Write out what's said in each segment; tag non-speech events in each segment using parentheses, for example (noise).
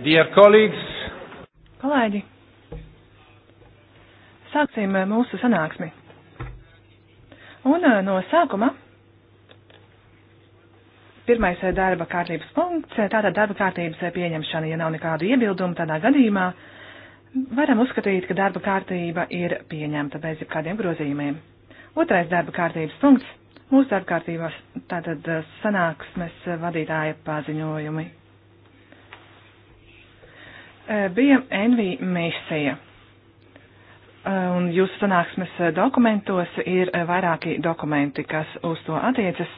Dear colleagues, kolēģi, sāksim eh, mūsu sanāksmi. Un eh, no sākuma pirmais eh, darba kārtības punkts, tātad darba kārtības pieņemšana, ja nav nekādu iebildumu tādā gadījumā, varam uzskatīt, ka darba kārtība ir pieņemta bez jebkādiem grozījumiem. Otrais darba kārtības punkts - mūsu darba kārtībās, tātad sanāksmes vadītāja paziņojumi. E, bija NV misija. E, un jūsu sanāksmes e, dokumentos ir vairāki dokumenti, kas uz to attiecas.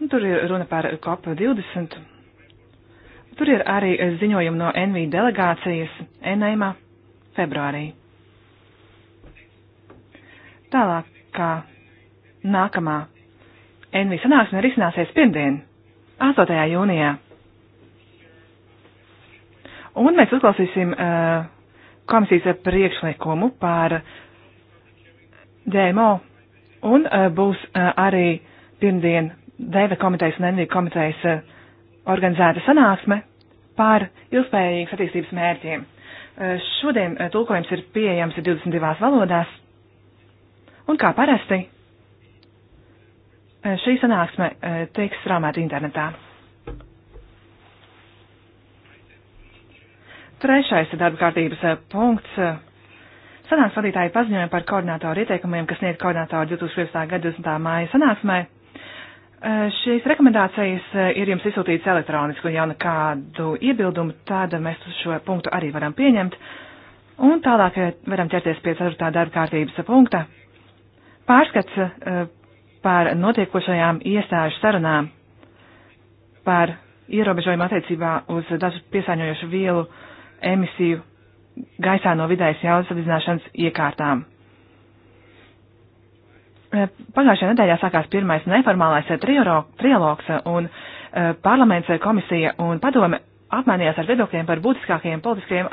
Nu, tur ir runa par COP20. Tur ir arī ziņojumi no NV delegācijas NMA februārī. Tālāk, kā nākamā NV sanāksme risināsies pirmdien, 8. jūnijā. Un mēs uzklausīsim uh, komisijas priekšlikumu par DMO. Un uh, būs uh, arī pirmdien Dēve komitejas un Endija komitejas uh, organizēta sanāksme par ilgspējīgas attīstības mērķiem. Uh, šodien uh, tulkojums ir pieejams 22 valodās. Un kā parasti, uh, šī sanāksme uh, tiks straumēta internetā. Trešais darba kārtības eh, punkts. Eh, sanāks vadītāji paziņoja par koordinātoru ieteikumiem, kas sniedz koordinātoru 2015. gada 20. māja sanāksmē. Eh, šīs rekomendācijas ir jums izsūtītas elektroniski, un ja nekādu iebildumu, tad mēs šo punktu arī varam pieņemt. Un tālāk varam ķerties pie 4. darba kārtības punkta. Pārskats par notiekošajām iestāžu sarunām par ierobežojumu attiecībā uz dažu piesāņojošu vielu uh, emisiju gaisā no vidējas jaudas apzināšanas iekārtām. Eh, Pagājušajā nedēļā sākās pirmais neformālais eh, trialogs, eh, un parlaments, komisija un padome apmainījās ar viedokļiem par būtiskākajiem politiskajiem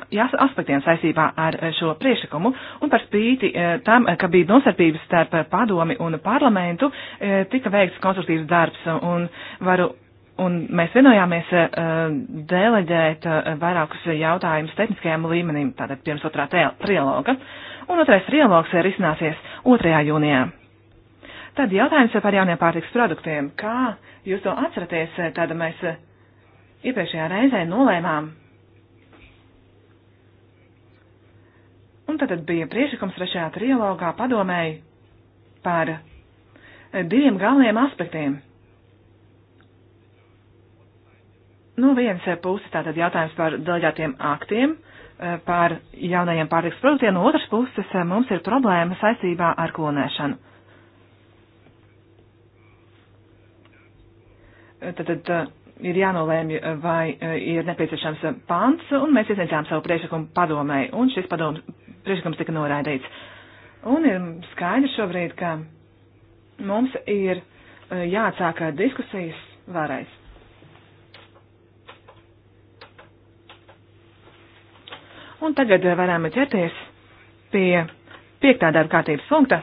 aspektiem saistībā ar šo priekšlikumu, un par spīti tam, ka bija nosarpības starp padomi un parlamentu, tika veikts konstruktīvs darbs, un varu Un mēs vienojāmies eh, deleģēt eh, vairākus jautājumus tehniskajam līmenim, tātad pirms otrā trialoga. Un otrais trialogs eh, risināsies 2. jūnijā. Tad jautājums par jauniem pārtiks produktiem. Kā jūs to atceraties, tad mēs iepriekšējā reizē nolēmām. Un tad bija priešakums trešajā trialogā padomēji par diviem galvenajiem aspektiem Nu, viens eh, puses tātad jautājums par deleģētiem aktiem, eh, par jaunajiem pārtiks produktiem, no otras puses eh, mums ir problēma saistībā ar klonēšanu. Tātad ir jānolēmj, vai ir nepieciešams pants, un mēs iesniedzām savu priekšlikumu padomēji, un šis padoms priekšlikums tika noraidīts. Un ir skaidrs šobrīd, ka mums ir jāatsāk diskusijas vēlreiz. Un tagad eh, varam ķerties pie piektā darba kārtības punkta.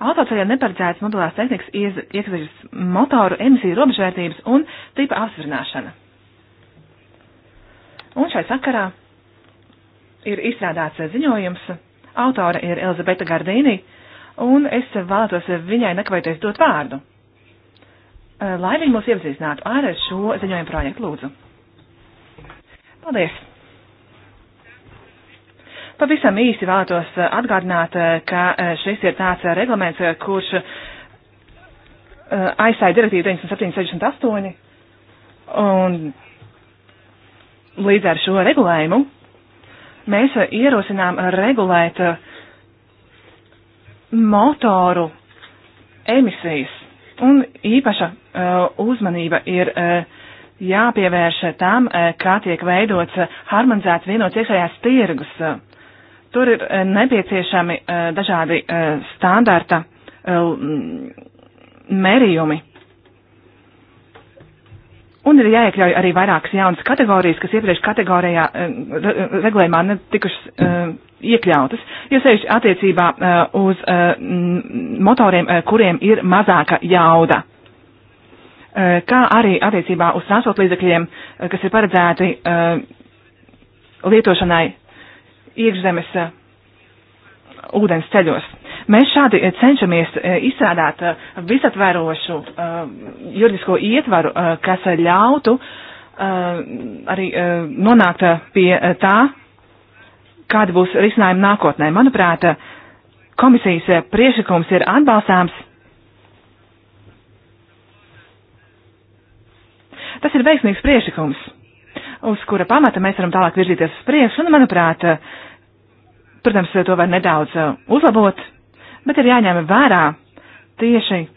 Autoceļā neparedzēts mobilās tehnikas iekasēžas motoru emisiju robežvērtības un tipa apsvirināšana. Un šai sakarā ir izstrādāts ziņojums. Autore ir Elizabeta Gardīni, un es vēlētos viņai nekavēties dot vārdu. Eh, lai viņi mūs iepazīstinātu ar šo ziņojumu projektu, lūdzu. Paldies! Pavisam īsi vēlētos eh, atgādināt, eh, ka eh, šis ir tāds reglaments, kurš aizsāja direktīvu 9768, un līdz ar šo regulējumu mēs ierosinām regulēt motoru emisijas, un īpaša uzmanība ir jāpievērš tam, kā tiek veidots harmonizēts vienots iekšējās tirgus Tur ir eh, nepieciešami eh, dažādi eh, standarta mērījumi. Un ir jāiekļauj arī vairākas jaunas kategorijas, kas iepriekš kategorijā regulējumā netikušas iekļautas, jo sevišķi attiecībā uz motoriem, kuriem ir mazāka jauda. Kā arī attiecībā uz transportlīdzekļiem, kas ir paredzēti lietošanai iekšzemes eh, ūdens ceļos. Mēs šādi eh, cenšamies eh, izstrādāt visatvērošu juridisko ietvaru, kas ļautu arī nonākt pie tā, kāda būs risinājuma nākotnē. Manuprāt, komisijas priešakums ir atbalstāms. Tas ir veiksmīgs priešakums uz kura pamata mēs varam tālāk virzīties uz priekšu, un, manuprāt, protams, to var nedaudz eh, uzlabot, bet ir jāņem vērā tieši eh,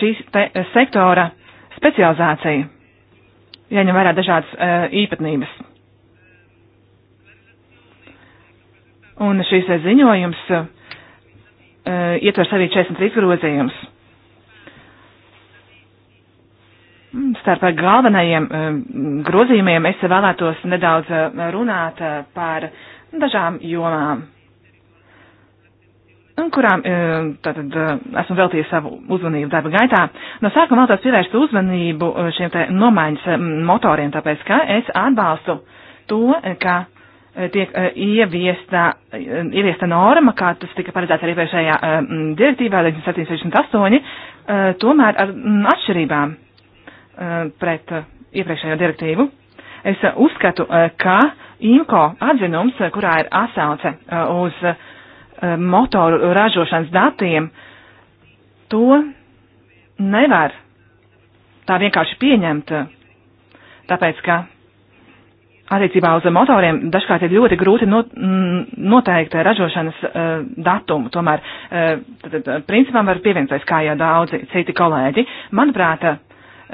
šīs eh, sektora specializācija, jāņem vērā dažādas īpatnības. Un šīs ziņojums ietver arī 43 grozījumus. Mm, starp galvenajiem eh, grozījumiem es vēlētos nedaudz eh, runāt eh, par dažām jomām, kurām tātad esmu veltījis savu uzmanību darba gaitā. No sākuma vēlētos pievērst uzmanību šiem te nomaiņas motoriem, tāpēc ka es atbalstu to, ka tiek ieviesta, ieviesta norma, kā tas tika paredzēts arī iepriekšējā direktīvā 9768, tomēr ar atšķirībām Eh, pret eh, iepriekšējo direktīvu. Es eh, uzskatu, ka IMCO atzinums, kurā ir atsauce uz motoru ražošanas datiem, to nevar tā vienkārši pieņemt, tāpēc ka attiecībā uz motoriem dažkārt ir ļoti grūti mm, noteikt ražošanas datumu. Tomēr principam var pievienoties, kā jau daudzi citi kolēģi. Manuprāt,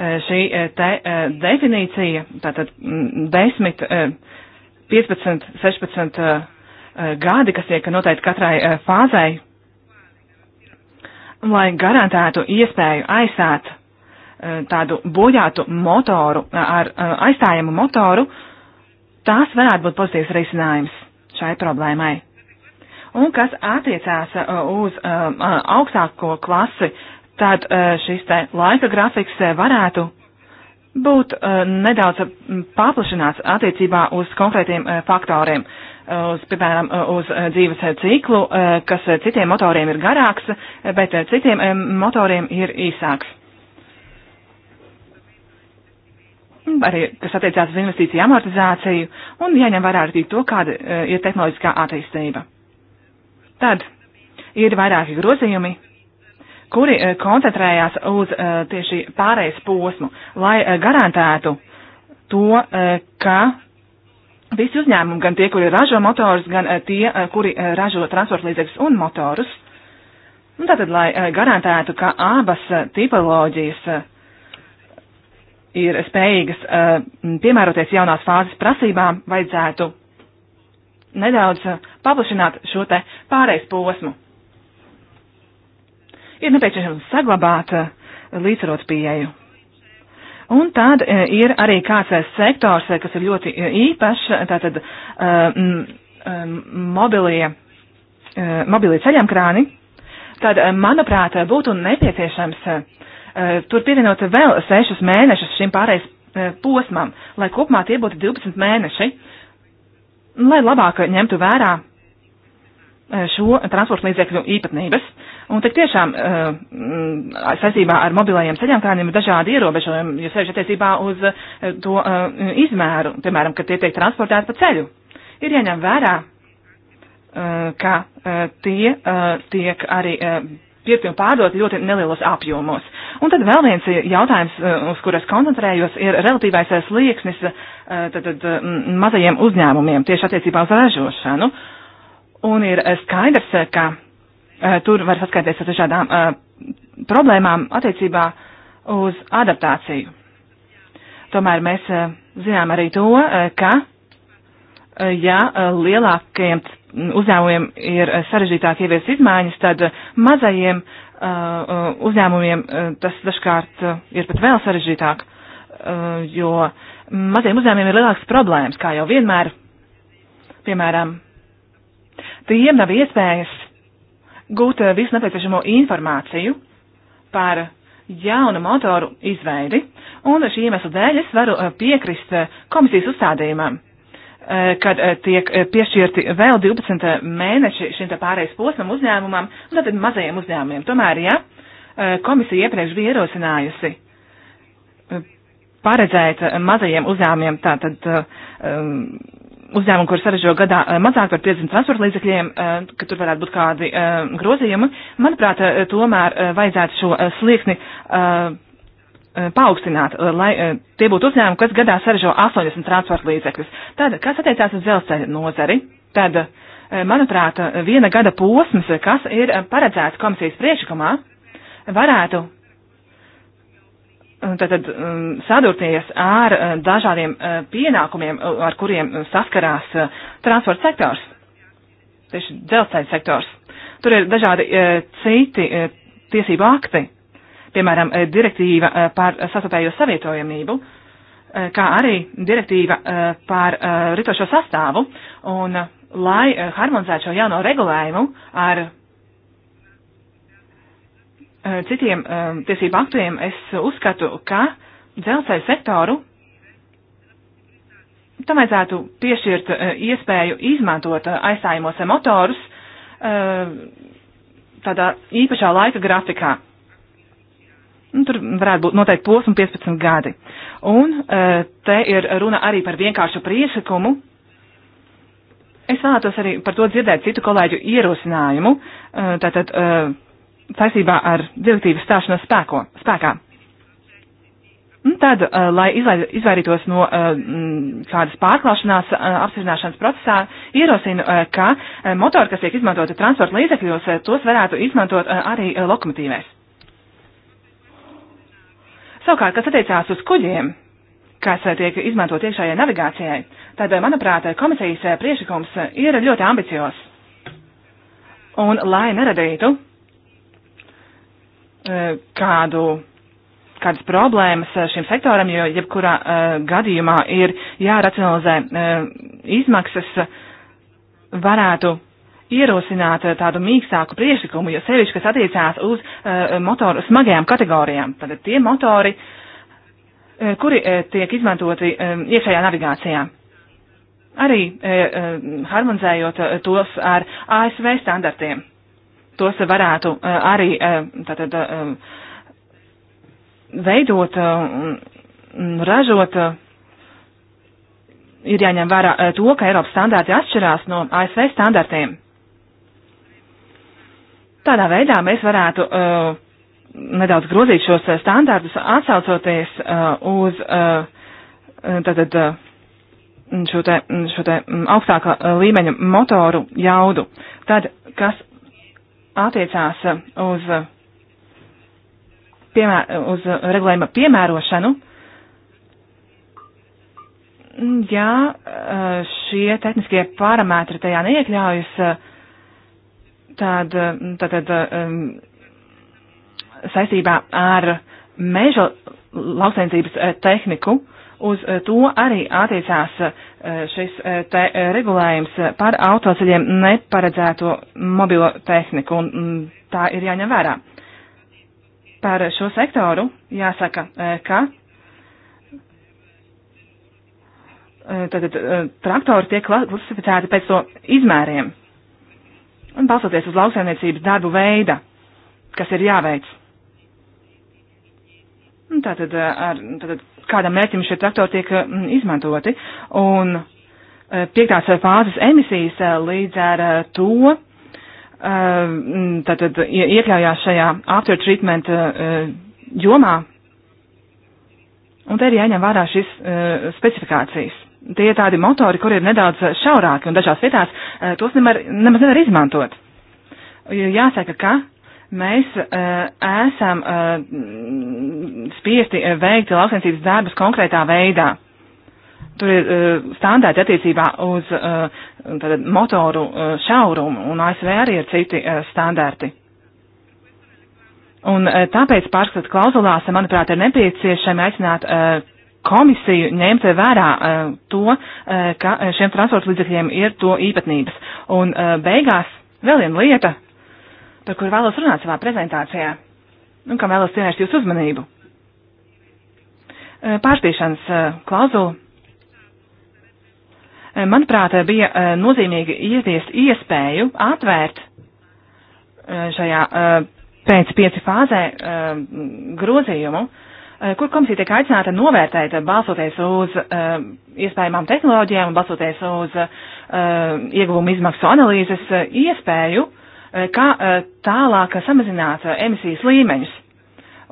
Eh, šī eh, te eh, definīcija, tātad 10, 15, 16 gadi, kas tiek noteikti katrai fāzai, lai garantētu iespēju aizsāt tādu bojātu motoru ar aizstājumu motoru, tās varētu būt pozitīvs risinājums šai problēmai. Un kas attiecās uz augstāko klasi Tātad eh, šis te laika grafiks eh, varētu būt eh, nedaudz mm, paplašināts attiecībā uz konkrētiem faktoriem, uz, piemēram, uz dzīves ciklu, kas citiem motoriem ir garāks, bet citiem motoriem ir īsāks. Arī, kas attiecās uz investīciju amortizāciju un jāņem vērā arī to, kāda ir tehnoloģiskā attīstība. Tad ir vairāki grozījumi, kuri eh, koncentrējās uz eh, tieši pārējais posmu, lai eh, garantētu to, ka visi uzņēmumi, gan tie, kuri ražo motorus, gan tie, kuri ražo transporta līdzekļus un motorus, un nu, tātad, lai garantētu, ka abas tipoloģijas ir spējīgas piemēroties jaunās fāzes prasībām, vajadzētu nedaudz paplašināt šo te pārējais posmu ir nepieciešams saglabāt eh, līdzsvarot pieeju. Un tad eh, ir arī kāds eh, sektors, kas ir ļoti īpašs, tātad mobilie, mobilie ceļamkrāni. Tad, manuprāt, būtu nepieciešams tur pievienot vēl sešus mēnešus šim pārējais posmam, lai kopumā tie būtu 12 mēneši, lai labāk ņemtu vērā šo transporta līdzekļu īpatnības. Un tad tiešām eh, mm, saistībā ar mobilajiem ceļiem ir dažādi ierobežojumi, jo sevišķi attiecībā uz eh, to eh, izmēru, piemēram, kad tie tiek transportēti pa ceļu. Ir jāņem vērā, ka tie tiek arī pirkt un pārdot ļoti nelielos apjomos. Un tad vēl viens jautājums, uz kuras koncentrējos, ir relatīvais slieksnis tad, tad, mazajiem uzņēmumiem tieši attiecībā uz ražošanu. Un ir skaidrs, ka Eh, tur var saskaities ar dažādām eh, problēmām attiecībā uz adaptāciju. Tomēr mēs eh, zinām arī to, ka, ja lielākajiem uzņēmumiem ir sarežģītāk ievies izmaiņas, tad mazajiem uzņēmumiem tas dažkārt ir pat vēl sarežģītāk, jo mazajiem uzņēmumiem ir lielākas problēmas, kā jau vienmēr, piemēram, tiem nav iespējas gūt eh, visu nepieciešamo informāciju par jaunu motoru izveidi, un šī iemesla dēļ es varu eh, piekrist eh, komisijas uzstādījumam, kad tiek piešķirti vēl 12 mēneši šim te pārējais posmam uzņēmumam, un tātad mazajiem uzņēmumiem. Tomēr, ja komisija iepriekš bija ierosinājusi paredzēt mazajiem uzņēmumiem tātad um, uzņēmumi, kur saražo gadā eh, mazāk par 50 transporta līdzekļiem, eh, ka tur varētu būt kādi eh, grozījumi. Manuprāt, tomēr vajadzētu šo slieksni paaugstināt, lai tie būtu uzņēmumi, kas gadā saražo 80 transporta līdzekļus. Tad, kas attiecās uz dzelzceļa nozari, tad, manuprāt, viena gada posms, kas ir paredzēts komisijas priekšlikumā, varētu tātad um, sadurties ar uh, dažādiem uh, pienākumiem, uh, ar kuriem saskarās transporta sektors, tieši dzelzceļa sektors. Tur ir dažādi citi tiesību akti, piemēram, direktīva par sastāvējo savietojamību, kā arī direktīva par ritošo sastāvu, un lai harmonizētu šo jauno regulējumu ar Eh, citiem eh, tiesību aktiem, es uzskatu, ka dzelzceļa sektoru tam vajadzētu piešķirt eh, iespēju izmantot aizstājumos motorus tādā īpašā laika grafikā. Nu, tur varētu būt noteikti posms 15 gadi. Un te ir runa arī par vienkāršu priešakumu. Es vēlētos arī par to dzirdēt citu kolēģu ierosinājumu. Tātad saistībā ar direktīvas stāšanos spēko, spēkā. Un tad, eh, lai izvairītos no eh, kādas pārklāšanās eh, apstiprināšanas procesā, ierosinu, ka motori, kas tiek izmantoti transporta līdzekļos, tos varētu izmantot arī lokomotīvēs. Savukārt, kas attiecās uz kuģiem, kas tiek izmantot iekšējai navigācijai, tad, manuprāt, komisijas priešlikums ir ļoti ambicios. Un, lai neradītu Eh, kādu, kādas problēmas eh, šim sektoram, jo jebkurā eh, gadījumā ir jāracionalizē izmaksas, varētu ierosināt tādu mīkstāku priekšlikumu, jo sevišķi, kas attiecās uz motoru smagajām kategorijām, tad tie motori, kuri tiek izmantoti iekšējā navigācijā. Arī harmonizējot tos ar ASV standartiem tos varētu eh, arī eh, tātad, eh, veidot un ražot. Ir jāņem vērā to, ka Eiropas standārti atšķirās no ASV standartiem. Tādā veidā mēs varētu uh, nedaudz grozīt šos standārtus, atsaucoties uh, uz uh, tātad, šo, te, šo te mm, augstākā līmeņa motoru jaudu. Tad, kas attiecās uh, uz, uh, piemēr, uz uh, regulējuma piemērošanu, mm, ja šie tehniskie parametri tajā neiekļaujas, mm, tad, tad, tad um, saistībā ar meža lauksainicības tehniku uz to arī attiecās Eh, šis eh, te eh, regulējums par autoceļiem neparedzēto mobilo tehniku, un mm, tā ir jāņem vērā. Par šo sektoru jāsaka, ka tātad, traktori tiek klasificēti pēc to izmēriem un balstoties uz lauksaimniecības darbu veida, kas ir jāveic. Un tātad, ar, tātad kādam mērķim šie traktori tiek eh, izmantoti. Un eh, piektās eh, fāzes emisijas līdz ar to tātad iekļaujās šajā after treatment jomā. Un te ir jāņem vērā šīs specifikācijas tie ir tādi motori, kur ir nedaudz šaurāki un dažās vietās tos nemar, nemaz nevar izmantot. Jāsaka, ka Mēs uh, esam uh, spiesti eh, veikt lauksainicības darbus konkrētā veidā. Tur ir uh, standārti attiecībā uz uh, tātad, motoru uh, šaurumu, un ASV arī ir citi uh, standārti. Un uh, tāpēc pārskatu klauzulās, manuprāt, ir nepieciešami aicināt uh, komisiju ņemt vērā uh, to, uh, ka šiem transporta līdzekļiem ir to īpatnības. Un uh, beigās vēl viena lieta, par kuru vēlos runāt savā prezentācijā, un nu, kam vēlos pievērst jūsu uzmanību. Eh, pārspīšanas eh, klauzula, eh, manuprāt, bija nozīmīgi ieviest iespēju atvērt šajā pēc pieci fāzē grozījumu, kur komisija tiek aicināta novērtēt, balsoties uz uh, iespējamām tehnoloģijām, balsoties uz uh, ieguvumu izmaksu analīzes, uh, iespēju Eh, kā eh, tālāk samazināt eh, emisijas līmeņus.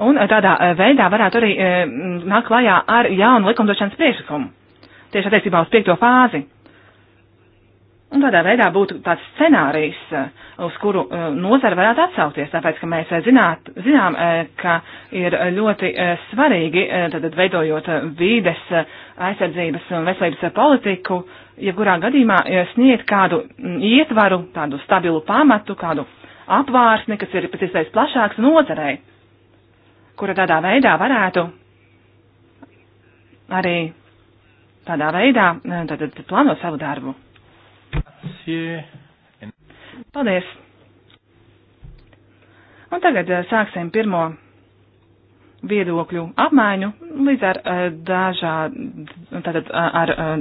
Un tādā veidā varētu arī nākt klajā ar jaunu likumdošanas priekšlikumu tieši attiecībā uz piekto fāzi. Un tādā veidā būtu tāds scenārijs, uz kuru nozara varētu atsaukties, tāpēc, ka mēs zināt, zinām, ka ir ļoti svarīgi, tad veidojot vīdes aizsardzības un veselības politiku, jebkurā ja gadījumā eh, sniegt kādu mm, ietvaru, tādu stabilu pamatu, kādu apvārsni, kas ir pēc iespējas plašāks nozarei, kura tādā veidā varētu arī tādā veidā eh, tad, tad plāno savu darbu. Paldies! Un tagad eh, sāksim pirmo viedokļu apmaiņu līdz ar eh, dažādu, tātad eh, ar eh,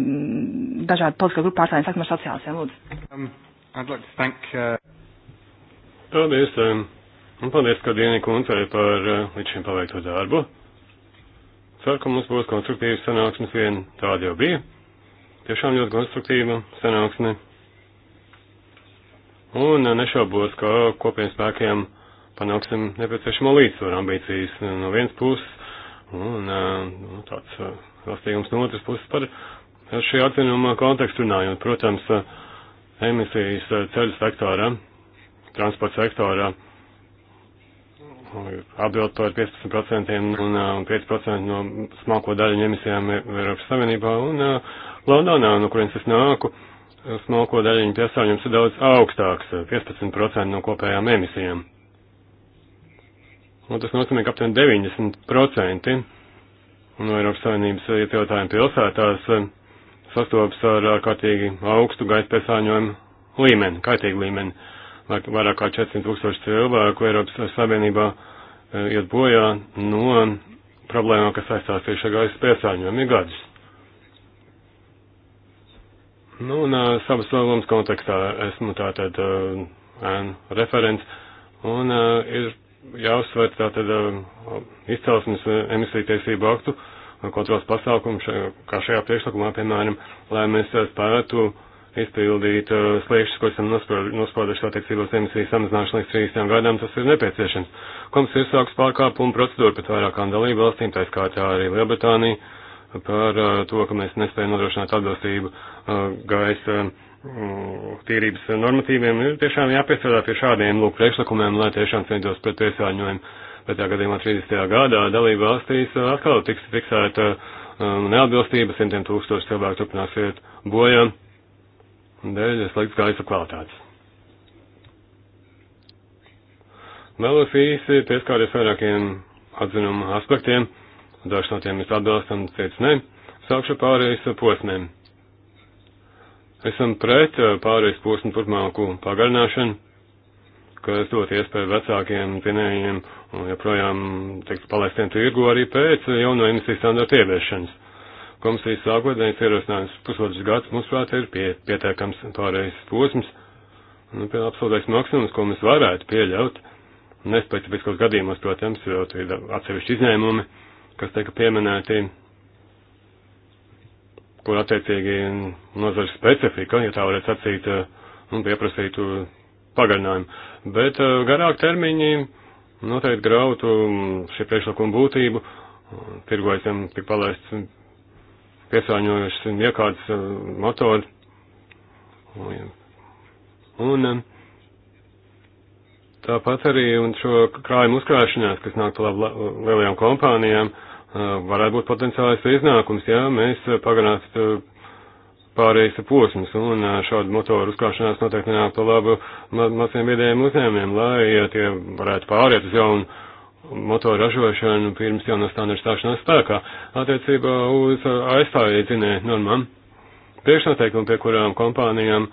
dažādu politisko grupu pārstāvjiem, sākam ar sociālistiem, lūdzu. Um, I'd like to thank, uh... Paldies, um, un paldies, ka Dienī kundzei par uh, līdz šim paveikto darbu. Ceru, ka mums būs konstruktīva sanāksmes vien tāda jau bija. Tiešām ļoti konstruktīva sanāksme. Un uh, nešaubos, ka kopiem spēkiem panāksim nepieciešamo līdzsvaru ambīcijas eh, no vienas puses un eh, nu, tāds rastīgums eh, no otras puses par šī atzinuma kontekstu runājot. Protams, emisijas ceļu sektorā, transporta sektorā atbild par 15% un 5% no smalko daļu emisijām e- Eiropas Savienībā un Londonā, no kurienes es nāku smalko daļiņu piesārņojums ir daudz augstāks, 15% no kopējām emisijām. Un nu, tas nozīmē, ka aptuveni 90% no Eiropas Savienības eh, iedzīvotājiem pilsētās eh, sastopas ar ārkārtīgi augstu gaisa piesāņojumu līmeni, kaitīgu līmeni. Vairāk kā 400 tūkstoši cilvēku Eiropas Savienībā eh, iet bojā no problēmām, kas saistās tieši ar gaisa piesāņojumu, ir gadus. Nu, un uh, savas lomas kontekstā esmu tātad uh, referents, un uh, ir jāuzsver tātad um, izcelsmes uh, emisiju tiesību aktu uh, kontrols pasākumu, šajā, kā šajā priekšlikumā, piemēram, lai mēs uh, spētu izpildīt sliekšņus, ko esam nospēduši attiecībās emisiju samazināšanu līdz 30 gadām, tas ir nepieciešams. Komisija ir sākus pārkāpumu procedūru pret vairākām dalību valstīm, tā skaitā arī Lielbritānija, par to, ka mēs nespējam nodrošināt atbilstību gaisa. Uh, tīrības normatīviem, ir tiešām jāpiestrādā pie šādiem lūk priekšlikumiem, lai tiešām centos pret piesāņojumu. Bet tā gadījumā 30. gadā dalība valstīs uh, atkal tiks fiksēta um, neatbilstība, simtiem tūkstoši cilvēku turpinās iet bojā dēļ sliktas gaisa kvalitātes. Vēlos īsi pieskārties vairākiem atzinuma aspektiem, dažs no tiem mēs atbalstam, cits ne, sākšu pārējais posmiem. Esam pret eh, pārējais posmu turpmāku pagarināšanu, kas dot iespēju vecākiem zinējiem un joprojām, teikt, palaistiem tirgu arī pēc jauno emisiju standartu ieviešanas. Komisijas sākotnējais ierosinājums pusotrs gads, mūsuprāt, ir pie, pietiekams pārējais posms, nu, pie absolūtais maksimums, ko mēs varētu pieļaut, nespecifiskos gadījumos, protams, jo tur ir atsevišķi izņēmumi, kas teika pieminēti kur attiecīgi nozars specifika, ja tā varētu sacīt, eh, un nu, pieprasītu pagarinājumu. Bet eh, garāk termiņi noteikti grautu šī priekšlikuma būtību, tirgojasiem tik palaists piesāņojušas iekārtas eh, motori. Un tāpat arī un šo krājumu uzkrāšanās, kas nāk par labu lielajām kompānijām, uh, Eh, varētu būt potenciālais iznākums, ja mēs pagarinātu eh, pārējais posms, un eh, šādu motoru uzkrāšanās noteikti nāk pa labu maziem viedējiem uzņēmiem, lai tie varētu pāriet uz jaunu motoru ražošanu pirms jaunā standarta stāšanās spēkā attiecībā uz aizstājēdzinē normām. Priekšnoteikumi, pie kurām kompānijām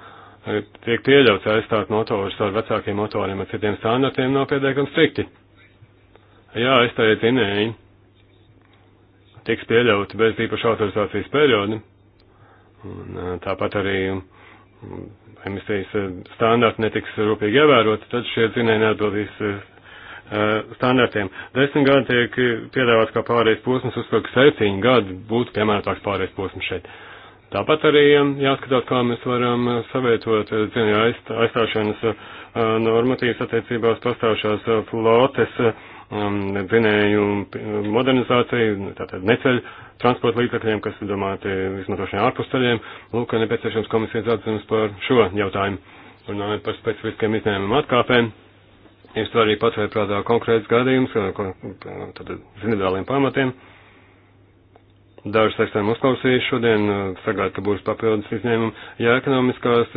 tiek pieļauts aizstāt motorus ar vecākiem motoriem ar citiem standartiem, nav pietiekami strikti. Jā, aizstājēdzinēji tiks pieļauti bez īpaša autorizācijas perioda. Un, tāpat arī emisijas standarti netiks rūpīgi ievēroti, tad šie dzinēji neatbildīs standartiem. Desmit gadi tiek piedāvāts kā pārējais posms, uzskatu, ka septiņi gadi būtu piemērotāks pārējais posms šeit. Tāpat arī jāskatās, kā mēs varam savietot dzinēju aizstāšanas normatīvas attiecībās pastāvšās flotes. Uh, dzinēju um, um, modernizāciju, tātad neceļu transporta līdzekļiem, kas ir domāti izmantošanai ārpus ceļiem. Lūk, nepieciešams komisijas atzinums par šo jautājumu. Runājot par specifiskiem izņēmumiem atkāpēm, ir svarīgi paturēt prātā konkrēts gadījums, uh, uh, tātad individuāliem pamatiem. Dažas eksēm uzklausījuši šodien, uh, sagādu, ka būs papildus izņēmumi. Ja ekonomiskās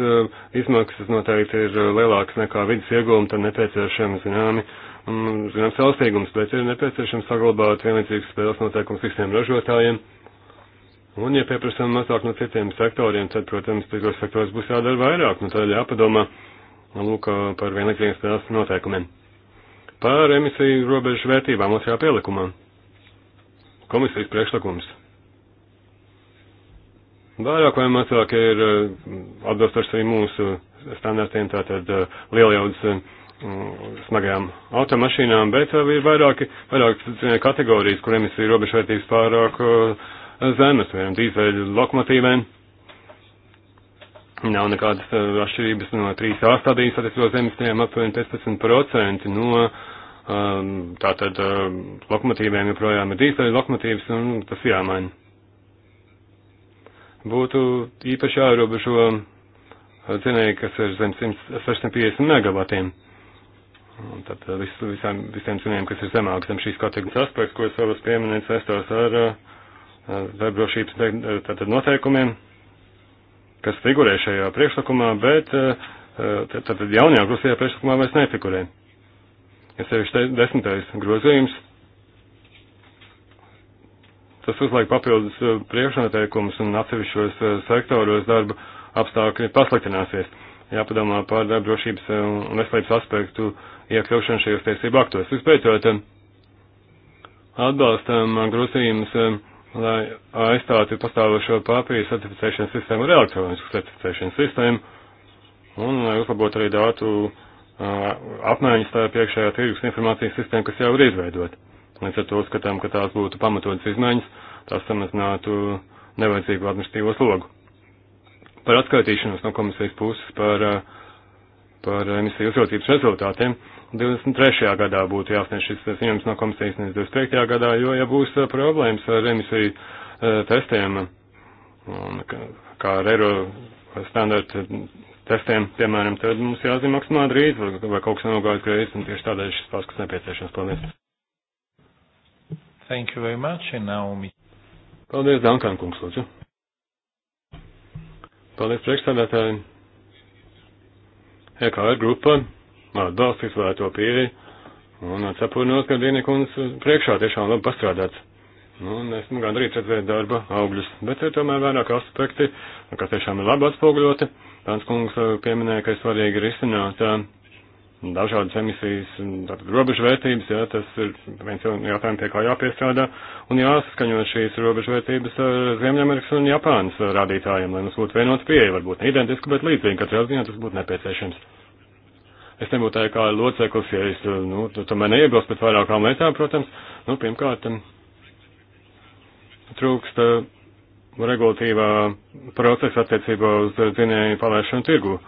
izmaksas noteikti ir lielākas nekā vidas iegūma, tad nepieciešami zināmi. Uh, zinām, savstīgums, bet ir nepieciešams saglabāt vienlīdzīgas spēles noteikums visiem ražotājiem. Un, ja pieprasām mazāk no citiem sektoriem, tad, protams, citos sektoros būs jādara vairāk, nu tādēļ jāpadomā, lūk, par vienlīdzīgiem spēles noteikumiem. Par emisiju robežu vērtībām mums jāpielikumā. Komisijas priekšlikums. Vairāk vai mazāk ir eh, atbilstoši arī mūsu standartiem, tātad eh, lielaudas eh, Mm, smagajām automašīnām, bet ir vairāki, vairāki kategorijas, kur emisiju robežvērtības pārāk eh, zemes, piemēram, dīzeļu lokomotīvēm. Nav nekādas eh, atšķirības no 3A stadijas attiecībā uz emisijām aptuveni 15% no um, tātad um, lokomotīvēm joprojām ir dīzeļu lokomotīvas un tas jāmaina. Būtu īpaši jāierobežo dzinēji, kas ir zem 100, 650 megavatiem. Un tad eh, vis, visām, visiem suņiem, kas ir zemāks zem šīs kategorijas aspekts, ko es vēlos pieminēt, saistās ar, eh, ar darbdrošības eh, noteikumiem, kas figurē šajā priekšlikumā, bet tad jaunajā grūzījā priekšlikumā vairs nefigurē. Es sevišķi desmitais grozījums. Tas uzlaik papildus priekšnoteikumus un atsevišķos sektoros darba apstākļi pasliktināsies. Jāpadomā par darbdrošības un veselības aspektu uh, iekļaušanu šajos tiesību aktos. Vispēcot, eh, atbalstam eh, grozījumus, eh, lai aizstātu pastāvošo papīru certificēšanas sistēmu ar elektronisku certificēšanas sistēmu un lai uzlabotu arī datu apmaiņas tā priekšējā tirgus informācijas sistēma, kas jau ir izveidota. Līdz ar to uzskatām, ka tās būtu pamatotas izmaiņas, tās samazinātu nevajadzīgu administratīvo slogu. Par atskaitīšanos no komisijas puses par, par emisiju uzraucības rezultātiem 23. gadā būtu jāsniedz šis eh, ziņojums no komisijas, nevis 25. gadā, jo, ja būs eh, problēmas ar emisiju eh, testiem, un, kā ar eiro standarta testiem, piemēram, tad mums jāzina maksimāli drīz, vai, vai kaut kas nogājis greizi, un tieši tādēļ šis paskats nepieciešams. Paldies. Thank you very much, and Naomi. Paldies, Dankan kungs, lūdzu. Paldies, priekšstādātāji. EKR grupa atbalstu izvēlēto pieeju. Un cepurnos, ka dienekuns priekšā tiešām labi pastrādāts. Nu, un esmu gandrīz redzējis darba augļus, bet ir tomēr vairāk aspekti, kas tiešām ir labi atspoguļoti. Tāds kungs eh, pieminēja, ka ir svarīgi risināt eh, dažādas emisijas, tātad robežvērtības, jā, tas ir viens jautājums, pie kā jāpiestrādā, un jāsaskaņo šīs robežvērtības ar Ziemļamerikas un Japānas rādītājiem, lai mums būtu vienota pieeja, varbūt ne identiska, bet līdzīga, katrā ziņā tas būtu nepieciešams. Es nebūtu tā kā loceklis, ja es, nu, tomēr neiebilst pēc vairākām lietām, protams. Nu, pirmkārt, um, trūkst uh, regulatīvā procesa attiecībā uz dzinēju palaišanu tirgu.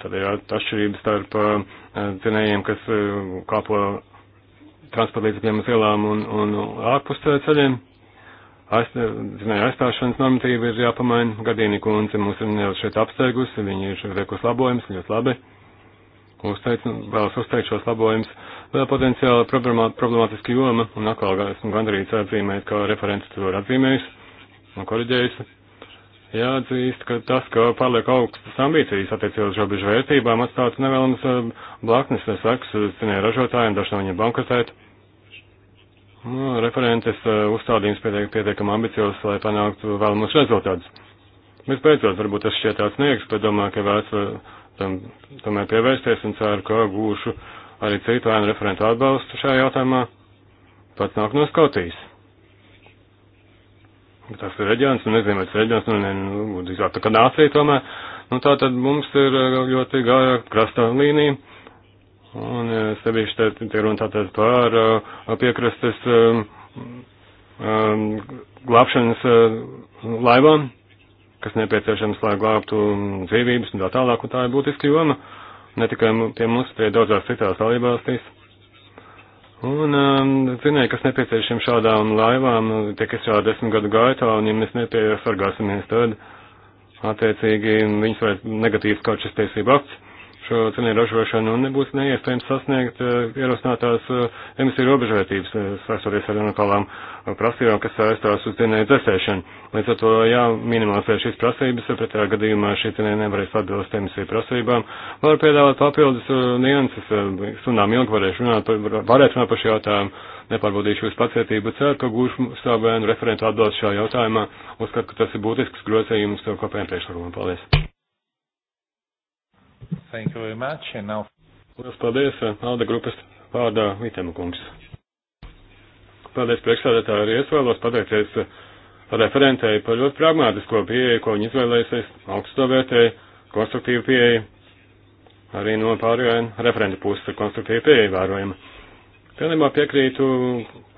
Tad ir atšķirības starp uh, dzinējiem, kas uh, kāpo transportlīdzekļiem uz ielām un, un ārpus ceļiem aizstāšanas normatīva ir jāpamaina. Gadīni kundze mums ir nedaudz šeit apsteigusi, viņi ir veikusi labojumus, ļoti labi. Uzteic, nu, vēlas uzteikt šos labojumus. Vēl potenciāli problemā, problemātiski joma, un atkal esmu gandrīz atzīmējis, ka referents to ir atzīmējis un koriģējis. Jāatzīst, ka tas, ka pārliek augstas ambīcijas attiecībā uz robežu vērtībām, atstāts nevēlams eh, blaknes, nesakas, eh, cienē ražotājiem, dažs no viņiem bankrotēt. Nu, referentes eh, uzstādījums pietiek, pietiekam ambiciozs, lai panāktu vēlamos rezultātus. Mēs beidzot, varbūt tas šķiet tāds nieks, bet domāju, ka vērts eh, tam tomēr pievērsties un ceru, ka gūšu arī citu ēnu referentu atbalstu šajā jautājumā. Pats nāk no Skotijas. Tas ir reģions, nu nezinu, vai tas ir reģions, nu, ne, nu, drīzāk tā kā nācija tomēr. Nu, tā tad mums ir eh, ļoti gara krasta līnija Un eh, sevišķi te, te runa tātad par eh, piekrastes um, um, glābšanas uh, laivām, kas nepieciešams, lai glābtu dzīvības un tā tālāk, un tā ir būtiska joma, ne tikai pie mums, pie daudzās citās dalībvalstīs. Un um, zināja, kas nepieciešams šādām laivām, tiek izstrādāt desmit gadu gaitā, un ja mēs nepiesargāsimies, tad attiecīgi viņus vairs negatīvs kaut šis tiesība akts šo cenu ražošanu un nebūs neiespējams sasniegt eh, ierosinātās eh, emisiju robežvērtības, eh, saistoties ar unikālām prasībām, kas saistās uz cienēju dzēsēšanu. Līdz ar to jāminimalizē šīs prasības, pretējā gadījumā šī cienē nevarēs atbilst emisiju prasībām. Var piedāvāt papildus nianses, stundām ilgi varēšu runāt par, varētu runāt par šo jautājumu, nepārbaudīšu jūsu pacietību, ceru, ka gūšu savu referentu atbilstu šajā jautājumā, uzskatu, ka tas ir būtisks grozījums kopējiem priekšlikumam. Paldies! Thank you very much. And now... Lielas paldies, eh, Alda grupas vārdā Vitema kungs. Paldies priekšsādātāju arī es vēlos pateikties eh, referentēji par ļoti pragmātisko pieeju, ko viņi izvēlēsies, augstu vērtēju, konstruktīvu pieeju, arī no pārējiem referenta puses konstruktīvu pieeju vērojama. Pilnībā piekrītu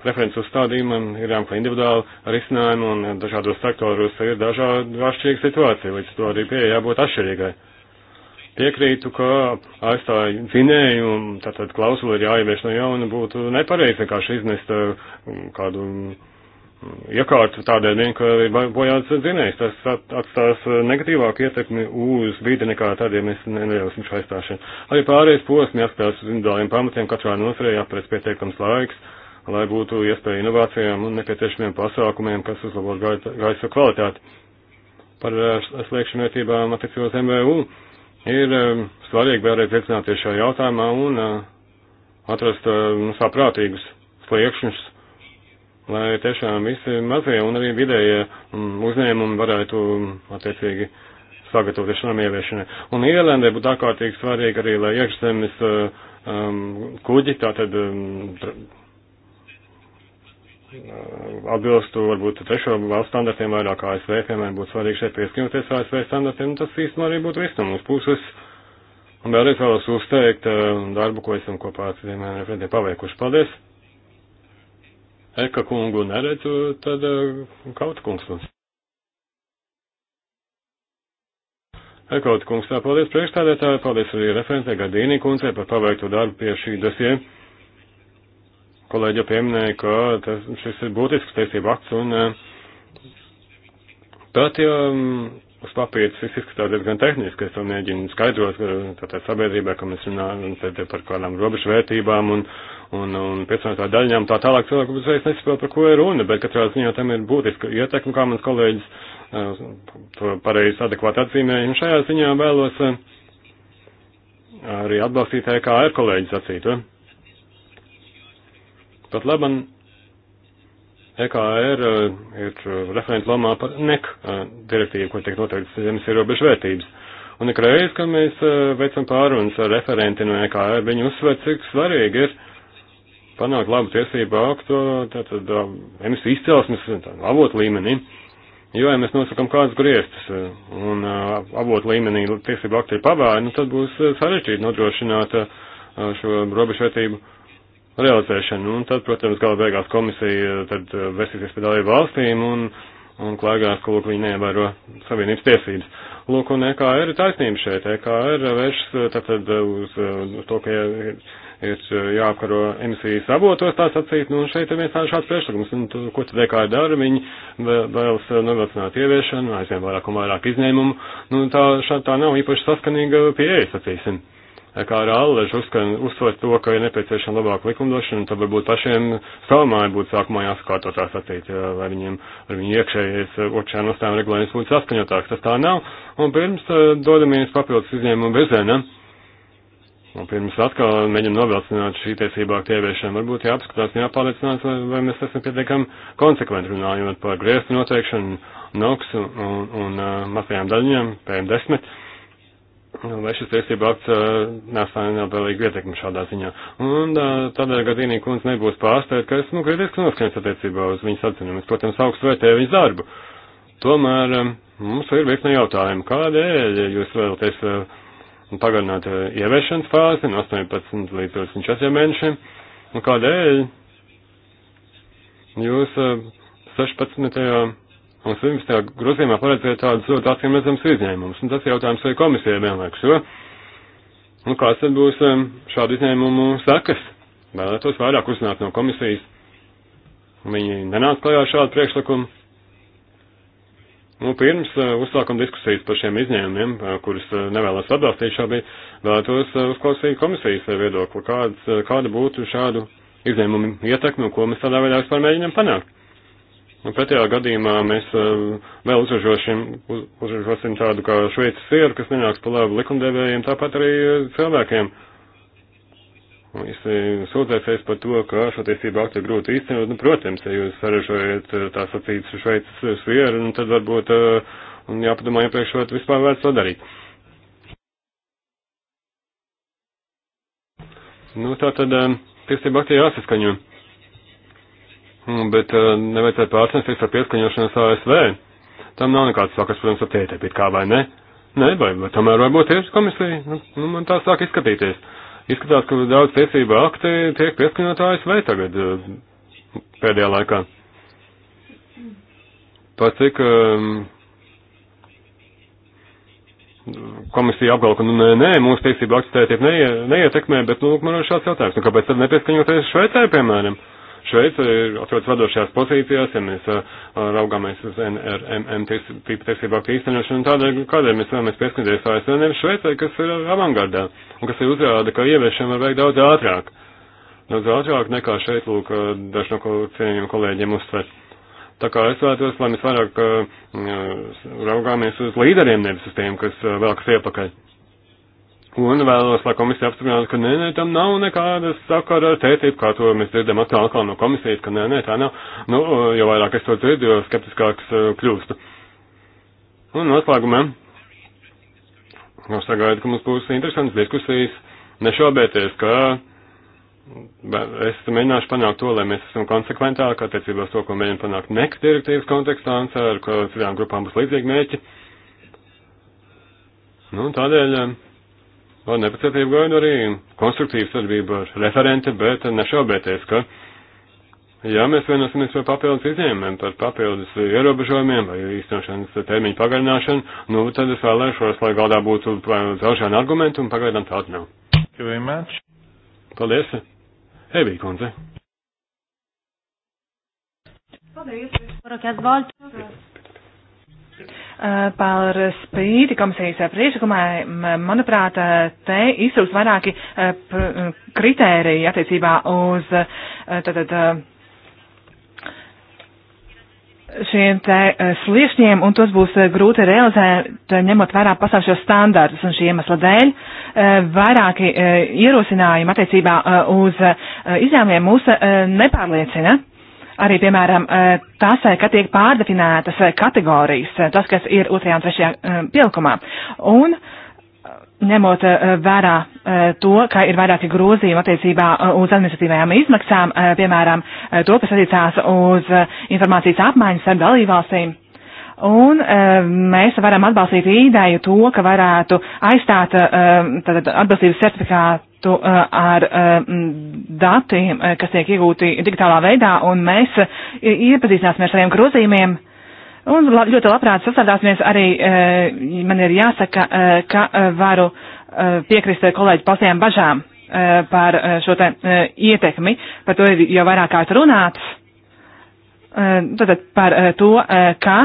referents uzstādījumam, ir jāmeklē individuāli risinājumi un dažādos sektoros ir dažādi atšķirīga situācija, līdz to arī pieeja jābūt atšķirīgai piekrītu, ka aizstāju vinēju un tātad klausuli ir jāievieš no jauna, būtu nepareizi vienkārši iznest um, kādu um, iekārtu tādēļ vien, ka ir bojāts dzinējs. Tas atstās uh, negatīvāku ietekmi uz vidi nekā tad, ja mēs neļausim šo aizstāšanu. Arī pārējais posmi jāskatās uz individuāliem pamatiem, katrā nozarē jāpēc pieteikams laiks, lai būtu iespēja inovācijām un nepieciešamiem pasākumiem, kas uzlabos gaisa kvalitāti. Par uh, slēgšanu vērtībām attiecībā uz MVU Ir eh, svarīgi vēlreiz iecināties šajā jautājumā un eh, atrast eh, nu, saprātīgus sliekšņus, lai tiešām visi mazie un arī vidējie mm, uzņēmumi varētu mm, attiecīgi sagatavoties šādām ieviešanai. Un Irlandē būtu ārkārtīgi svarīgi arī, lai iekšzemes um, kuģi, tātad um, atbilstu varbūt trešo valstu standartiem vairāk ASV, piemēram, būtu svarīgi šeit pieskaņoties ASV standartiem, tas īstenībā arī būtu viss no mūsu puses. Un vēlreiz vēlos uzteikt darbu, ko esam kopā ar citiem referentiem paveikuši. Paldies! Eka kungu neredzu, tad kaut kungs mums. Ekaut kungs, tā paldies priekšstādētāji, paldies arī referentē Gardīnī kundzei par paveikto darbu pie šī dosie kolēģi jau pieminēja, ka tas, šis ir būtisks tiesību akts, un pat eh, jau mm, uz papīra viss izskatās diezgan tehniski, es to mēģinu skaidrot, ka tā sabiedrībā, ka mēs runājam par kādām robežvērtībām un, un, un piesaistā daļņām, tā tālāk cilvēku uzreiz nesaprot, par ko ir runa, bet katrā ziņā tam ir būtiska ietekme, kā mans kolēģis eh, to pareizi adekvāti atzīmēja, un šajā ziņā vēlos eh, arī atbalstīt EKR kolēģis acīto. Ja? Pat laban EKR eh, ir eh, referenta lomā par NEC eh, direktīvu, kur tiek noteikts zemes ierobežu vērtības. Un ik reiz, kad mēs veicam pārunas ar referenti no EKR, viņi uzsver, cik svarīgi ir panākt labu tiesību aktu, tātad emisiju izcelsmes, avotu līmenī, jo, ja mēs nosakam kādas griestas un avotu līmenī tiesību akti ir pavēri, nu tad būs sarežģīti nodrošināt šo robežvērtību realizēšanu. Nu, un tad, protams, gala beigās komisija eh, tad eh, vesīsies pie dalību valstīm un, un klaigās, ka, lūk, viņi neievēro savienības tiesības. Lūk, un EKR ir taisnība šeit. EKR vēršas tātad eh, uz, uz to, ka ir jāapkaro emisijas avotos, tā sacīt, nu, šeit ir viens tāds šāds priekšlikums, un to, ko tad EKR dara, viņi vēlas novilcināt ieviešanu, aizvien vairāk un vairāk izņēmumu, nu, tā, šā, tā nav īpaši saskanīga pieeja, sacīsim kā rāleži uzsver to, ka ir nepieciešama labāka likumdošana, tad varbūt pašiem savamāji būtu sākumā jāsakārto tā sacīt, jā, lai viņiem ar viņu iekšējais otršā nostājuma regulējums būtu saskaņotāks. Tas tā nav. Un pirms eh, dodamies papildus izņēmumu bezēnam. Un pirms atkal mēģinam novilcināt šī tiesībā aktīviešana, varbūt jāapskatās un jāpārliecinās, vai, vai mēs esam pietiekami konsekventi runājot par griestu noteikšanu, NOX un, un, un uh, mazajām daļiņām, PM10. Nu, vai šis tiesība akts nesāina nelabvēlīgu ietekmi šādā ziņā. Un tādēļ gadījumī kundze nebūs pārsteigta, ka es, nu, kritiski noskaņots attiecībā uz viņas atzinumus. Protams, augstu vērtēju viņas darbu. Tomēr mums ir virkne jautājumu, kādēļ jūs vēlaties pagarināt ieviešanas fāzi no 18 līdz 24 mēnešiem, un kādēļ jūs 16. Un 17. grozījumā paredzēja tādus ļoti acīm redzams izņēmumus. Un tas ir jautājums arī komisijai vienlaikus, jo, nu, kāds tad būs um, šādu izņēmumu sekas? Vēlētos vairāk uzzināt no komisijas. Viņi nenāca klajā šādu priekšlikumu. Nu, pirms uh, uzsākam diskusijas par šiem izņēmumiem, uh, kurus uh, nevēlas atbalstīt šobrīd, vēlētos uzklausīt komisijas viedokli, kāds, kāda būtu šādu izņēmumu ietekme un ko mēs tādā veidā vispār mēģinām panākt. Nu, pretējā gadījumā mēs uh, vēl uzražosim, uz, uzražosim tādu kā šveicis sieru, kas nenāks pa labu likumdevējiem, tāpat arī uh, cilvēkiem. Un es uh, sūdzēsies par to, ka šo tiesību aktu ir grūti īstenot. Nu, protams, ja jūs sarežojat eh, tā sacītas šveicis sieru, nu, tad varbūt jāpadomā iepriekšot vispār vērts to darīt. Nu, tā tad tiesību aktu jāsaskaņo bet eh, nevajadzētu pārcensties ar pieskaņošanos ASV. Tam nav nekāds sakars, protams, ar TTIP, kā vai ne? Nē, vai, vai tomēr varbūt ir komisija? Nu, nu, man tā sāk izskatīties. Izskatās, ka daudz tiesību akti tiek pieskaņot ASV tagad eh, pēdējā laikā. Pat cik um, komisija apgalvo, ka nu, nē, nē, mūsu tiesību akti tiek neie, neietekmē, bet, nu, man ir šāds jautājums. Nu, kāpēc tad nepieskaņoties Šveicē, piemēram? Uh, Šveica ir atrodas vadošajās pozīcijās, ja mēs raugāmies uz NRMM tipa tiesību aktu īstenošanu, tādēļ, kādēļ mēs vēlamies pieskatīties ASV nevis Šveicai, kas ir avangardā un kas ir uzrāda, ka ieviešana vajag daudz ātrāk. Daudz ātrāk nekā šeit, lūk, daži no cienījumiem kolēģiem uztver. Tā kā es vēlētos, lai mēs vairāk uh, raugāmies uz līderiem, nevis uz tiem, kas uh, vēl kas iepakaļ. Un vēlos, lai komisija apstiprinātu, ka nē, nē, tam nav nekādas sakara ar tētību, kā to mēs dzirdam atkal, atkal no komisijas, ka nē, nē, tā nav. Nu, jo vairāk es to dzirdu, jo skeptiskāks eh, kļūstu. Un noslēgumā. Es sagaidu, ka mums būs interesants diskusijas. Nešaubieties, ka es mēģināšu panākt to, lai mēs esam konsekventāki attiecībā uz to, ko mēģinam panākt NEC direktīvas kontekstā un ceru, ka citām grupām būs līdzīgi mērķi. Nu, tādēļ eh, ar nepacietību gaidu arī konstruktīvu sadarbību ar referente, bet nešaubēties, ka, ja mēs vienosimies par papildus izņēmumiem, par papildus ierobežojumiem vai īstenošanas termiņu pagarināšanu, nu, tad es vēlēšos, lai galdā būtu zelšana argumenti un pagaidām tādu nav. Paldies! Evī kundze! Paldies! Paldies! Eh, par spīti komisijas priekšlikumai, manuprāt, eh, te izsūs vairāki eh, kritēriji attiecībā uz tātad, šiem te sliešņiem, un tos būs grūti realizēt, ņemot vērā pasaušos standārtus un šī iemesla dēļ. Vairāki ierosinājumi attiecībā uz izņēmumiem mūs nepārliecina. Arī, piemēram, eh, tas, eh, ka tiek pārdefinētas eh, kategorijas, tas, kas ir otrajā un trešajā pielikumā. Un ņemot vērā to, ka ir vairāki grozījumi attiecībā uz administratīvajām izmaksām, piemēram, to, kas attiecās uz informācijas apmaiņas ar dalībvalstīm Un e, mēs varam atbalstīt ideju to, ka varētu aizstāt e, atbilstības certifikātu e, ar e, datiem, e, kas tiek iegūti digitālā veidā, un mēs e, iepazīstināsim ar saviem grozījumiem. Un la, ļoti labprāt sastādāsimies arī, e, man ir jāsaka, e, ka e, varu e, piekrist kolēģi paustajām bažām e, par e, šo te e, ietekmi, par to ir jau vairāk kārt runāts Eh, tātad par eh, to, eh, ka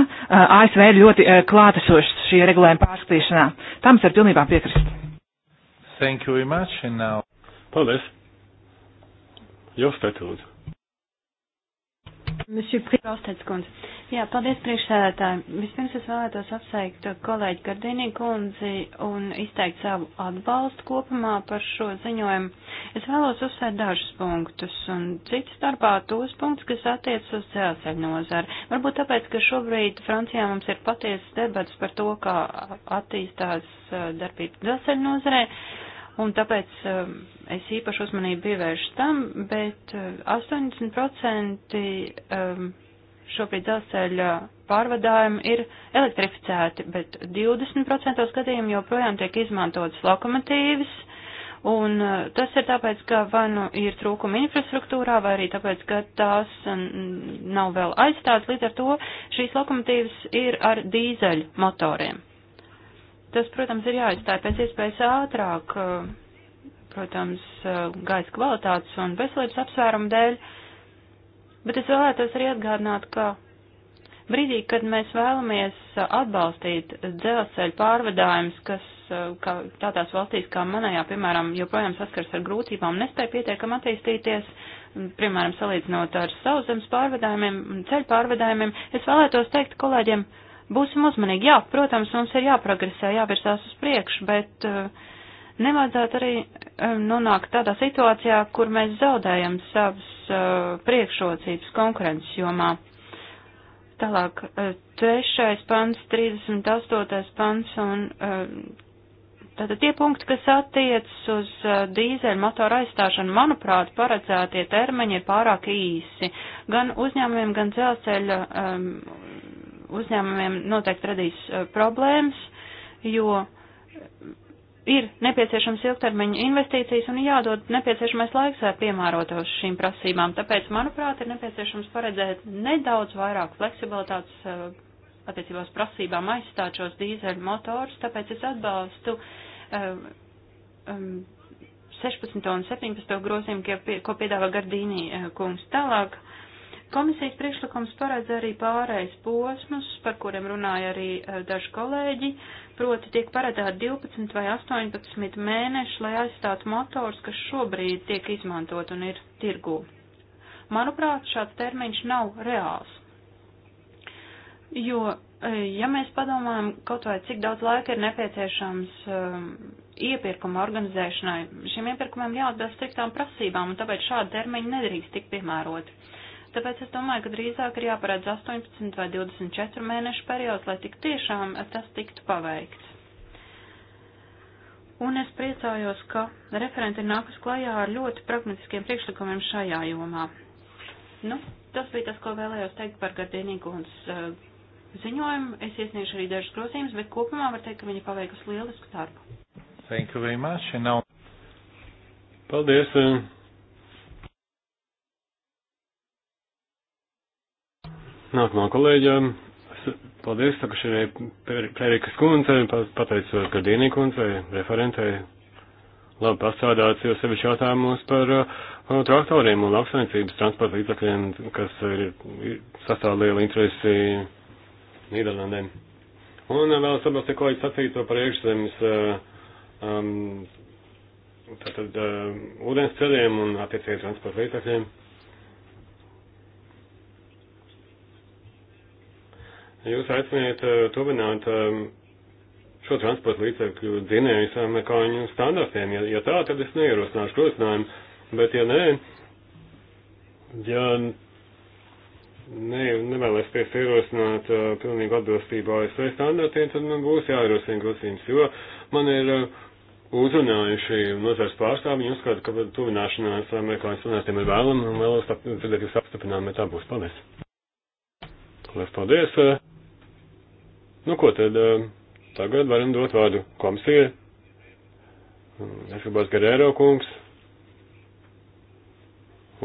ASV ir ļoti klātesošs šī regulējuma pārskatīšanā. Tam es varu pilnībā piekrist. Thank you very much and now. Paldies. Jūs te lūdzu. Jā, paldies priekšsēdētāji. Vispirms es vēlētos apsveikt kolēģi Gardīnī kundzi un izteikt savu atbalstu kopumā par šo ziņojumu. Es vēlos uzsvērt dažus punktus un citu starpā tos punktus, kas attiec uz dzelzceļu nozari. Varbūt tāpēc, ka šobrīd Francijā mums ir patiesas debats par to, kā attīstās uh, darbības dzelzceļu nozarei un tāpēc um, es īpašu uzmanību pievēršu tam, bet 80% uh, um, šobrīd dzelzceļa pārvadājumi ir elektrificēti, bet 20% gadījumu joprojām tiek izmantotas lokomotīvas, un uh, tas ir tāpēc, ka vai nu ir trūkumi infrastruktūrā, vai arī tāpēc, ka tās nav vēl aizstāts, līdz ar to šīs lokomotīvas ir ar dīzeļu motoriem. Tas, protams, ir jāizstāj pēc iespējas ātrāk, eh, protams, eh, gaisa kvalitātes un veselības apsvērumu dēļ, bet es vēlētos arī atgādināt, ka brīdī, kad mēs vēlamies atbalstīt dzelzceļu pārvadājumus, kas eh, kā, tādās valstīs kā manējā, piemēram, joprojām saskars ar grūtībām, nespēja pietiekam attīstīties, piemēram, salīdzinot ar sauszemes pārvadājumiem, ceļu pārvadājumiem, es vēlētos teikt kolēģiem, uh, Būsim uzmanīgi. Jā, protams, mums ir jāprogresē, jāvirzās uz priekšu, bet uh, nevajadzētu arī um, nonākt tādā situācijā, kur mēs zaudējam savas uh, priekšrocības konkurences jomā. Tālāk, uh, trešais pants, 38. pants un tātad tie punkti, kas attiecas uz dīzeļmotoru aizstāšanu, manuprāt, paredzētie termiņi ir pārāk īsi. Gan uzņēmumiem, gan dzelzceļa um, uzņēmumiem noteikti radīs e, problēmas, jo ir nepieciešams ilgtermiņa investīcijas un jādod nepieciešamais laiks, lai piemērotos šīm prasībām. Tāpēc, manuprāt, ir nepieciešams paredzēt nedaudz vairāk fleksibilitātes e, attiecībās prasībām aizstāt šos dīzeļu motors, tāpēc es atbalstu um, um, 16. un 17. grozījumu, ko piedāvā Gardīnī e, kungs tālāk. Uh, Komisijas priekšlikums paredz arī pārējais posmus, par kuriem runāja arī eh, daži kolēģi, proti tiek paredzēta 12 vai 18 mēneši, lai aizstātu motors, kas šobrīd tiek izmantot un ir tirgū. Manuprāt, šāds termiņš nav reāls. Jo, eh, ja mēs padomājam kaut vai cik daudz laika ir nepieciešams um, iepirkuma organizēšanai, šiem iepirkumiem jāatbilst striktām prasībām, un tāpēc šādi termiņi nedrīkst tik piemēroti. Tāpēc es domāju, ka drīzāk ir jāparedz 18 vai 24 mēnešu periods, lai tik tiešām tas tiktu paveikts. Un es priecājos, ka referenti ir nākus klajā ar ļoti pragmatiskiem priekšlikumiem šajā jomā. Nu, tas bija tas, ko vēlējos teikt par gardienīgu un uh, eh, ziņojumu. Es iesniegšu arī dažas grozījumus, bet kopumā var teikt, ka viņi paveikusi lielisku darbu. Thank you very much. And now... Paldies. Uh... Nākamā kolēģa, paldies, saka šai Prērikas kundzei, pateicos Gardīnī kundzei, referentei. Labi pastrādāts, jo sevišķi jautājumos par uh, traktoriem un lauksainicības transporta līdzakļiem, kas ir, ir sastāv liela interesi Nīderlandēm. Un uh, vēl sabalstu, ko es sacītu par iekšzemes uh, um, tātad, uh, ūdens ceļiem un attiecīgi transporta līdzakļiem. Jūs aiciniet eh, tuvināt ehm, šo transporta līdzekļu dzinējus amerikāņu eh, standartiem. Ja, ja tā, tad es neierosināšu grozinājumu, bet ja nē, ja ne, nevēlēsties ierosināt uh, pilnīgu atbilstību ASV standartiem, tad man būs jāierosina grozījums, jo man ir uh, uzrunājuši nozars pārstāvji, viņi uzskata, ka tuvināšanās amerikāņu standartiem ir vēlama, un vēlos dzirdēt jūs apstiprinām, ja tā būs. Paldies! Lielas paldies! Uh, Nu, ko tad eh, tagad varam dot vārdu komisijai? Es gribētu Gerēro kungs.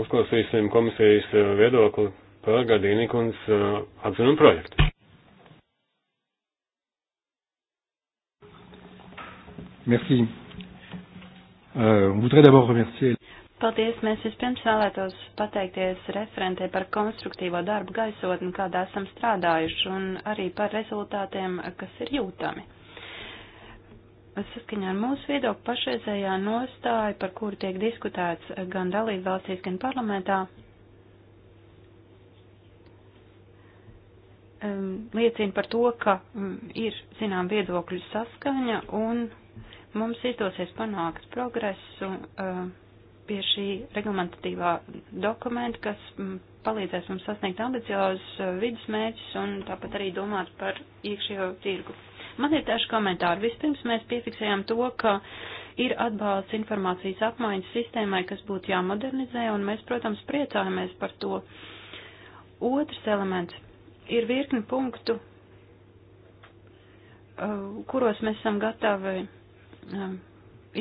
Uzklausīsim komisijas eh, viedokli par Gardīni kungs eh, atzinumu projektu. Merci. Euh, on voudrait d'abord remercier. Paldies! Mēs vispirms vēlētos pateikties referentē par konstruktīvo darbu gaisotni, kādā esam strādājuši, un arī par rezultātiem, kas ir jūtami. Saskaņā ar mūsu viedokli pašreizējā nostāja, par kuru tiek diskutēts gan dalību valstīs, gan parlamentā, um, liecina par to, ka mm, ir, zinām, viedokļu saskaņa un mums izdosies panākt progresu. Uh, pie šī reglamentatīvā dokumenta, kas mm, palīdzēs mums sasniegt ambiciozus eh, vidus mērķus un tāpat arī domāt par iekšējo tirgu. Man ir daži komentāri. Vispirms mēs piefiksējām to, ka ir atbalsts informācijas apmaiņas sistēmai, kas būtu jāmodernizē, un mēs, protams, priecājamies par to. Otrs elements ir virkni punktu, eh, kuros mēs esam gatavi eh,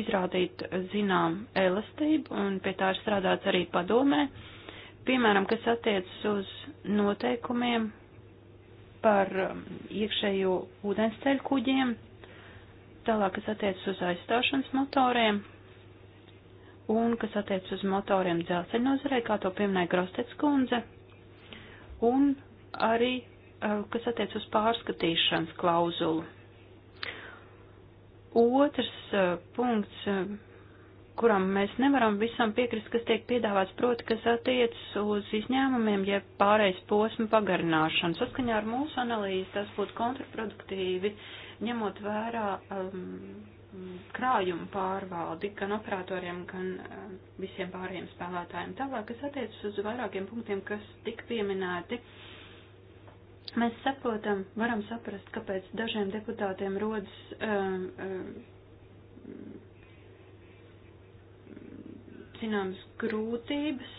izrādīt zinām elastību, un pie tā ir strādāts arī padomē, piemēram, kas attiecas uz noteikumiem par um, iekšējo ūdensceļu kuģiem, tālāk, kas attiecas uz aizstāšanas motoriem un kas attiecas uz motoriem dzelzceļa nozarei, kā to pieminēja Grostets kundze, un arī, uh, kas attiecas uz pārskatīšanas klauzulu. Otrs eh, punkts, eh, kuram mēs nevaram visam piekrist, kas tiek piedāvāts, proti, kas attiecas uz izņēmumiem, ja pārējais posma pagarināšana. Saskaņā ar mūsu analīzi tas būtu kontraproduktīvi, ņemot vērā um, krājumu pārvaldi gan operatoriem, gan um, visiem pārējiem spēlētājiem. Tālāk, kas attiecas uz vairākiem punktiem, kas tik pieminēti. Uh, Mēs saprotam, varam saprast, kāpēc dažiem deputātiem rodas um, um, zināmas grūtības,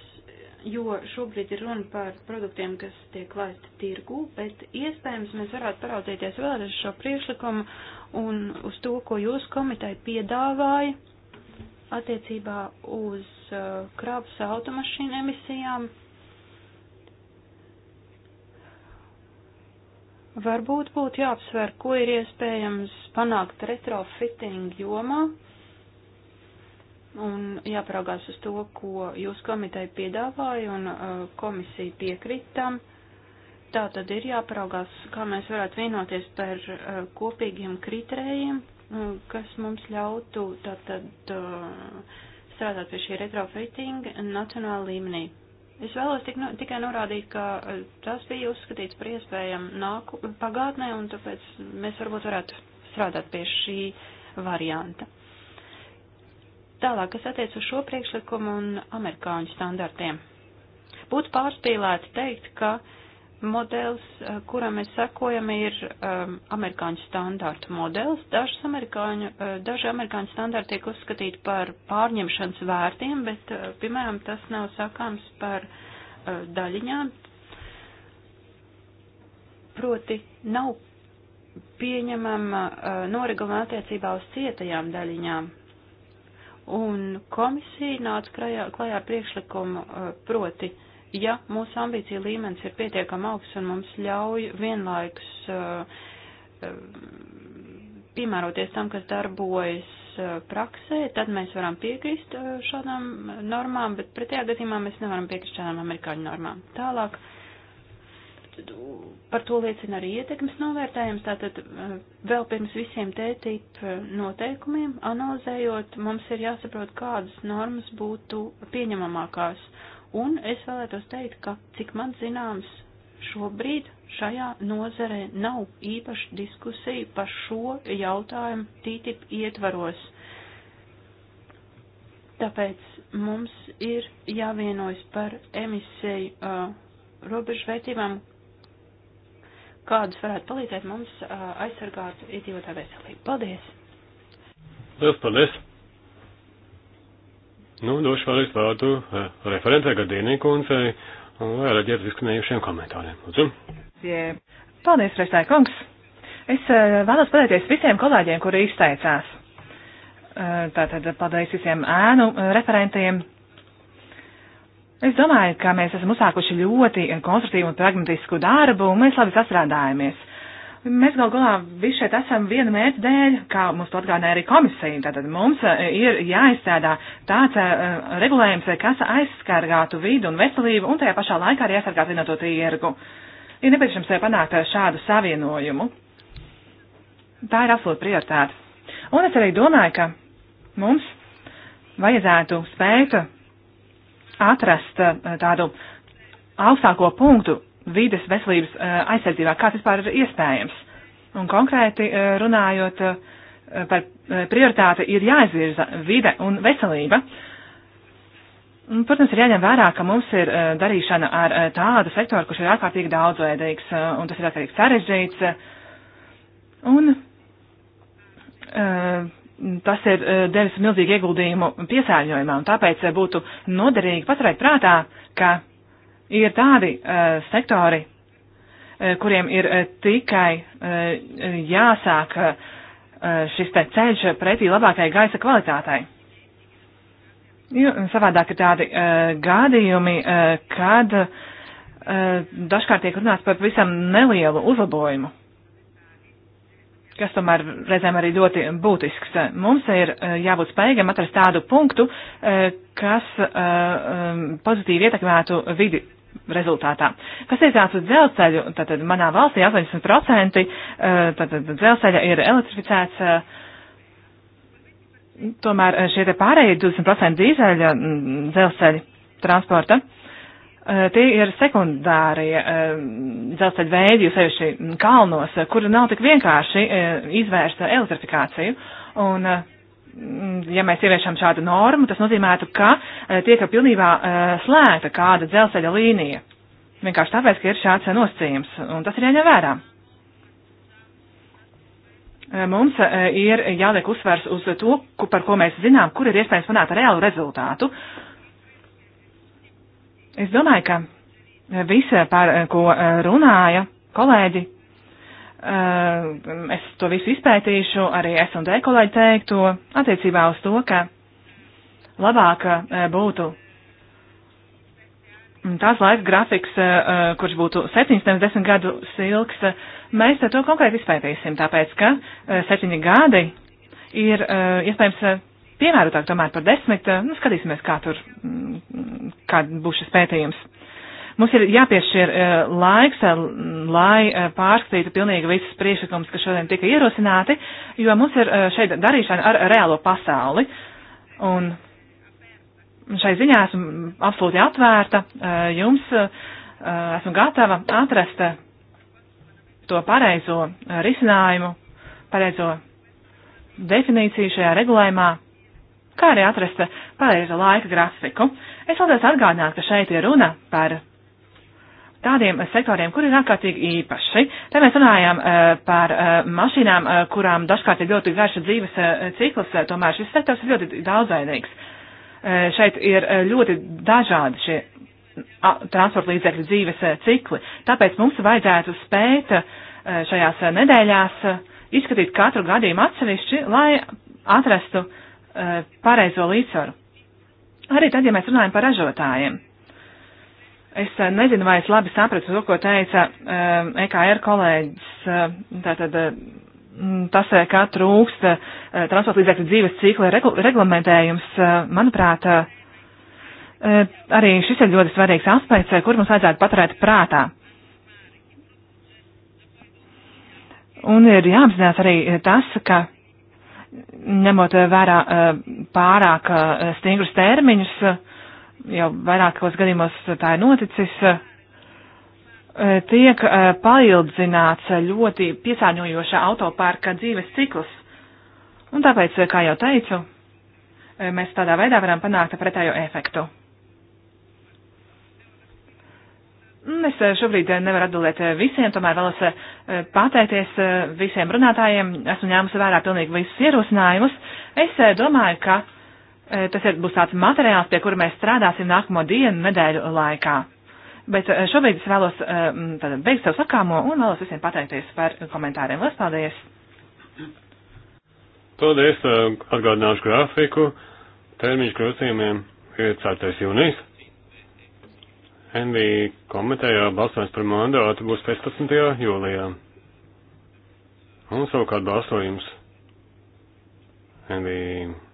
jo šobrīd ir runa par produktiem, kas tiek laisti tirgū, bet iespējams mēs varētu paraudzīties vēlreiz šo priekšlikumu un uz to, ko jūs komiteja piedāvāja attiecībā uz uh, krāpus automašīnu emisijām. Varbūt būtu jāapsver, ko ir iespējams panākt retrofitting jomā un jāparaugās uz to, ko jūs komiteja piedāvāja un uh, komisija piekritam. Tā tad ir jāparaugās, kā mēs varētu vienoties par uh, kopīgiem kritērējiem, uh, kas mums ļautu tātad uh, strādāt pie šī retrofitting nacionāla līmenī. Es vēlos tik, nu, tikai norādīt, ka e, tas bija uzskatīts par iespējamu nāku, pagātnē, un tāpēc mēs varbūt varētu strādāt pie šī varianta. Tālāk, kas attiec uz šo priekšlikumu un amerikāņu standartiem. Būtu pārspīlēti teikt, ka uh, modelis, eh, kuram mēs sakojam, ir um, amerikāņu standārtu modelis. Dažas amerikāņu, uh, daži amerikāņu standārti tiek uzskatīti par pārņemšanas vērtiem, bet, uh, piemēram, tas nav sakāms par uh, daļiņām. Proti, nav pieņemama uh, noregulma attiecībā uz cietajām daļiņām. Un komisija nāca klajā, klajā priekšlikumu uh, proti. Uh, ja mūsu ambīcija līmenis ir pietiekami augsts un mums ļauj vienlaikus uh, uh, piemēroties tam, kas darbojas uh, praksē, tad mēs varam piekrist šādām normām, bet pretējā gadījumā mēs nevaram piekrist šādām amerikāņu normām. Tālāk par to liecina arī ietekmes novērtējums, tātad vēl pirms visiem tētīt noteikumiem, analizējot, mums ir jāsaprot, kādas normas būtu pieņemamākās Un es vēlētos teikt, ka, cik man zināms, šobrīd šajā nozarē nav īpaši diskusija par šo jautājumu TTIP ietvaros. Tāpēc mums ir jāvienojas par emisiju uh, robežvērtībām, kādas varētu palīdzēt mums uh, aizsargāt iedzīvotāju veselību. Paldies! Liels paldies! Nu, došu vēlreiz vārdu eh, referentē Gardīnī kundzei, lai reaģētu izskanējušiem komentāriem. Lūdzu. Yeah. Paldies, Reistāja kungs. Es eh, vēlos pateikties visiem kolēģiem, kuri izteicās. Eh, tātad paldies visiem ēnu referentiem. Es domāju, ka mēs esam uzsākuši ļoti konstruktīvu un pragmatisku darbu, un mēs labi sastrādājamies. Mēs gal galā visi šeit esam viena mērķa dēļ, kā mums to atgādināja arī komisija. Tātad mums e, ir jāizstrādā tāds e, regulējums, e, kas aizskargātu vidu un veselību un tajā pašā laikā arī aizsargātu vienoto tirgu. Ir nepieciešams panākt šādu savienojumu. Tā ir absolūta prioritāte. Un es arī domāju, ka mums vajadzētu spēt atrast tādu augstāko punktu vides veselības eh, aizsardzībā, kā tas vispār ir iespējams. Un konkrēti eh, runājot eh, par prioritāti ir jāizvirza vide un veselība. Un, protams, ir jāņem vērā, ka mums ir darīšana ar tādu sektoru, kurš ir ārkārtīgi daudzveidīgs un tas ir ārkārtīgi sarežģīts. Un tas ir devis milzīgu ieguldījumu piesārņojumā, un tāpēc būtu noderīgi paturēt prātā, ka ir tādi uh, sektori, uh, kuriem ir uh, tikai uh, jāsāk uh, uh šis te ceļš pretī labākai gaisa kvalitātei. Jo, savādāk ir tādi uh, gadījumi, uh, kad uh, dažkārt tiek runāts par visam nelielu uzlabojumu, kas tomēr reizēm arī ļoti būtisks. Mums ir uh, jābūt spējīgam atrast tādu punktu, uh, kas uh, um, pozitīvi ietekmētu vidi rezultātā. Kas tiecās uz dzelzceļu, tātad manā valstī 80% eh, tātad dzelzceļa ir elektrificēts. Eh, tomēr eh, šie te pārējie 20% dīzeļa mm, dzelzceļa transporta, tie ir sekundārie dzelzceļa veidi, jo sevišķi mm, kalnos, kur nav tik vienkārši izvērsta elektrifikāciju. Un, uh, Mm, ja mēs ieviešam šādu normu, tas nozīmētu, ka e, tiek pilnībā e, slēgta kāda dzelzceļa līnija. Vienkārši tāpēc, ka ir šāds nosacījums, un tas ir jāņem vērā. E, mums ir jāliek uzsvers uz to, par ko mēs zinām, kur ir iespējams panākt reālu rezultātu. Es domāju, ka visa, par ko runāja kolēģi, Eh, es to visu izpētīšu, arī es un dekolēģi teiktu attiecībā uz to, ka labāk eh, būtu tās laika grafiks, eh, kurš būtu 70 gadu silgs, mēs to konkrēti izpētīsim, tāpēc ka 7 gadi ir iespējams piemērotāk tomēr par 10, nu skatīsimies, kā tur, mm, kā būs šis pētījums. Mums ir jāpiešķir eh, laiks, eh, lai eh, pārskatītu pilnīgi visus priekšlikumus, kas šodien tika ierosināti, jo mums ir šeit darīšana ar reālo pasauli. Un šai ziņā esmu absolūti atvērta jums, esmu gatava atrast to pareizo risinājumu, pareizo definīciju šajā regulējumā, kā arī atrast pareizo laika grafiku. Es vēlos atgādināt, ka šeit ir runa par tādiem sektoriem, kur ir ārkārtīgi īpaši. Te mēs runājām eh, par eh, mašīnām, eh, kurām dažkārt ir ļoti garša dzīves cikls, tomēr šis sektors ir ļoti daudzainīgs. Šeit ir ļoti dažādi šie transporta līdzekļu dzīves cikli, tāpēc mums vajadzētu spēt šajās nedēļās izskatīt katru gadījumu atsevišķi, lai atrastu pareizo līdzsvaru. Arī tad, ja mēs runājam par ražotājiem Es eh, nezinu, vai es labi sapratu to, ko teica EKR eh, e kolēģis. Eh, tātad tas, kā trūkst transporta līdzekļu dzīves cikla reglamentējums, manuprāt, arī šis ir ļoti svarīgs aspekts, kur mums vajadzētu paturēt prātā. Un ir jāapzinās arī tas, ka ņemot vērā pārāk stingrus termiņus, jau vairākos gadījumos tā ir noticis, eh, tiek eh, paildzināts ļoti piesārņojoša autopārka dzīves cikls. Un tāpēc, eh, kā jau teicu, mēs tādā veidā varam panākt pretējo efektu. Es šobrīd nevaru atbildēt visiem, tomēr vēlos pateikties visiem runātājiem. Esmu ņēmusi vērā pilnīgi visus ierosinājumus. Es domāju, ka Eh, tas ir, būs tāds materiāls, pie kura mēs strādāsim nākamo dienu, nedēļu laikā. Bet eh, šobrīd es vēlos eh, tad, beigt savu sakāmo un vēlos visiem pateikties par komentāriem. Lielas paldies! Paldies! Atgādināšu grafiku. Termiņš grozījumiem ir 4. jūnijas. NV komitejā balsojums par mandātu būs 15. jūlijā. Un savukārt balsojums NV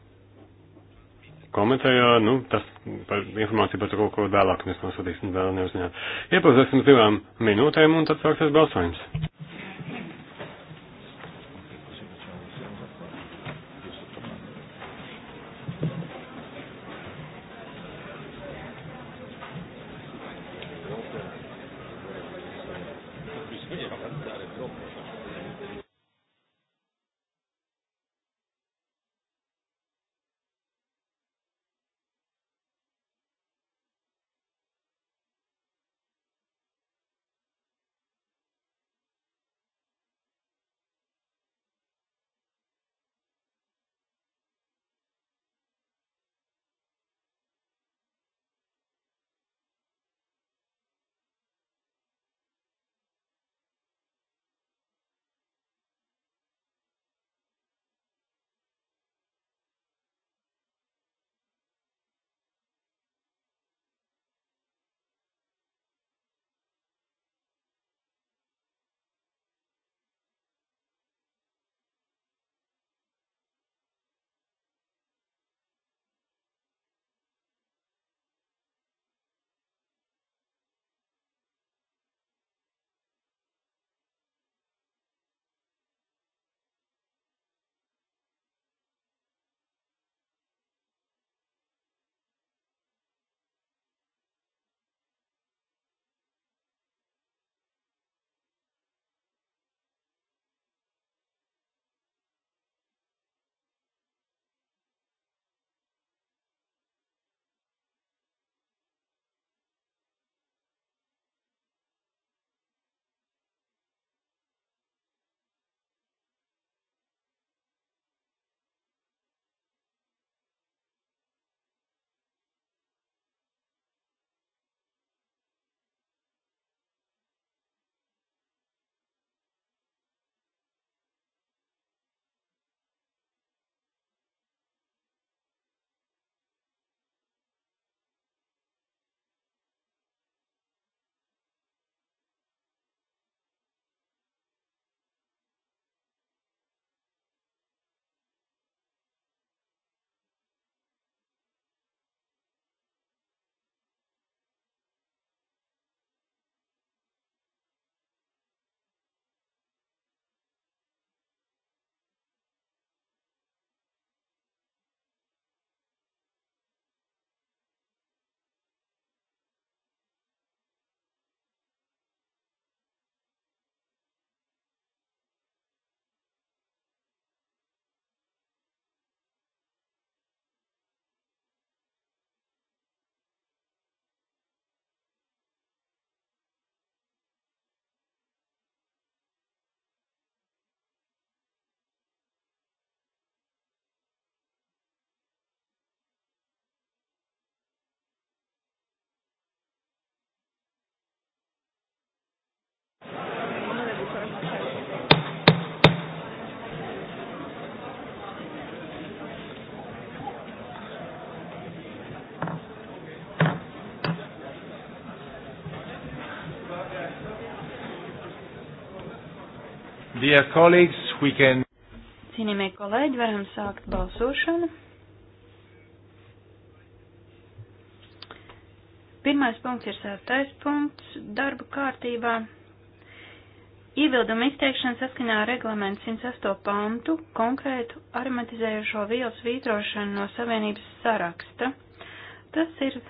komitejā, nu, tas par informāciju par to kaut ko vēlāk mēs nosūtīsim vēl neuzņēmu. Iepazīstināsim divām minūtēm un tad sāksies balsojums. Dear colleagues, we can. Cienījamie kolēģi, varam sākt balsošanu. Pirmais punkts ir sēstais punkts darba kārtībā. Iebilduma izteikšana saskaņā ar reglamentu 108 pantu konkrētu aromatizējušo vielas vītrošanu no savienības saraksta. Tas ir uh,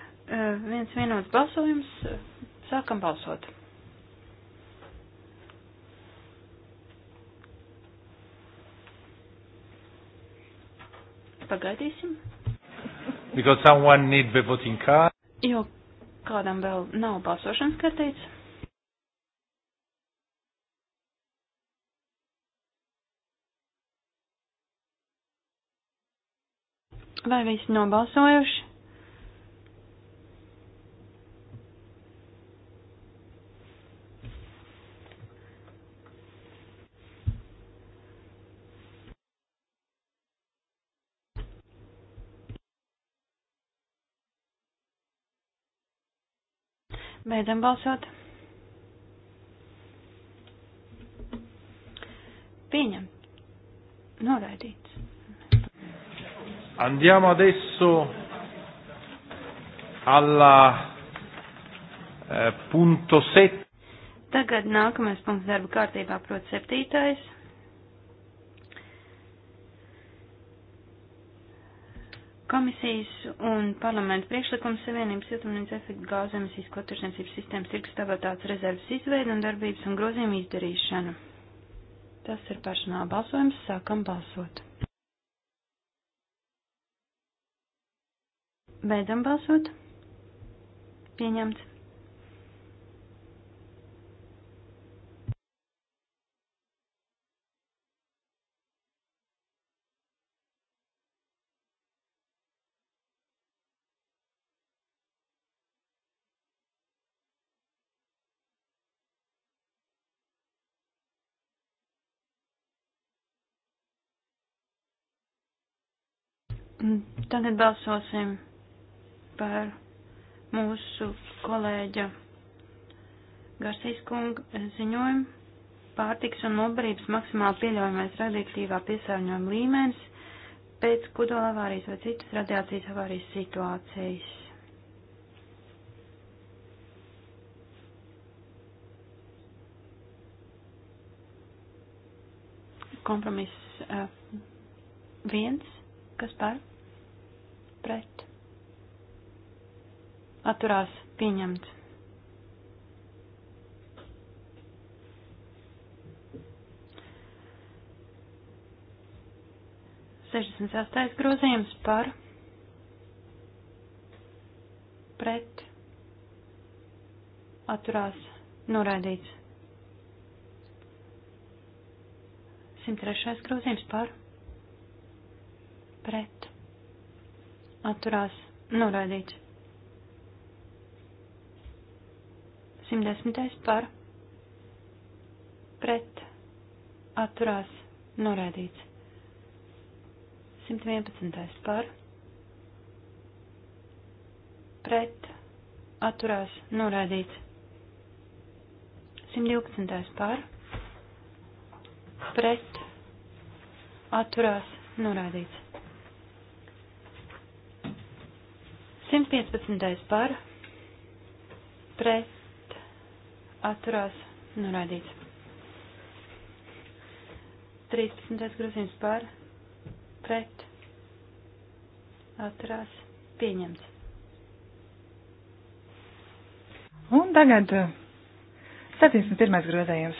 viens vienots balsojums. Sākam balsot. Pagaidīsim. Because someone need the voting card. Jo kādam vēl nav balsošanas kartītes. Vai visi nobalsojuši? Beidzam balsot. Pieņem. Noraidīts. Andiamo adesso alla eh, punto 7. Tagad nākamais punkts darba kārtībā, proti, septītais. Komisijas un parlamenta priekšlikums Savienības siltumnīca efekta gāzu emisijas kotirdzniecības sistēmas tirgus stabilitātes rezerves izveidu un darbības un grozījumu izdarīšanu. Tas ir personāla balsojums, sākam balsot. Beidzam balsot. Pieņemts. Mm, tagad balsosim par mūsu kolēģa Garsīs kunga ziņojumu pārtiks un nobarības maksimāli pieļaujamais radioaktīvā piesārņojuma līmenis pēc kodola avārijas vai citas radiācijas avārijas situācijas. Kompromiss uh, viens, kas par? pret atturās pieņemts. Sešdesmit sastais grozījums par pret atturās noraidīts. 103. grozījums par pret atturās noraidīts. 110. par pret atturās noraidīts. 111. par pret atturās noraidīts. 112. par pret atturās noraidīts. 115. par pret atturās norādīts. 13. grozījums par pret atturās pieņemts. Un tagad 71. grozējums.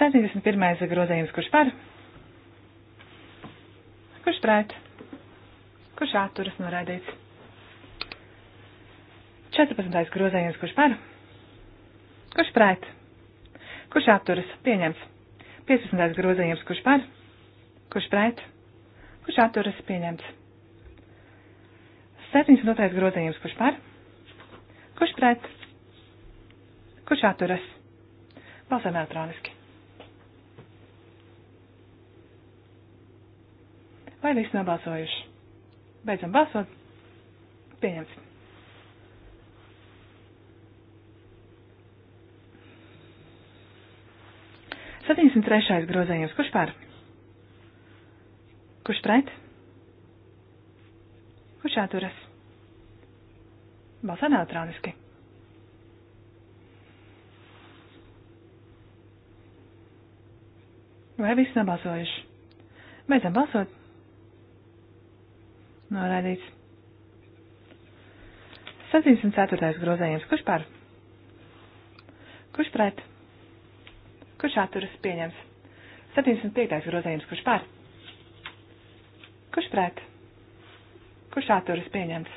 71. grozējums, kurš par? Kurš pret? Kurš atturas noraidīts? 14. grozējums, kurš par? Kurš pret? Kurš atturas? Pieņemts. 15. grozējums, kurš par? Kurš pret? Kurš atturas? Pieņemts. 72. grozējums, kurš par? Kurš pret? Kurš atturas? Balsam elektroniski. Vai visi nobalsojuši? Beidzam balsot. Pieņemts. 73. grozējums. Kurš pār? Kurš pret? Kurš atturas? Balsā neutrāliski. Vai viss nobalsojuši? Beidzam balsot. Norādīts. 74. grozējums. Kurš par? Kurš pret? Kurš atturas pieņems? 75. grozījums. Kurš par? Kurš pret? Kurš atturas pieņems?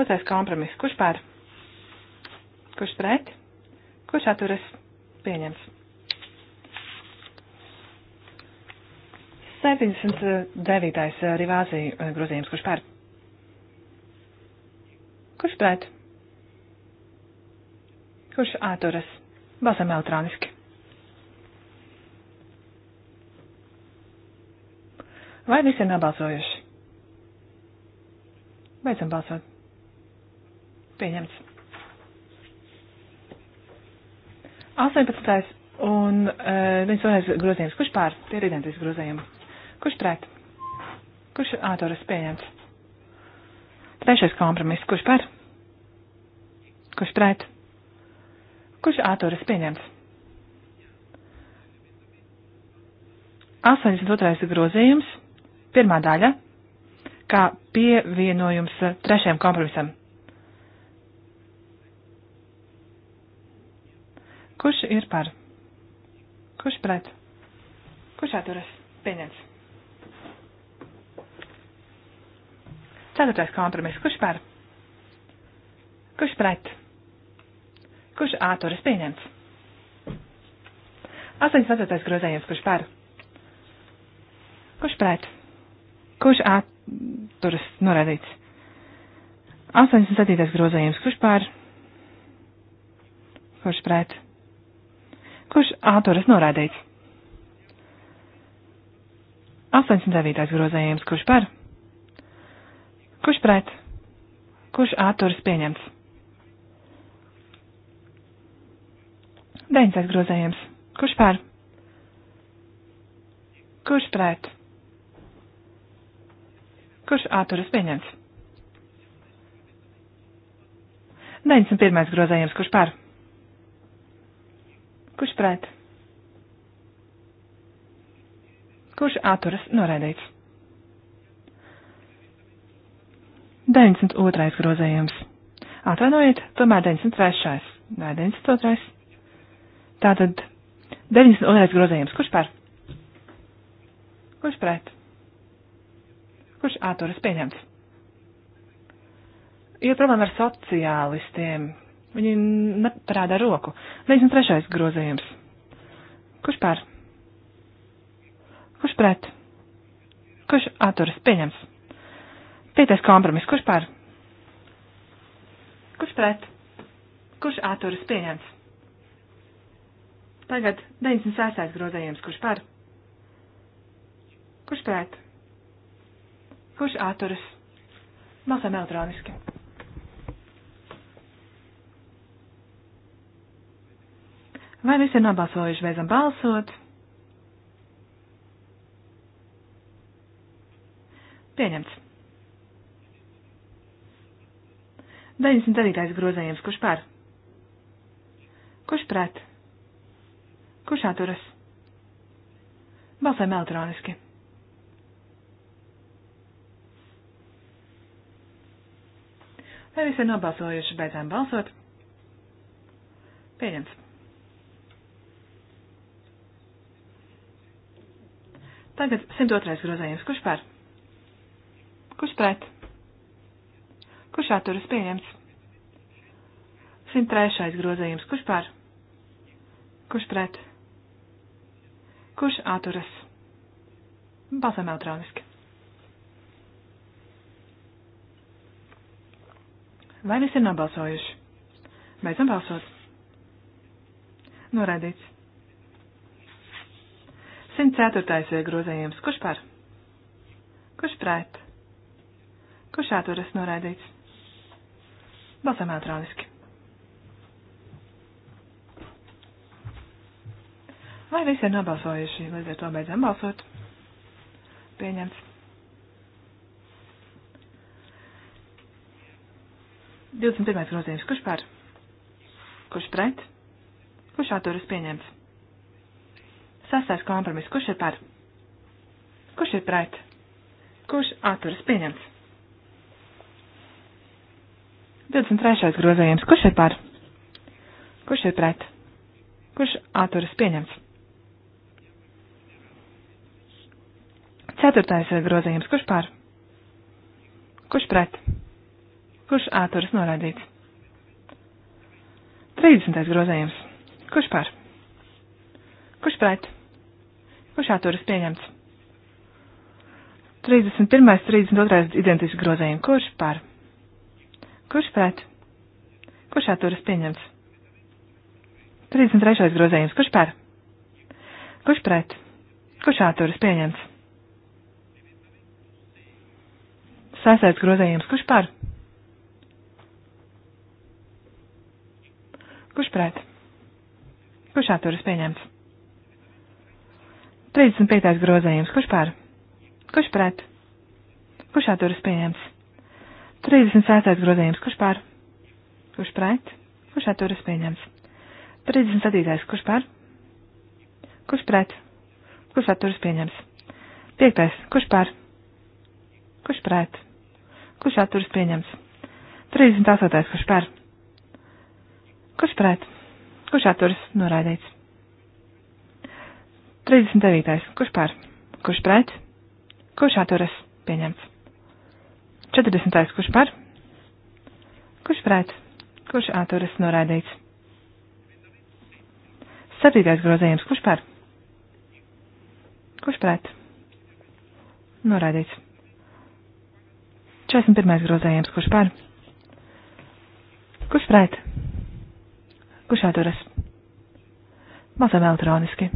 Otrais kompromiss. Kurš par? Kurš pret? Kurš atturas? Pieņems. 79. Eh, rivāzī eh, grozījums. Kurš par? Kurš pret? Kurš atturas? Balsam elektroniski. Vai visi ir nobalsojuši? Beidzam balsot. Pieņemts. 18. un uh, e, viņas otrais grozījums. Kurš pār? Tie ir identiski grozījumi. Kurš pret? Kurš ātoras pieņemts? Trešais kompromiss. Kurš par? Kurš pret? Kurš atturas pieņemts? 82. grozījums, pirmā daļa, kā pievienojums trešajam kompromisam. Kurš ir par? Kurš pret? Kurš atturas? Pieņems. Ceturtais kompromiss. Kurš par? Kurš pret? Kurš āturas pieņemts? 84. grozējums, kurš par? Kurš pret? Kurš āturas norādīts? 87. grozējums, kurš par? Kurš pret? Kurš āturas norādīts? 89. grozējums, kurš par? Kurš pret? Kurš āturas pieņemts? Deņas grozējums. Kurš pār? Kurš pret? Kurš āturas pieņemts? 91. grozējums. Kurš pār? Kurš pret? Kurš atturas noraidīts? 92. grozējums. Atvainojiet, tomēr 93. vai 92. Tātad 92. grozējums. Kurš par? Kurš pret? Kurš āturas pieņemts? Ir problēma ar sociālistiem. Viņi neparāda roku. 93. grozējums. Kurš par? Kurš pret? Kurš āturas pieņemts? Pietais kompromis. Kurš par? Kurš pret? Kurš āturas pieņemts? Tagad 96. grozējums, kurš par? Kurš pret? Kurš atturas? Balsam elektroniski. Vai visi ir nobalsojuši, beidzam balsot? Pieņemts. 99. grozējums, kurš par? Kurš pret? Kurš atturas? Balsojam elektroniski. Vai visi ir nobalsojuši, beidzām balsot? Pieņems. Tagad 102. grozējums. Kurš par? Kurš pret? Kurš atturas pieņems? 103. grozējums. Kurš par? Kurš pret? Kurš atturas? Balsam elektroniski. Vai visi ir nobalsojuši? Beidzam balsot. Noraidīts. 104. grozējums. Kurš par? Kurš pret? Kurš atturas noraidīts? Balsam elektroniski. Vai visi ir nobalsojuši? Līdz ar to beidzam balsot. Pieņemts. 21. grozījums. Kurš par? Kurš pret? Kurš atturas pieņemts? Sastais kompromiss. Kurš ir par? Kurš ir pret? Kurš atturas pieņemts? 23. grozījums. Kurš ir par? Kurš ir pret? Kurš atturas pieņemts? Ceturtais grozījums. Kurš pār? Kurš pret? Kurš āturas noraidīts? 30. grozējums. Kurš par? Kurš pret? Kurš atturas pieņemts? 31. 32. identiski grozējumi. Kurš par? Kurš pret? Kurš atturas pieņemts? 33. grozējums. Kurš par? Kurš pret? Kurš atturas pieņemts? Sēsēts grozējums, kurš par? Kurš pret? Kurš atturas pieņemts? 35. grozējums, kurš par? Kurš pret? Kurš atturas pieņemts? 36. grozējums, kurš par? Kurš pret? Kurš atturas pieņemts? 37. kurš par? Kurš pret? Kurš atturas pieņemts? 5. kurš par? Kurš pret? kurš atturas pieņemts. 38. kurš par, kurš pret, kurš atturas noraidīts. 39. kurš par, kurš pret, kurš atturas pieņemts. 40. kurš par, kurš pret, kurš atturas noraidīts. 7. grozījums, kurš par, kurš pret, noraidīts. 41. grozējums, kurš par? Kurš pret? Kurš atturas? Mazam elektroniski.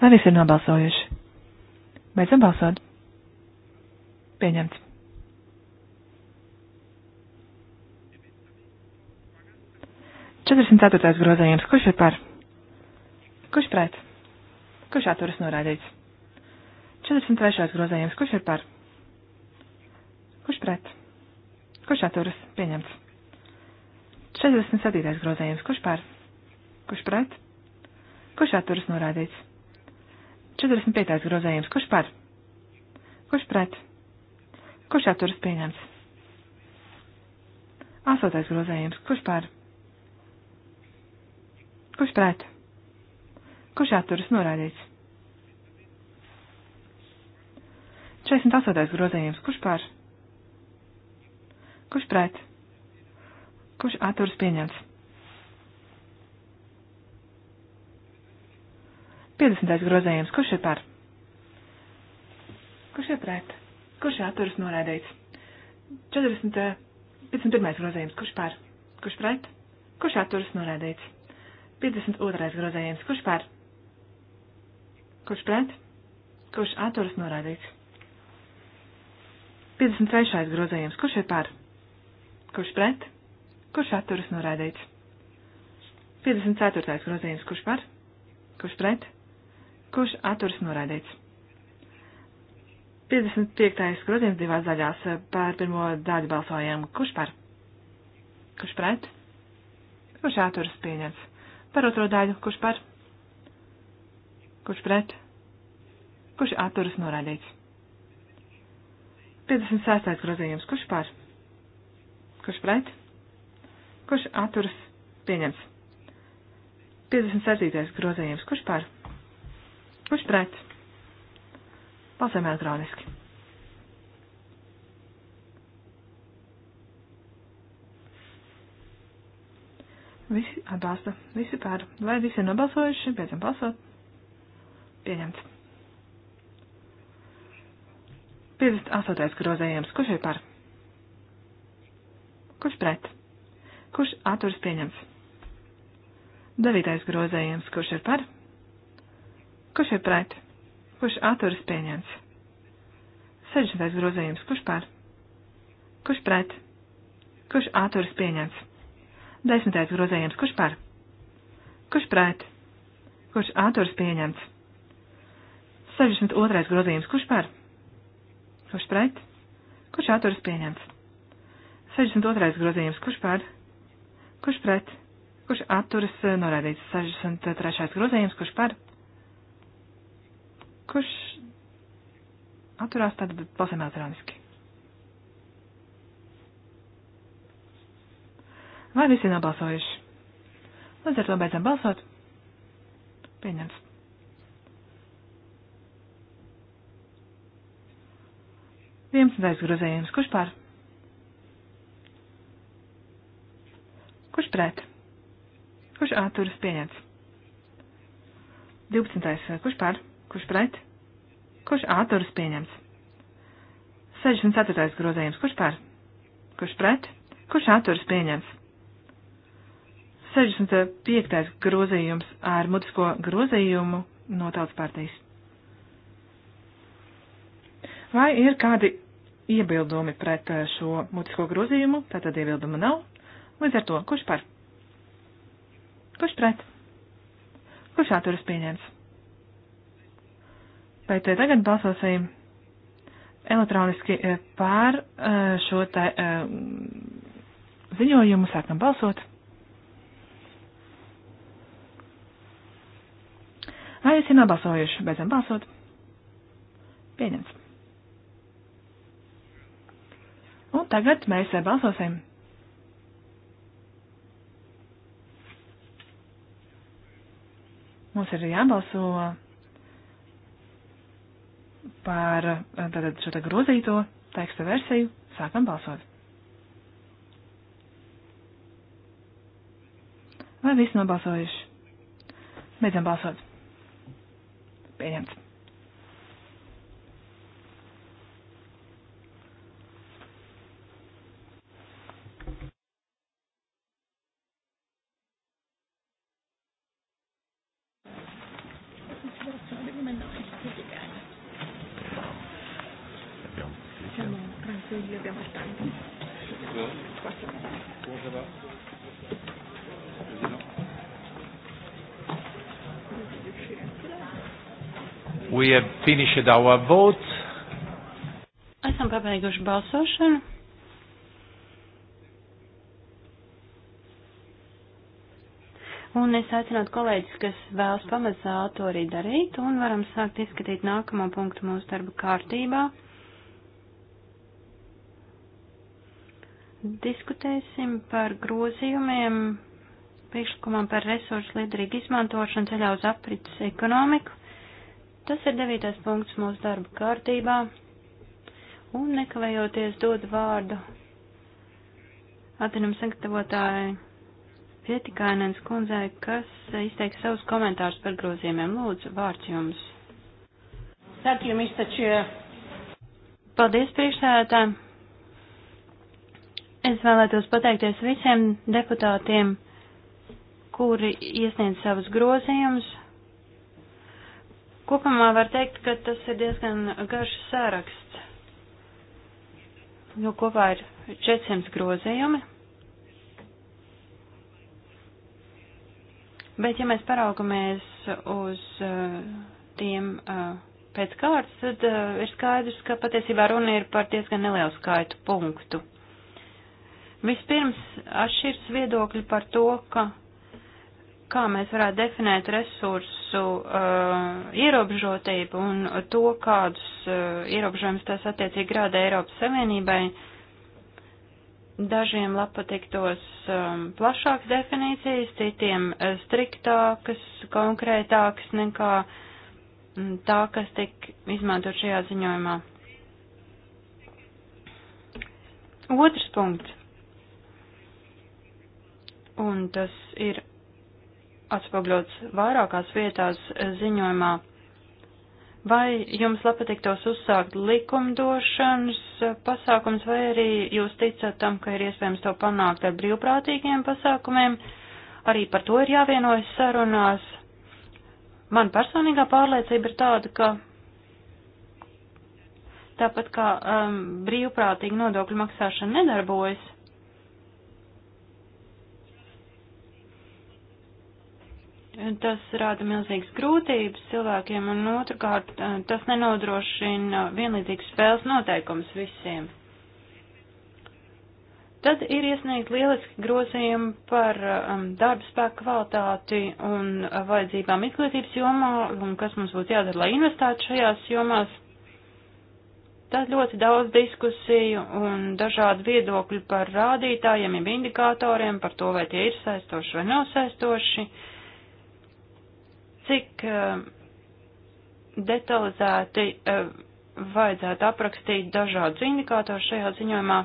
Vai visi ir nobalsojuši? Beidzam balsot. Pieņemts. Četrdesmit ceturtais grozējums. Kurš ir par? Kurš pret? Kurš atturas norādīts? 43. grozējums. Kurš ir par? Kurš pret? Kurš atturas? Pieņemts. 47. grozējums. Kurš par? Kurš pret? Kurš atturas norādīts? 45. grozējums. Kurš par? Kurš pret? Kurš atturas pieņemts? 8. grozējums. Kurš par? Kurš pret? Kurš atturas norādīts? 48. grozījums. Kurš pār? Kurš pret? Kurš atturas pieņemts? 50. grozījums. Kurš ir pār? Kurš ir pret? Kurš atturas norādīts? 40. 51. grozījums. Kurš pār? Kurš pret? Kurš atturas norādīts? 52. grozījums. Kurš pār? Kurš pret? Kurš atturas norādīts? 53. grozējums. Kurš ir par? Kurš pret? Kurš atturas norādīts? 54. grozējums. Kurš par? Kurš pret? Kurš atturas norādīts? 55. grozījums divās daļās. Par pirmo daļu balsojām. Kurš par? Kurš pret? Kurš atturas pieņemts? Par otro daļu. Kurš par? Kurš pret? Kurš atturas norādīts? 56. grozījums. Kurš pār? Kurš pret? Kurš atturas? Pieņems. 57. grozījums. Kurš pār? Kurš pret? Balsēm elektroniski. Visi atbalsta, visi pār. Vai visi ir nobalsojuši? Beidzam balsot. Pieņemts. 58. grozējums. Kurš ir par? Kurš pret? Kurš atturas pieņems? 9. grozējums. Kurš ir par? Kurš ir pret? Kurš atturas pieņems? 60. grozējums. Kurš par? Kurš pret? Kurš atturas pieņems? 10. grozējums. Kurš par? Kurš pret? Kurš atturas pieņems? 62. grozījums. Kurš par? Kurš pret? Kurš atturas pieņemts? 62. grozījums. Kurš par? Kurš pret? Kurš atturas eh, norādīts? 63. grozījums. Kurš par? Kurš atturās tad balsēm elektroniski? Vai visi nobalsojuši? Līdz ar to beidzam balsot. Pieņemts. 11. grozējums. Kurš pār? Kurš pret? Kurš atturas pieņemts? 12. Kurš pār? Kurš pret? Kurš atturas pieņemts? 64. grozējums. Kurš pār? Kurš pret? Kurš atturas pieņemts? 65. grozījums ar mutisko grozījumu no tautas partijas. Vai ir kādi iebildumi pret eh, šo mutisko grozījumu, tātad iebildumu nav. Līdz ar to, kurš par? Kurš pret? Kurš atturas pieņēmis? Vai te eh, tagad balsosim elektroniski eh, pār šo te ziņojumu, sākam balsot? Vai esi nobalsojuši? Beidzam balsot. Pieņemts. Un tagad mēs balsosim. Mums ir jābalso par tātad šo te grozīto teksta versiju. Sākam balsot. Vai visi nobalsojuši? Beidzam balsot. Pieņemts. we have finished our vote. Esam pabeiguši balsošanu. Un es aicinātu kolēģis, kas vēlas pamazā to arī darīt, un varam sākt izskatīt nākamo punktu mūsu darba kārtībā. Diskutēsim par grozījumiem priekšlikumam par resursu liederīgu izmantošanu ceļā uz aprits ekonomiku. Tas ir devītais punkts mūsu darba kārtībā. Un nekavējoties dod vārdu atvinam sagatavotāju Pietikainens kundzei, kas izteiks savus komentārus par grozījumiem. Lūdzu, vārds jums. Thank you, Mr. Chair. Paldies, priekšsēdētāji. Es vēlētos pateikties visiem deputātiem, kuri iesniedz savus grozījumus, Kopumā var teikt, ka tas ir diezgan garš sāraksts, jo kopā ir 400 grozījumi. Bet, ja mēs paraugamies uz uh, tiem uh, pēc kārtas, tad uh, ir skaidrs, ka patiesībā runa ir par diezgan nelielu skaitu punktu. Vispirms atšķirs viedokļi par to, ka kā mēs varētu definēt resursus mūsu uh, ierobežotību un to, kādus uh, ierobežojumus tas attiecīgi rāda Eiropas Savienībai. Dažiem patiktos um, plašākas definīcijas, citiem uh, striktākas, konkrētākas nekā um, tā, kas tik izmantot šajā ziņojumā. Otrs punkts. Un tas ir atspogļots vairākās vietās eh, ziņojumā. Vai jums patiktos uzsākt likumdošanas eh, pasākums, vai arī jūs ticat tam, ka ir iespējams to panākt ar brīvprātīgiem pasākumiem? Arī par to ir jāvienojas sarunās. Man personīgā pārliecība ir tāda, ka tāpat kā um, ehm, brīvprātīgi nodokļu maksāšana nedarbojas, Tas rāda milzīgas grūtības cilvēkiem, un otrkārt, eh, tas nenodrošina vienlīdzīgas spēles noteikums visiem. Tad ir iesniegt lieliski grozījumi par um, darba spēku kvalitāti un vajadzībām izglītības jomā, un kas mums būtu jādara, lai investētu šajās jomās. Tad ļoti daudz diskusiju un dažādu viedokļu par rādītājiem, indikatoriem, par to, vai tie ir saistoši vai nav saistoši. Uh, cik eh, detalizēti eh, vajadzētu aprakstīt dažādus indikātorus šajā ziņojumā.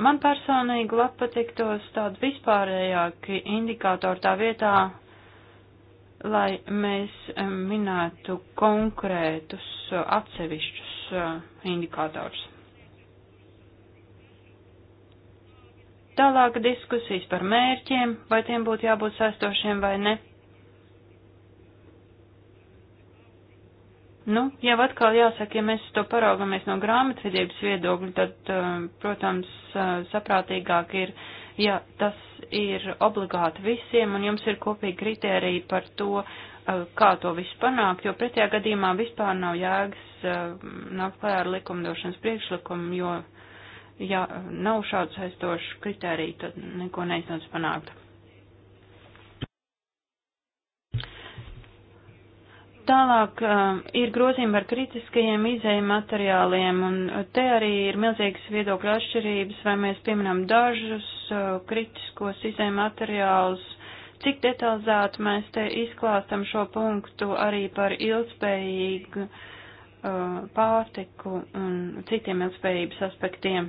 Man personīgi labi patiktos tādi vispārējāki indikātori tā vietā, lai mēs eh, minētu konkrētus atsevišķus indikātors. Tālāk diskusijas par mērķiem, vai tiem būtu jābūt saistošiem vai ne. Nu, jau atkal jāsaka, ja mēs to paraugamies no grāmatvedības viedokļa, tad, uh, protams, uh, saprātīgāk ir, ja tas ir obligāti visiem un jums ir kopīgi kritēriji par to, uh, kā to visu panākt, jo pretējā gadījumā vispār nav jēgas nākt klajā ar likumdošanas priekšlikumu, jo, ja nav šādu saistošu kritēriju, tad neko neiznāc panākt. Tālāk uh, ir grozījumi par kritiskajiem izēju materiāliem, un uh, te arī ir milzīgas viedokļa atšķirības, vai mēs pieminam dažus uh, kritiskos izēju materiālus, cik detalizēti mēs te izklāstam šo punktu arī par ilgspējīgu uh, pārtiku un citiem ilgspējības aspektiem.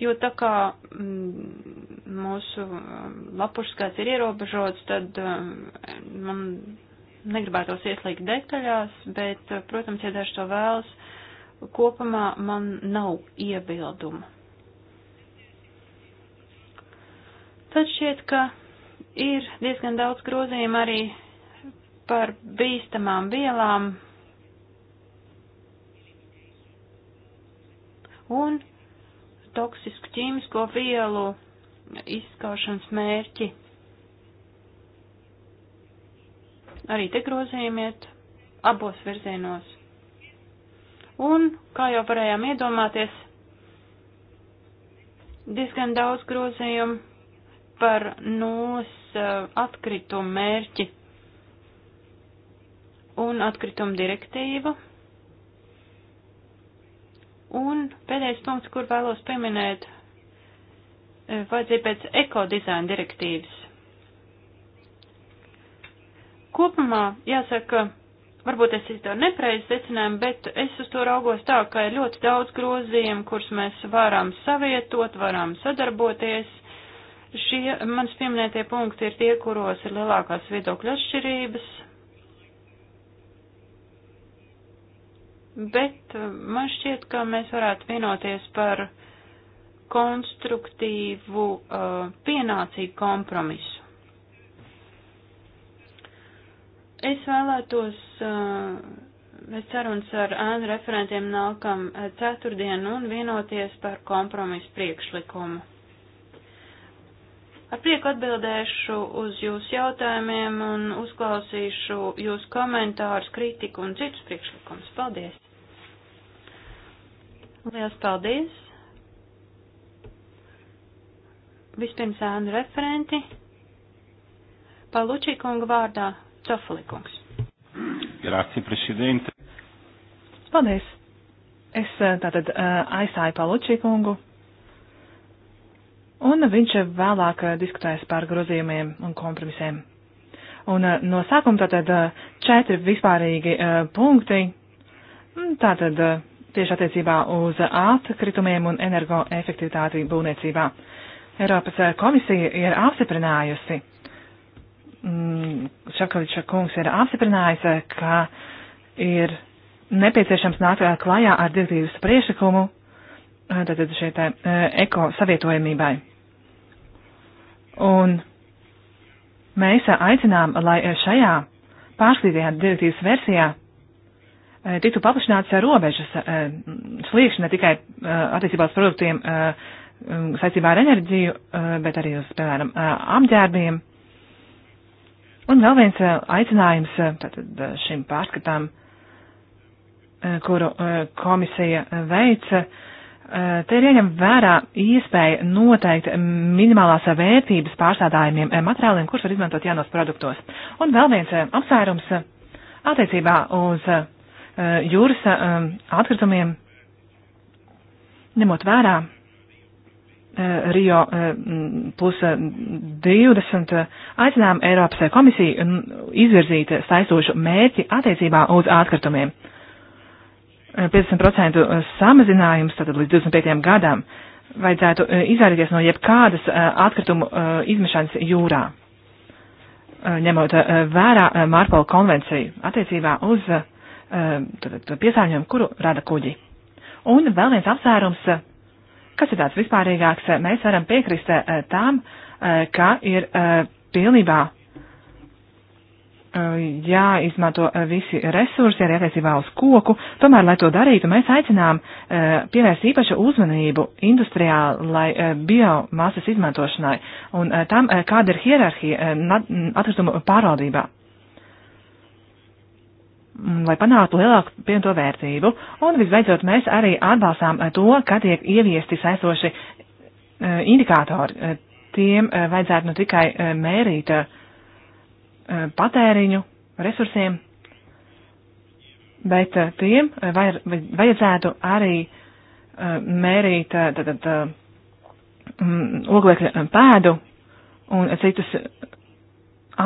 Jo tā kā mm, mūsu uh, lapušskats ir ierobežots, tad mm, man negribētos ieslīgt detaļās, bet, protams, ja daži to vēlas, kopumā man nav iebildumu. Tad šķiet, ka ir diezgan daudz grozījumu arī par bīstamām vielām un toksisku ķīmisko vielu izskaušanas mērķi Arī te grozījumiet abos virzienos. Un, kā jau varējām iedomāties, diezgan daudz grozījumu par nos atkritumu mērķi un atkritumu direktīvu. Un pēdējais punkts, kur vēlos pieminēt, vajadzīja pēc ekodizaina direktīvas. Kopumā jāsaka, varbūt es izdevu nepreiz secinājumu, bet es uz to raugos tā, ka ir ļoti daudz grozījumu, kurus mēs varam savietot, varam sadarboties. Šie manas pieminētie punkti ir tie, kuros ir lielākās viedokļa atšķirības, bet eh, man šķiet, ka mēs varētu vienoties par konstruktīvu, uh, pienācīgu kompromisu. Es vēlētos uh, vest sarunas ar ēnu referentiem nākam ceturtdienu un vienoties par kompromisu priekšlikumu. Ar prieku atbildēšu uz jūsu jautājumiem un uzklausīšu jūsu komentārus, kritiku un citus priekšlikumus. Paldies! Lielas paldies! Vispirms ēnu referenti. Palučī kunga vārdā Čofalikungs. Grācija, prezidente. Paldies. Es eh, tātad eh, aizstāju Palučī kungu. Un viņš vēlāk eh, diskutēs par grozījumiem un kompromisiem. Un no sākuma tātad četri vispārīgi punkti. Mm, tātad tieši attiecībā uz atkritumiem un energoefektivitāti būvniecībā. Eiropas komisija ir apstiprinājusi Šakaviča mm, kungs ir apstiprinājis, eh, ka ir nepieciešams nākt eh, klajā ar direktīvas priešakumu eh, tātad šeit tā, eko savietojamībai. Un mēs aicinām, lai šajā pārslīdējā direktīvas versijā tiktu paplašināts robežas sliekšņi ne tikai attiecībā uz produktiem mm, saistībā ar enerģiju, bet arī uz, piemēram, apģērbiem Un vēl viens eh, aicinājums eh, tātad, eh, šim pārskatām, kuru komisija veica, te ir ieņem vērā iespēja noteikt minimālās vērtības pārstādājumiem materiāliem, kurus var izmantot jaunos produktos. Un vēl viens apsvērums attiecībā uz jūras atkritumiem, ņemot vērā Eh, Rio eh, plus 20 eh, aicinām Eiropas komisiju izvirzīt saistošu mērķi attiecībā uz atkritumiem. 50% samazinājums tātad līdz 25 gadam vajadzētu izvairīties no jebkādas atkritumu izmešanas jūrā, ņemot vērā Mārpola konvenciju attiecībā uz tātad, piesārņojumu, kuru rada kuģi. Un vēl viens apsvērums kas ir tāds vispārīgāks, mēs varam piekrist eh, tām, eh, ka ir eh, pilnībā jāizmanto visi resursi arī attiecībā uz koku. Tomēr, lai to darītu, mēs aicinām pievērst īpašu uzmanību industriālai biomasas izmantošanai un tam, kāda ir hierarhija atkritumu pārvaldībā. Mm, lai panāktu lielāku pievienoto vērtību. Un visbeidzot, mēs arī atbalstām eh, to, ka tiek ieviesti saistoši eh, indikātori. Eh, tiem vajadzētu nu tikai mērīt patēriņu resursiem, bet tiem vajadzētu arī mērīt tad, tad, mm, oglekļa pēdu un citus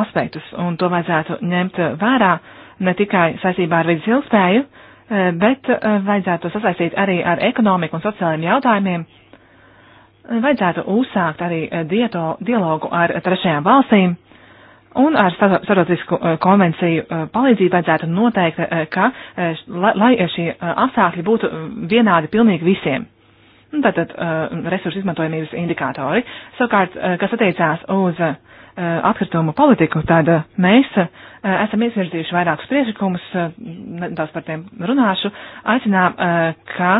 aspektus, un to vajadzētu ņemt vērā. Uh, ne tikai saistībā ar vidas ilgspēju, e, bet e, vajadzētu to sasaistīt arī ar ekonomiku un sociālajiem jautājumiem. E, vajadzētu uzsākt arī dieto, dialogu ar trešajām valstīm. Un ar starptautisku konvenciju palīdzību vajadzētu noteikt, ka, lai šie apstākļi būtu vienādi pilnīgi visiem. Tātad nu, resursu izmantojamības indikātori. Savukārt, kas attiecās uz atkritumu politiku, tad mēs Eh, esam izvirzījuši vairākus priekšlikumus, eh, nedaudz par tiem runāšu. Aicinām, eh, ka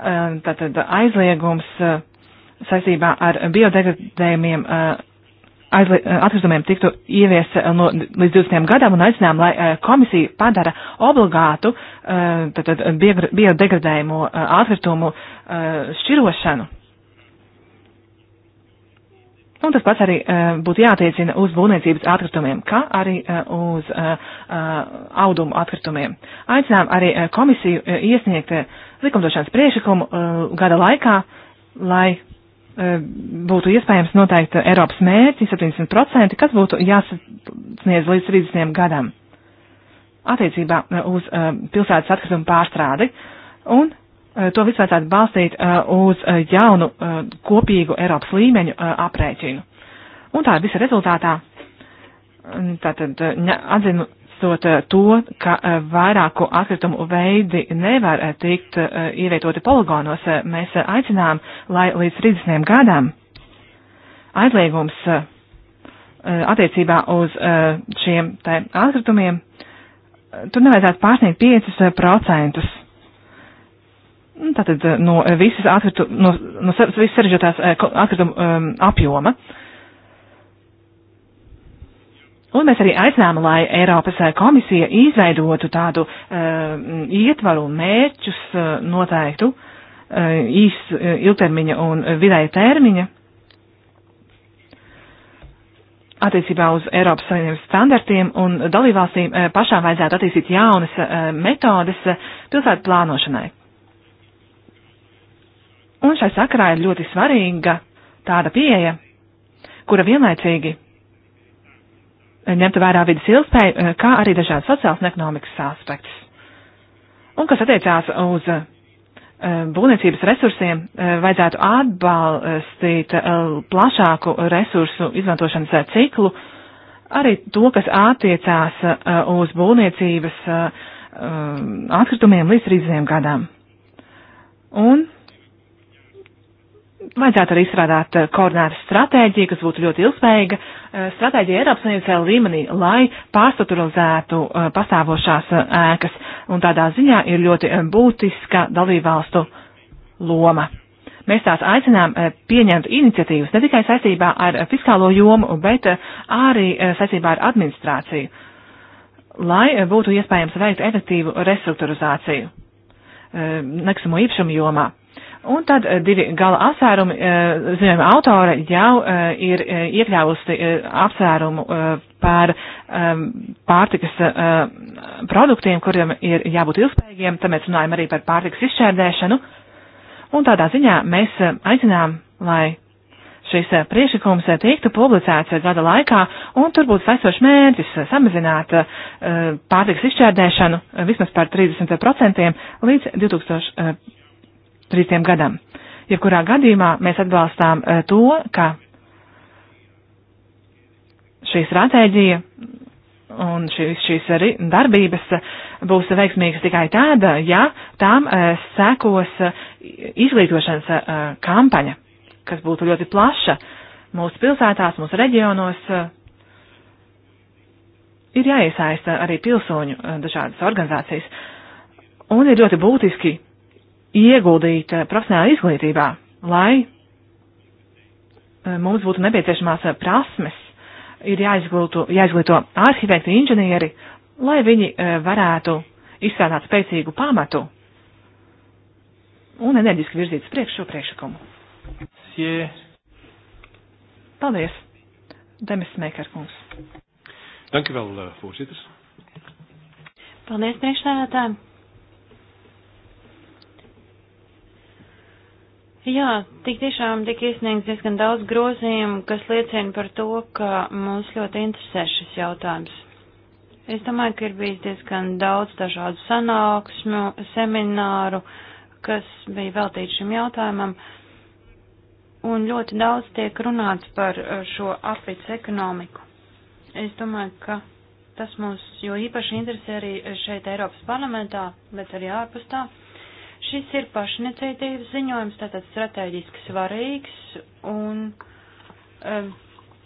tātad aizliegums saistībā ar biodegradējumiem atkritumiem tiktu ievies no, līdz 20 gadam un aicinām, lai komisija padara obligātu tātad biodegradējumu atkritumu šķirošanu. Un tas pats arī e, būtu jātiecina uz būvniecības atkritumiem, kā arī e, uz e, audumu atkritumiem. Aicinām arī komisiju iesniegt likumdošanas priešakumu gada laikā, lai būtu iespējams noteikt Eiropas mērķi 70%, kas būtu jāsasniedz līdz 30 gadam attiecībā uz pilsētas atkritumu pārstrādi un Eh, to visu vajadzētu balstīt eh, uz eh, jaunu kopīgu Eiropas līmeņu aprēķinu. Un tā visa rezultātā, tātad atzinot to, ka vairāku atkritumu veidi nevar tikt ievietoti poligonos, mēs aicinām, lai līdz 30 gadām aizliegums attiecībā uz šiem atkritumiem tur nevajadzētu pārsniegt 5%. Nu, tātad eh, no eh, visas atkrito, no, no visas sarežģītās eh, atkritumu um, ehm, apjoma. Un mēs arī aicinām, lai Eiropas komisija izveidotu tādu um, ietvaru un mērķus uh, noteiktu uh, īs ilgtermiņa un vidēja termiņa attiecībā uz Eiropas Savienības standartiem un dalībvalstīm pašām vajadzētu attīstīt jaunas metodes pilsētu plānošanai. Un šai sakarā ir ļoti svarīga tāda pieeja, kura vienlaicīgi ņemtu vērā vidas ilgspēju, eh, kā arī dažādas sociālas un ekonomikas aspektus. Un kas attiecās uz eh, būvniecības resursiem, eh, vajadzētu atbalstīt plašāku resursu izmantošanas ciklu, arī to, kas attiecās uz būvniecības atkritumiem līdz 30 gadām. Un Vajadzētu arī izstrādāt eh, koordinētu stratēģiju, kas būtu ļoti ilgspējīga eh, stratēģija Eiropas Savienības līmenī, lai pārstruktūrizētu eh, pastāvošās ēkas. Un tādā ziņā ir ļoti būtiska dalībvalstu loma. Mēs tās aicinām pieņemt iniciatīvas ne tikai saistībā ar fiskālo jomu, bet arī saistībā ar administrāciju, lai būtu iespējams veikt efektīvu restruktūrizāciju nekustamo īpašumu jomā Un tad eh, divi gala apsvērumi, eh, zinām, autore jau eh, ir iekļāvusi apsvērumu par ehm, pārtikas produktiem, kuriem ir jābūt ilgspējīgiem, tad mēs runājam arī par pārtikas izšķērdēšanu. Un tādā ziņā mēs aicinām, lai šis priekšlikums tiktu publicēts gada laikā, un tur būtu saistošs mērķis samazināt pārtikas izšķērdēšanu vismaz par 30% līdz 2000. 30 gadam. Jebkurā gadījumā mēs atbalstām eh, to, ka šī stratēģija un šīs, šīs arī darbības eh, būs veiksmīgas tikai tāda, ja tām eh, sekos izglītošanas kampaņa, kas būtu ļoti plaša mūsu pilsētās, mūsu reģionos. Ir jāiesaista arī pilsoņu dažādas organizācijas. Un ir ļoti būtiski ieguldīt eh, profesionālā izglītībā, lai eh, mums būtu nepieciešamās eh, prasmes, ir jāizglīto, jāizglīto arhitekti, inženieri, lai viņi varētu izstrādāt spēcīgu pamatu un enerģiski virzīt uz priekšu šo priekšlikumu. Sie. Paldies, Demis Mekarkungs. Danke vēl, voorzitter. Paldies, priekšsēdētāji. Jā, tik tiešām tika iesniegts diezgan daudz grozījumu, kas liecina par to, ka mūs ļoti interesē šis jautājums. Es domāju, ka ir bijis diezgan daudz dažādu sanāksmu, semināru, kas bija veltīti šim jautājumam, un ļoti daudz tiek runāts par uh, šo aprits ekonomiku. Es domāju, ka tas mūs jo īpaši interesē arī šeit Eiropas parlamentā, bet arī ārpus tā. Šis ir pašiniciatīvas ziņojums, tātad strateģiski svarīgs un um,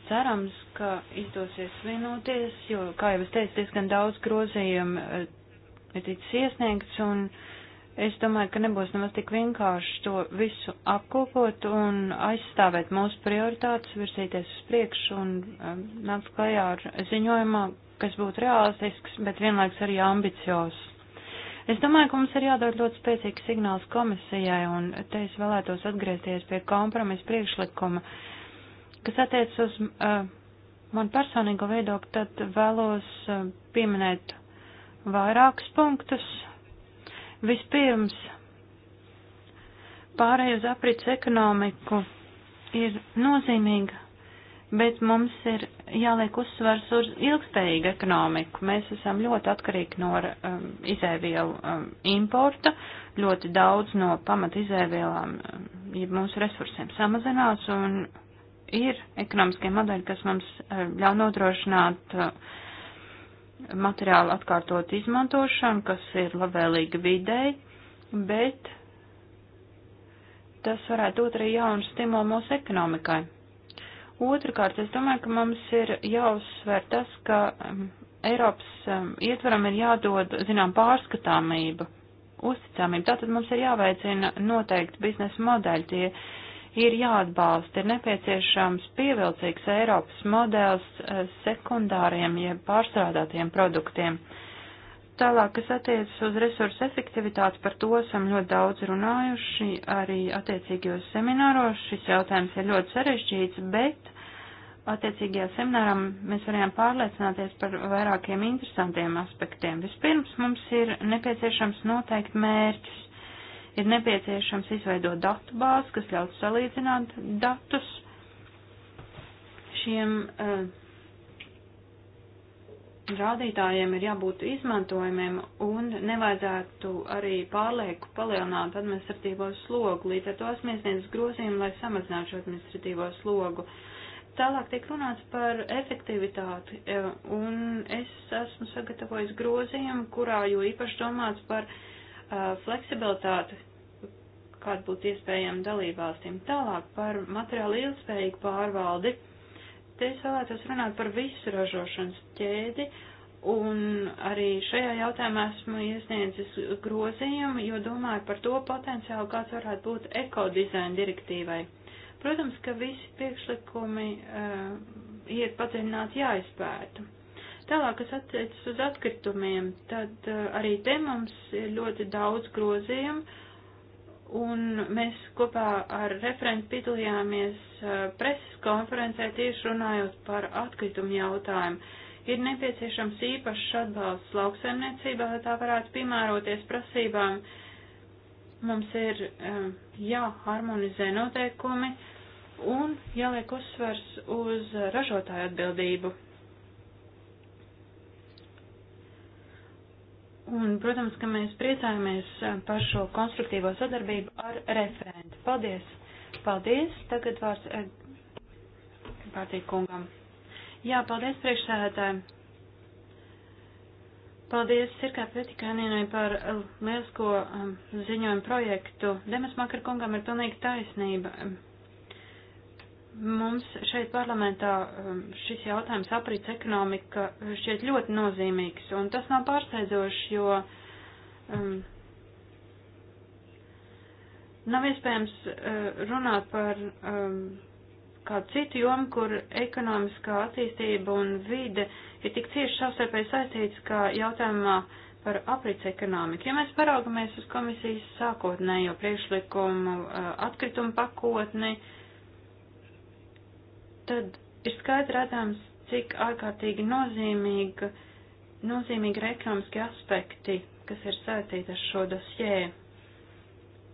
cerams, ka izdosies vienoties, jo, kā jau es teicu, diezgan daudz grozījumu eh, ir ticis iesniegts un es domāju, ka nebūs nemaz tik vienkārši to visu apkopot un aizstāvēt mūsu prioritātes, virzīties uz priekšu un um, nākt klajā ar ziņojumā, kas būtu realistisks, bet vienlaiks arī ambiciozs. Es domāju, ka mums ir jādod ļoti spēcīgs signāls komisijai, un te es vēlētos atgriezties pie kompromisa priekšlikuma, kas attiec uz uh, man personīgo viedokli, tad vēlos uh, pieminēt vairākus punktus. Vispirms, pārējai uz aprits ekonomiku ir nozīmīga bet mums ir jāliek uzsvers uz ilgspējīgu ekonomiku. Mēs esam ļoti atkarīgi no um, izēvielu um, importa, ļoti daudz no pamat izēvielām, um, ja mūsu resursiem samazinās, un ir ekonomiskie modeļi, kas mums um, ļauj nodrošināt uh, materiālu atkārtot izmantošanu, kas ir labvēlīga videi, bet tas varētu dot arī jaunu stimulu mūsu ekonomikai Otrakārt, es domāju, ka mums ir jāuzsver tas, ka um, Eiropas um, ietvaram ir jādod, zinām, pārskatāmība, uzticamība. Tātad mums ir jāveicina noteikti biznesa modeļi, tie ir jāatbalsta, ir nepieciešams pievilcīgs Eiropas modelis uh, sekundāriem, jeb pārstrādātiem produktiem. Tālāk, kas attiecas uz resursu efektivitāti, par to esam ļoti daudz runājuši arī attiecīgajos semināros. Šis jautājums ir ļoti sarežģīts, bet attiecīgajā seminārā mēs varējām pārliecināties par vairākiem interesantiem aspektiem. Vispirms mums ir nepieciešams noteikt mērķus. Ir nepieciešams izveidot datu bāzi, kas ļauj salīdzināt datus šiem uh, rādītājiem ir jābūt izmantojumiem un nevajadzētu arī pārlieku palielināt administratīvo slogu. Līdz ar to esmu iesniedzis grozījumu, lai samazinātu šo administratīvo slogu. Uh, Tālāk tiek runāts par efektivitāti, e, un es esmu sagatavojis grozījumu, kurā jo īpaši domāts par uh, fleksibilitāti, kāda būtu iespējama dalībvalstīm. Tālāk par materiālu ilgspējīgu pārvaldi. Te es vēlētos runāt par visu ražošanas ķēdi, un arī šajā jautājumā esmu iesniedzis grozījumu, jo domāju par to potenciālu, kāds varētu būt ekodizaina direktīvai. Protams, ka visi priekšlikumi uh, eh, ir padziļināti jāizpēta. Tālāk, kas attiecas uz atkritumiem, tad uh, arī te mums ir ļoti daudz grozījumu, un mēs kopā ar referentu piedalījāmies uh, preses konferencē tieši runājot par atkritumu jautājumu. Ir nepieciešams īpašs atbalsts lauksaimniecībā, lai tā varētu piemēroties prasībām. Mums ir uh, jāharmonizē noteikumi, uh, un jāliek uzsvers uz ražotāju atbildību. Un, protams, ka mēs priecājamies par šo konstruktīvo sadarbību ar referentu. Paldies! Paldies! Tagad vārds pārtīkungam. Eh, Jā, paldies priekšsēdētājiem! Paldies Sirkā Petikānienai par eh, lielisko eh, ziņojumu projektu. Demas Makarkungam ir pilnīgi taisnība Mums šeit parlamentā um, šis jautājums aprīts ekonomika uh, šķiet ļoti nozīmīgs, un tas nav pārsteidzoši, jo um, nav iespējams uh, runāt par um, kādu citu jomu, kur ekonomiskā attīstība un vide ir tik cieši savstarpēji saistīts kā jautājumā par aprīts ekonomiku. Ja mēs paraugamies uz komisijas sākotnējo priekšlikumu uh, atkritumu pakotni, uh, tad ir skaidri redzams, cik ārkārtīgi nozīmīga, nozīmīgi ir ekonomiski aspekti, kas ir saistīti ar šo dosjē.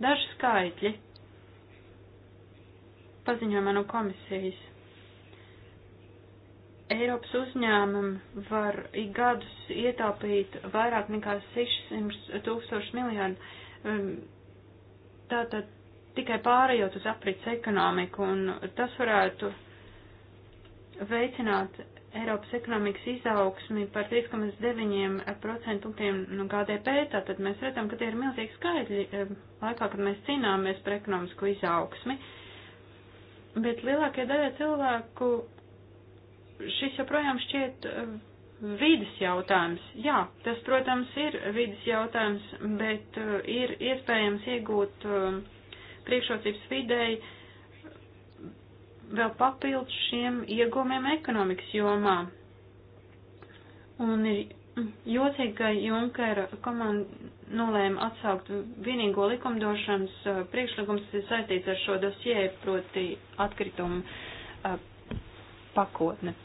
Daži skaitļi paziņojumā no komisijas. Eiropas uzņēmumi var ik gadus ietaupīt vairāk nekā 600 tūkstoši miljārdu, um, tātad tikai pārējot uz aprits ekonomiku, un tas varētu veicināt Eiropas ekonomikas izaugsmi par 3,9% punktiem no GDP, tātad mēs redzam, ka tie ir milzīgi skaidri eh, laikā, kad mēs cīnāmies par ekonomisko izaugsmi. Bet lielākajai daļai cilvēku šis joprojām šķiet eh, vidas jautājums. Jā, tas, protams, ir vidas jautājums, bet eh, ir iespējams iegūt priekšrocības videi vēl papildus šiem iegūmiem ekonomikas jomā. Un ir jocīgi, ka Junkera komanda nolēma atsaukt vienīgo likumdošanas uh, priekšlikums, kas ir saistīts ar šo dosie, proti atkritumu uh, pakotne.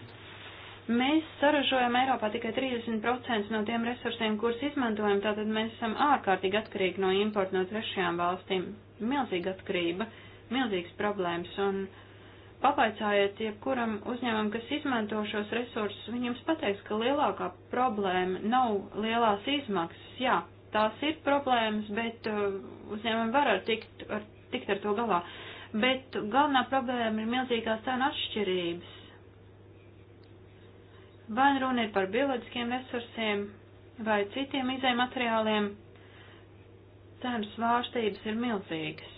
Mēs saražojam Eiropā tikai 30% no tiem resursiem, kurus izmantojam, tātad mēs esam ārkārtīgi atkarīgi no importa no trešajām valstīm. Milzīga atkarība, milzīgas problēmas, un Pavaicājiet jebkuram uzņēmumam, kas izmanto šos resursus, viņiem pateiks, ka lielākā problēma nav lielās izmaksas. Jā, tās ir problēmas, bet uh, uzņēmumi var ar tikt, ar, tikt ar to galā. Bet galvenā problēma ir milzīgās cenu atšķirības. Vai nu runa ir par bioloģiskiem resursiem vai citiem izējiem materiāliem, cenu svārstības ir milzīgas.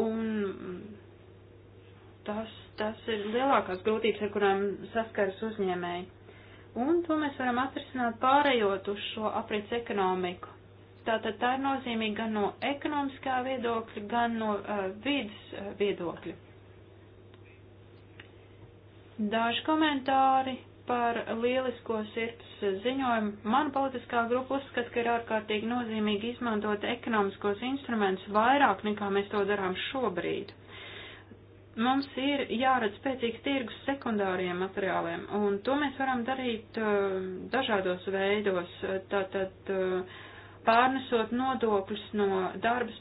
Un tas, tas ir lielākās grūtības, ar kurām saskaras uzņēmēji. Un to mēs varam atrisināt pārējot uz šo aprits ekonomiku. Tātad tā ir nozīmīga gan no ekonomiskā viedokļa, gan no uh, vidas uh, viedokļa. Daži komentāri par lielisko sirds ziņojumu. Mana politiskā grupa uzskata, ka ir ārkārtīgi nozīmīgi izmantot ekonomiskos instrumentus vairāk nekā mēs to darām šobrīd mums ir jāredz spēcīgs tirgus sekundāriem materiāliem, un to mēs varam darīt uh, dažādos veidos, uh, tātad uh, pārnesot nodokļus no darbas.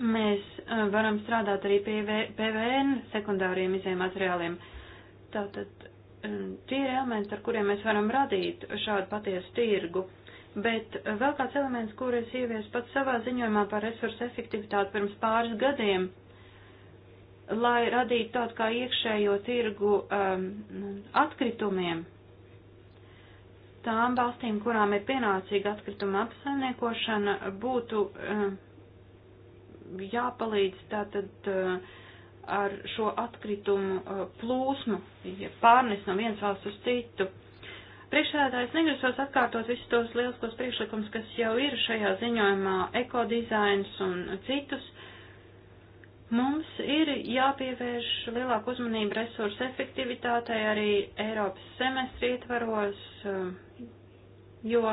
Mēs uh, varam strādāt arī pie PVN sekundāriem izējiem materiāliem. Tātad um, tie ir elementi, ar kuriem mēs varam radīt šādu patiesu tirgu. Bet uh, vēl kāds elements, kur es ieviesu pats savā ziņojumā par resursu efektivitāti pirms pāris gadiem, lai radītu tādu kā iekšējo tirgu um, nu, atkritumiem. Tām valstīm, kurām ir pienācīga atkrituma apsaimniekošana, būtu um, jāpalīdz tātad uh, ar šo atkritumu uh, plūsmu, ja pārnes no vienas valsts uz citu. Priekšsēdētājs negrasos atkārtot visus tos lieliskos priekšlikums, kas jau ir šajā ziņojumā, ekodizains un citus, Mums ir jāpievērš lielāku uzmanību resursu efektivitātei arī Eiropas semestri ietvaros, eh, jo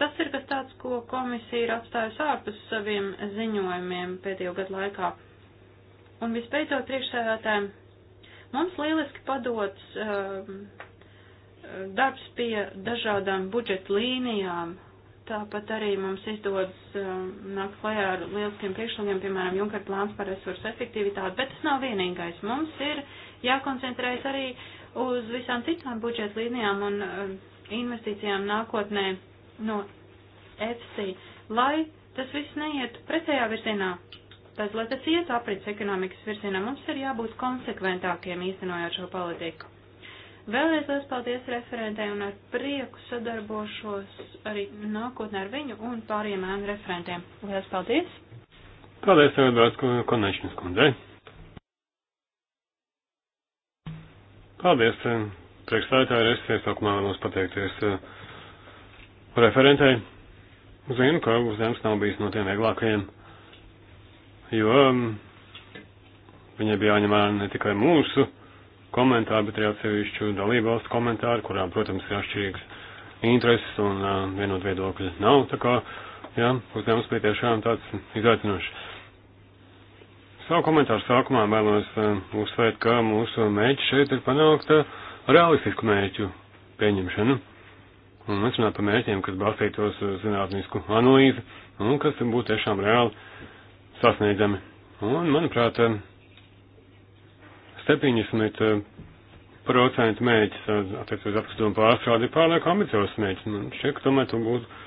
tas ir kas tāds, ko komisija ir atstājusi ārpus saviem ziņojumiem pēdējo gadu laikā. Un visbeidzot, priekšsēdētājiem, mums lieliski padots eh, darbs pie dažādām budžeta līnijām, Tāpat arī mums izdodas uh, nākt klajā ar lieliskiem priekšlikumiem, piemēram, Junker plāns par resursu efektivitāti, bet tas nav vienīgais. Mums ir jākoncentrējas arī uz visām citām budžeta līnijām un uh, investīcijām nākotnē no EFSI, lai tas viss neiet pretējā virzienā. Tad, lai tas iet aprits ekonomikas virzienā, mums ir jābūt konsekventākiem īstenojot šo politiku. Vēlreiz liels paldies referentēm un ar prieku sadarbošos arī nākotnē ar viņu un pāriem ēnu referentiem. Liels paldies! Paldies, tev, Dārts Konečnis kundzei! Paldies, eh, priekšstādātāji, es iesākumā vēlos pateikties eh, referentei. Zinu, ka uzdevums nav bijis no tiem vieglākajiem, jo mm, viņai bija jāņem vērā ne tikai mūsu komentāru, bet arī atsevišķu dalību valstu komentāru, kurām, protams, ir atšķirīgas intereses un uh, vienot viedokļi nav. Tā kā, jā, uzdevums bija tiešām tāds izaicinošs. Savu komentāru sākumā vēlos uh, uzsvērt, ka mūsu mēģi šeit ir panākt uh, realistisku mēģu pieņemšanu. Un mēs runājam par mēģiem, kas balstītos uz zinātnisku analīzi un kas būtu tiešām reāli sasniedzami. Un, manuprāt, uh, 70% eh, mēģis eh, attiecībā uz apskatījumu pārstrādi ir pārlieku ambiciozs mēģis. Nu, šeit tomēr to būtu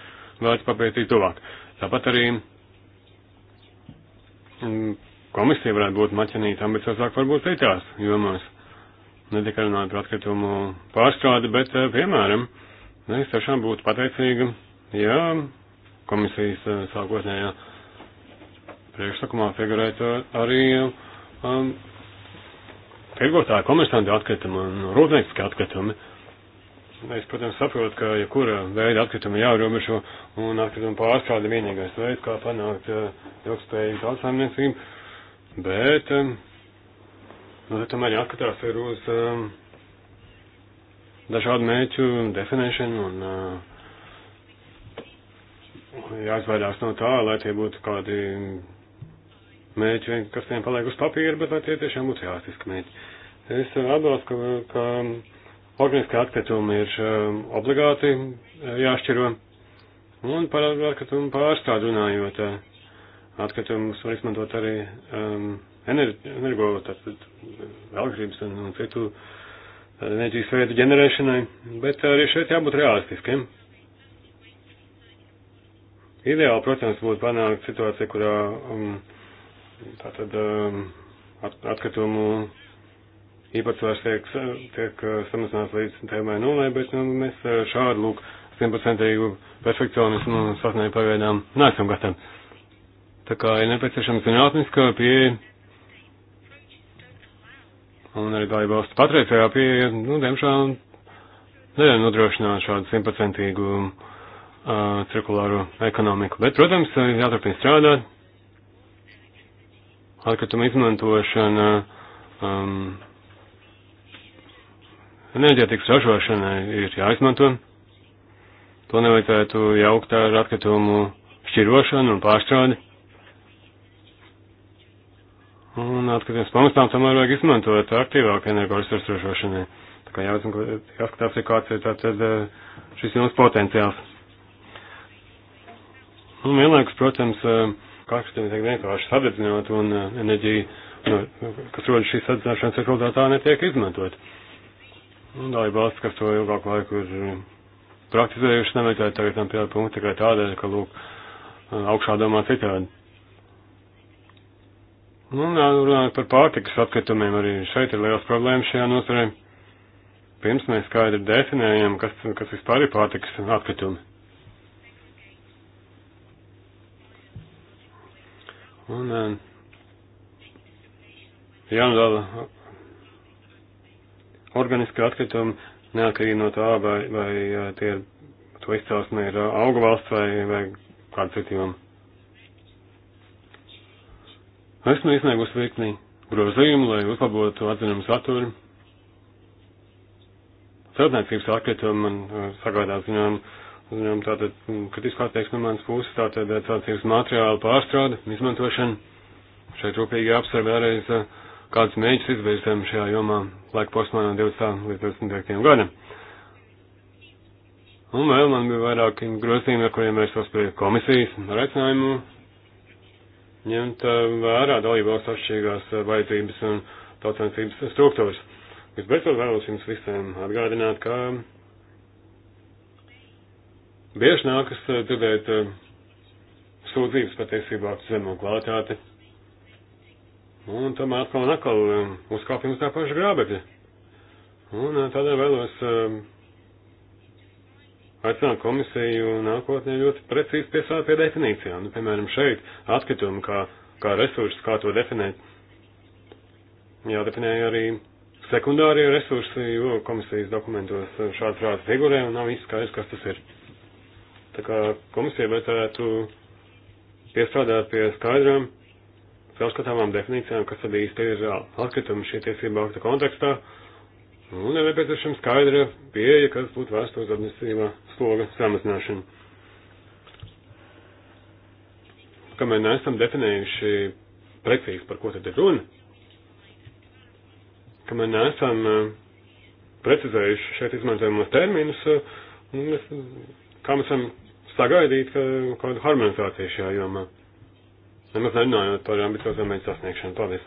vērts papētīt tuvāk. Tāpat arī mm, komisija varētu būt maķinīta ambiciozāk varbūt citās jomās. Ne tikai runāt par atkritumu pārstrādi, bet, eh, piemēram, es tiešām būtu pateicīga, ja komisijas sākotnējā priekšlikumā figurētu arī um, tirgotāju, komersantu atkritumu un rūpnieciskie atkritumi. Es, protams, saprotu, ka jebkura veida atkritumi jāierobežo un atkritumu pārstrāde ir vienīgais veids, kā panākt uh, ilgspējīgu tautsājumniecību, bet um, nu, tomēr jāskatās ir uz um, dažādu mēķu definēšanu un uh, jāizvairās no tā, lai tie būtu kādi mēģi, kas tiem paliek uz papīra, bet vai tie tiešām būtu realistiski mēģi. Es atbalstu, ka, ka organiskā atkrituma ir um, obligāti uh, jāšķiro. Un par atkritumu pārstrādu runājot, uh, atkritumus var izmantot arī um, energo, tātad uh, elektrības un, un citu enerģijas veidu ģenerēšanai, bet arī šeit jābūt realistiskiem. Ideāli, protams, būtu panākt situācija, kurā um, tātad um, at, atkritumu īpatsvars tiek, tiek eh, samazināts līdz tēmai nulē, bet nu, mēs eh, šādu lūk 100% perfekcionismu sasniegt pagaidām neesam gatavi. Tā kā ir nepieciešama zinātniska pieeja. Un arī tā valsts patreizējā pieeja, nu, diemžēl neļauj nodrošināt šādu simtprocentīgu uh, cirkulāru ekonomiku. Bet, protams, jāturpina strādāt. Atkrituma izmantošana, um, enerģētikas ražošanai ir jāizmanto. To nevajadzētu jaukt ar atkritumu šķirošanu un pārstrādi. Un atkritumus pamestām tomēr vajag izmantot aktīvāk energoresursu ražošanai. Tā kā jāzina, jāskatās, kāds ir tātad eh, šis jums potenciāls. Un nu, vienlaikus, protams, eh, kakšķi tiek vienkārši sadedzināt un eh, enerģija, nu, kas rodas šīs sadzināšanas rezultātā, netiek izmantot. Dalība valsts, kas to ilgāku laiku ir eh, praktizējuši, nevajadzētu tagad tam pieļaut punktu tikai tādēļ, ka, lūk, eh, augšā domā citādi. Nu, un runājot par pārtikas atkritumiem, arī šeit ir liels problēmas šajā nozarē. Pirms mēs skaidri definējam, kas, kas vispār ir pārtikas atkritumi. Un eh, jānodala organiskie atkritumi, neatkarīgi no tā, vai, vai tie ir, to izcelsme ir auga valsts vai, vai kāda cita joma. Esmu izsniegusi virkni grozījumu, lai uzlabotu atzinumu saturu. Celtniecības atkritumi man uh, sagādā ziņām, ziņām tātad, mm, kad izklātēks no manas puses, tātad uh, celtniecības materiālu pārstrāde, izmantošana. Šeit rūpīgi apsver vēlreiz uh, kādas mēģis izvirzēm šajā jomā laika posmā no 20. līdz 25. gadam. Un vēl man bija vairāki grozījumi, ar kuriem mēs tos pie komisijas ar aicinājumu ņemt eh, vērā dalībvalsts atšķirīgās eh, vajadzības un tautsvencības struktūras. Visbeidzot vēlos jums visiem atgādināt, ka bieži nākas eh, dzirdēt sūdzības patiesībā zemo kvalitāti Un tomēr atkal un atkal eh, uzkāpjam uz tā paša grābekļa. Un eh, tādēļ vēlos eh, aicināt komisiju nākotnē ļoti precīzi piesāt pie definīcijām. Nu, piemēram, šeit atkritumi kā, kā resursi, kā to definēt. Jādefinē arī sekundārie resursi, jo komisijas dokumentos šāds frāzes figurē un nav īsti skaidrs, kas tas ir. Tā kā komisija vajadzētu piestrādāt pie skaidrām caurskatāmām definīcijām, kas tad īsti ir atkritumi šī tiesība akta kontekstā, un ir nepieciešama skaidra pieeja, kas būtu vērsta uz administratīvā sloga samazināšanu. Kamēr neesam definējuši precīzi, par ko tad ir runa, kamēr neesam precizējuši šeit izmantojamos terminus, mēs, kā mēs varam sagaidīt kādu harmonizāciju šajā jomā. Nemaz nerunājot par ambiciozām mērķu sasniegšanu. Paldies.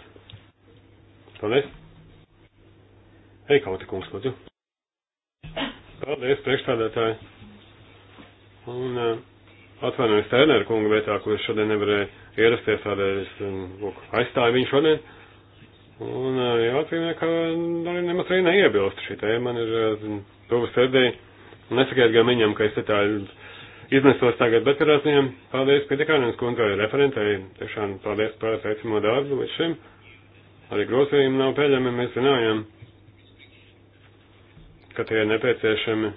Paldies. Eikauti kungs, lūdzu. Paldies, priekšstādātāji. Un uh, atvainojos Tērneru kungu vietā, kurš šodien nevarēja ierasties, tādēļ es eh, lūk, aizstāju viņu šodien. Un uh, jāatzīmē, ka arī nemaz arī neiebilst šī tēma. Man ir uh, tuva sirdī. Nesakiet gan viņam, ka es te tādu iznesos tagad, bet ar atzīm paldies Pitikānijas kundzei referentei, tiešām paldies par teicamo darbu līdz šim. Arī grozījumi nav pieļami, mēs zinājām, ka tie ir nepieciešami.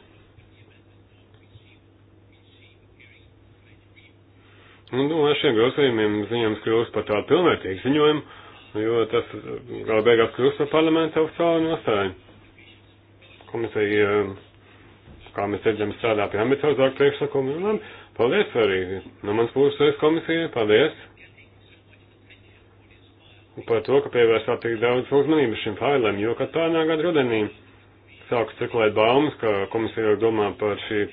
Un domāju, nu, ar šiem grozījumiem ziņojums kļūst par tādu pilnvērtīgu ziņojumu, jo tas eh, gala beigās kļūst par parlamentu oficiālu nostāju. Komisija eh, kā mēs redzam, strādā pie ambiciozāku priekšlikumu. Labi, paldies arī no manas puses komisijai, paldies par to, ka pievērsāt tik daudz uzmanības šim failam, jo, kad pērnā gada rudenī sāka cirkulēt baumas, ka komisija jau domā par šī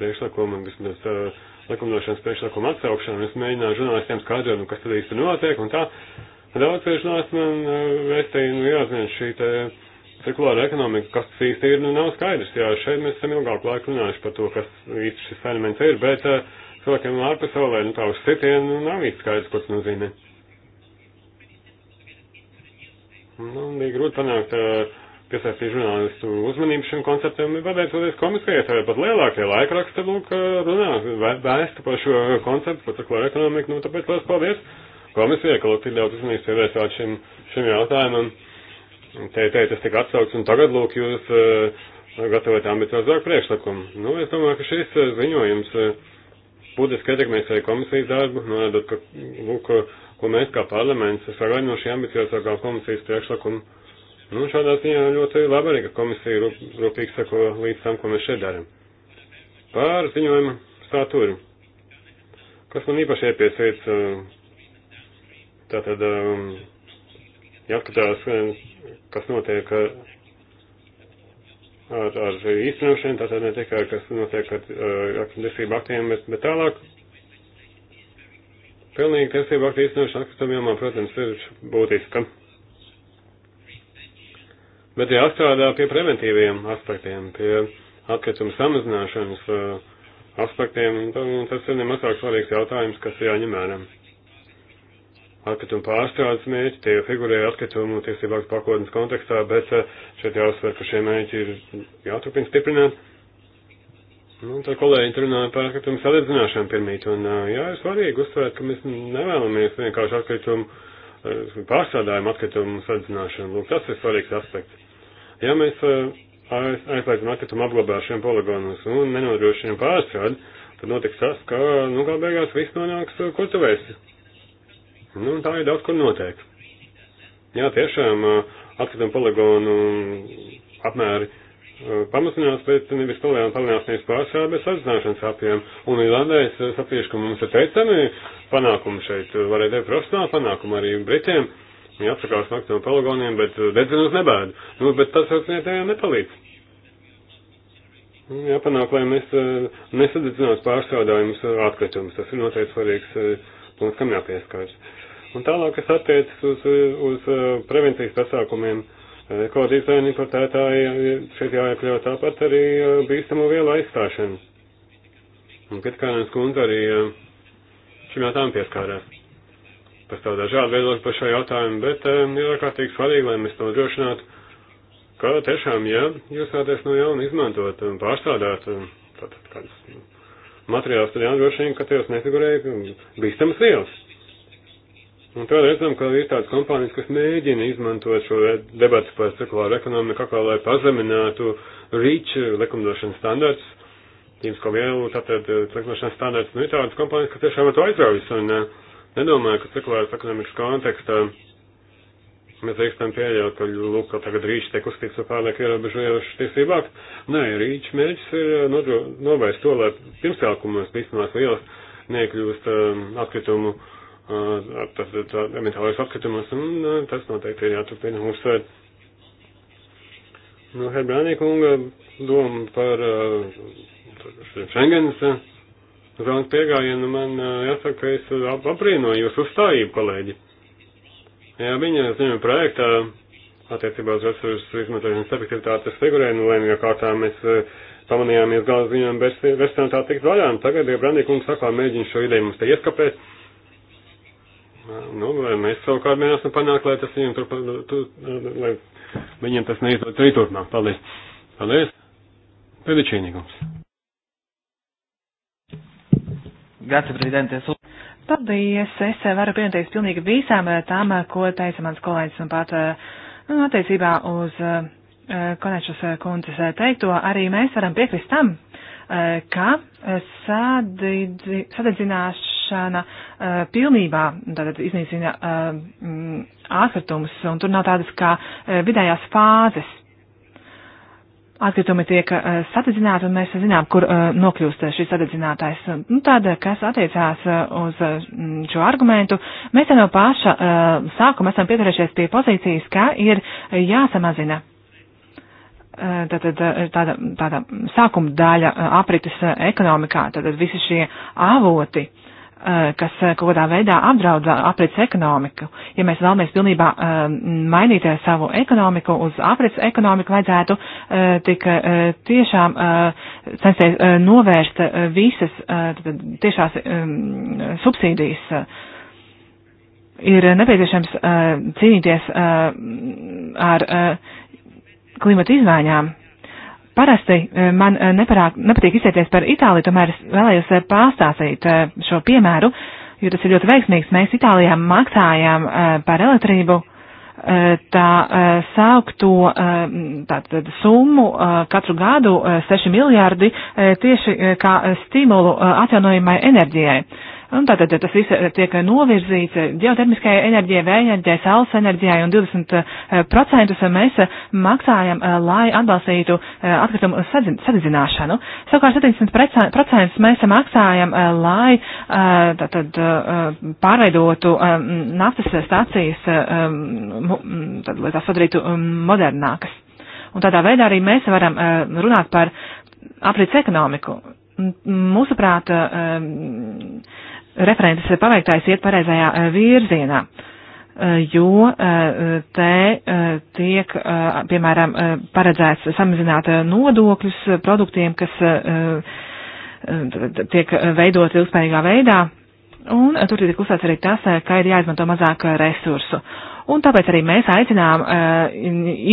priekšlikuma, vismaz uh, likumdošanas priekšlikuma atsaukšanu, es mēģināju žurnālistiem skaidrot, nu, kas tad īsti notiek un tā. Daudz piešanās man uh, vēstīja, nu, jāzina šī te. Uh, cirkulāra ekonomika, kas tas īsti ir, nu nav skaidrs. Jā, šeit mēs esam ilgāku laiku runājuši par to, kas īsti šis fenomens ir, bet uh, cilvēkiem ārpasaulē, nu tā uz citiem, nu nav īsti skaidrs, ko tas nozīmē. Nu, bija grūti panākt uh, piesaistīt žurnālistu uzmanību šim konceptam, pateicoties komisijai, tā pat lielākie laikraksti, lūk, eh, runā, vēstu par šo konceptu, par cirkulāru ekonomiku, nu tāpēc liels paldies komisijai, ka lūk, tik daudz uzmanības pievērsāt šim, šim jautājumam. Un, Te, te tas tika atsaugs, un tagad, lūk, jūs uh, gatavojat ambiciozāku priekšlikumu. Nu, es domāju, ka šis uh, ziņojums uh, būtiski ietekmēs arī komisijas darbu, norādot, ka, lūk, ko mēs kā parlaments sagaidām no šī ambiciozākā komisijas priekšlikuma. Nu, šādā ziņā ļoti labi arī, ka komisija rūp, rūpīgi sako līdz tam, ko mēs šeit darām. Pār ziņojumu saturu, kas man īpaši iepiesveic, tātad um, jāskatās, kas notiek ar, ar, ar īstenošanu, tātad ne tikai, kas notiek ar, ar tiesību aktiem, bet, bet tālāk. Pilnīgi tiesību aktu īstenošana atkrituma jomā, protams, ir būtiska. Bet jāstrādā pie preventīviem aspektiem, pie atkrituma samazināšanas uh, aspektiem, un tas ir nemazāk svarīgs jautājums, kas jāņem vērā atkritumu pārstrādes mērķi, tie jau figurēja atkritumu tiesību aktu pakotnes kontekstā, bet eh, šeit jāuzsver, ka šie mērķi ir jāturpina stiprināt. Nu, tad kolēģi runāja par atkritumu sadedzināšanu pirmīt, un eh, jā, ir svarīgi uzsvērt, ka mēs nevēlamies vienkārši atkritumu eh, pārstrādājumu atkritumu sadedzināšanu. Lūk, tas ir svarīgs aspekts. Ja mēs aizliedzam atkritumu apglabāšanu poligonus un nenodrošinam pārstrādi, tad notiks tas, ka, nu, kā beigās viss nonāks kurtuvēs Nu, tā ir daudz, kur notiek. Jā, tiešām atkrituma poligonu apmēri pamazinās, bet nevis palielinās, palielinās nevis pārsvarā, bet sazināšanas apjām. Un Irlandē es sapriešu, ka mums ir teicami panākumi šeit, varēja teikt profesionāli panākumi arī Britiem. Viņi atsakās nakt no poligoniem, bet dedzina uz nebēdu. Nu, bet tas jau nepalīdz. Nu, jāpanāk, lai mēs nesadedzinātu pārstrādājumus atkritumus. Tas ir noteikti svarīgs punkts, kam jāpieskars. Un tālāk, kas attiecas uz, uz eh, prevencijas pasākumiem, eh, ko dizaina importētāji eh, šeit jāiekļaut tāpat arī bīstamo vielu aizstāšanu. Un Pitkārnēs kundze arī šim jautājumam pieskārās. Pastāv dažādi viedokļi par šo jautājumu, bet ir ārkārtīgi svarīgi, lai mēs to drošinātu, ka tiešām, ja jūs vēlaties no jauna izmantot un pārstrādāt tātad kādus materiālus, tad jānodrošina, ka tajos nefigurēja bīstamas vielas. Un tā redzam, ka ir tādas kompānijas, kas mēģina izmantot šo debatu par cirkulāru ekonomiku, kā lai pazeminātu rīču likumdošanas standarts, tīmsko vielu, tātad likumdošanas eh, standarts, nu ir tādas kompānijas, kas tiešām ar to aizraujas, un eh, nedomāju, ka cirkulāras ekonomikas kontekstā mēs drīkstam pieļaut, ka, lūk, ka tagad rīči tiek uzskatīts par pārlieku ierobežojošu tiesību aktu. Nē, rīči mērķis ir eh, novērst to, lai pirmsākumos bīstamās vielas niekļūst um, atkritumu metālais atkritumus, un tas noteikti ir jāturpina uzsvērt. Nu, Herbrānī kunga doma par Schengens zonas piegājienu man jāsaka, ka es aprīnoju jūsu uzstājību, kolēģi. Jā, viņa, zinām, projektā attiecībā uz resursu izmantošanas efektivitātes figurēnu nu, lēmīgā kārtā mēs pamanījāmies galā ziņām, bet tā tiks vaļā. Tagad, ja Brandīkums saka, mēģina šo ideju mums te ieskapēt, Nu, lai mēs savukārt mēģināsim panākt, lai tas viņiem tur, tur lai viņiem tas neizdod arī turpmāk. Paldies. Paldies. Pēdējais. Grazie, prezidente. Paldies. Es eh, varu pievienoties pilnīgi visām eh, tām, eh, ko teica mans kolēģis un pat nu, attiecībā uz Konečas kundzes teikto. Arī mēs varam piekrist tam, ka sadedzināšana izmantošana uh, pilnībā tātad iznīcina uh, eh, atkritumus, mm, un tur nav tādas kā uh, vidējās fāzes. Atkritumi tiek uh, sadedzināti, un mēs zinām, kur uh, nokļūst šis sadedzinātājs. Nu, tāda, kas attiecās uh, uz uh, šo argumentu, mēs jau no paša uh, sākuma esam pieturējušies pie pozīcijas, ka ir jāsamazina tātad, tāda, tāda sākuma daļa aprites ekonomikā, tātad visi šie avoti, Eh, kas eh, kaut kādā veidā apdraud aprits ekonomiku. Ja mēs vēlamies pilnībā eh, mainīt savu ekonomiku uz aprits ekonomiku, vajadzētu tik tiešām censties novērst visas tiešās subsīdijas. Ir nepieciešams cīnīties ar klimata izmaiņām. Parasti eh, man eh, neparāk, nepatīk izteikties par Itāliju, tomēr es vēlējos eh, pārstāstīt šo piemēru, jo tas ir ļoti veiksmīgs. Mēs Itālijā maksājām par elektrību tā saukto tātad, summu katru gadu 6 miljārdi tieši kā stimulu atjaunojumai enerģijai. Un tātad tas viss eh, tiek eh, novirzīts geotermiskajai eh, enerģijai, vēja enerģijai, saules enerģijai un 20% mēs maksājam, lai atbalstītu atkritumu sadedzināšanu. Savukārt 70% mēs maksājam, lai tātad pārveidotu naftas stācijas, tad, lai tās padarītu modernākas. Un tādā veidā arī mēs varam runāt par aprits ekonomiku. Mūsuprāt, referentes paveiktais iet pareizajā eh, virzienā, eh, jo eh, te tiek, piemēram, paredzēts samazināt nodokļus produktiem, kas tiek veidot ilgspējīgā veidā, un tur tiek uzsāts arī tas, ka ir jāizmanto mazāk resursu. Un tāpēc arī mēs aicinām eh,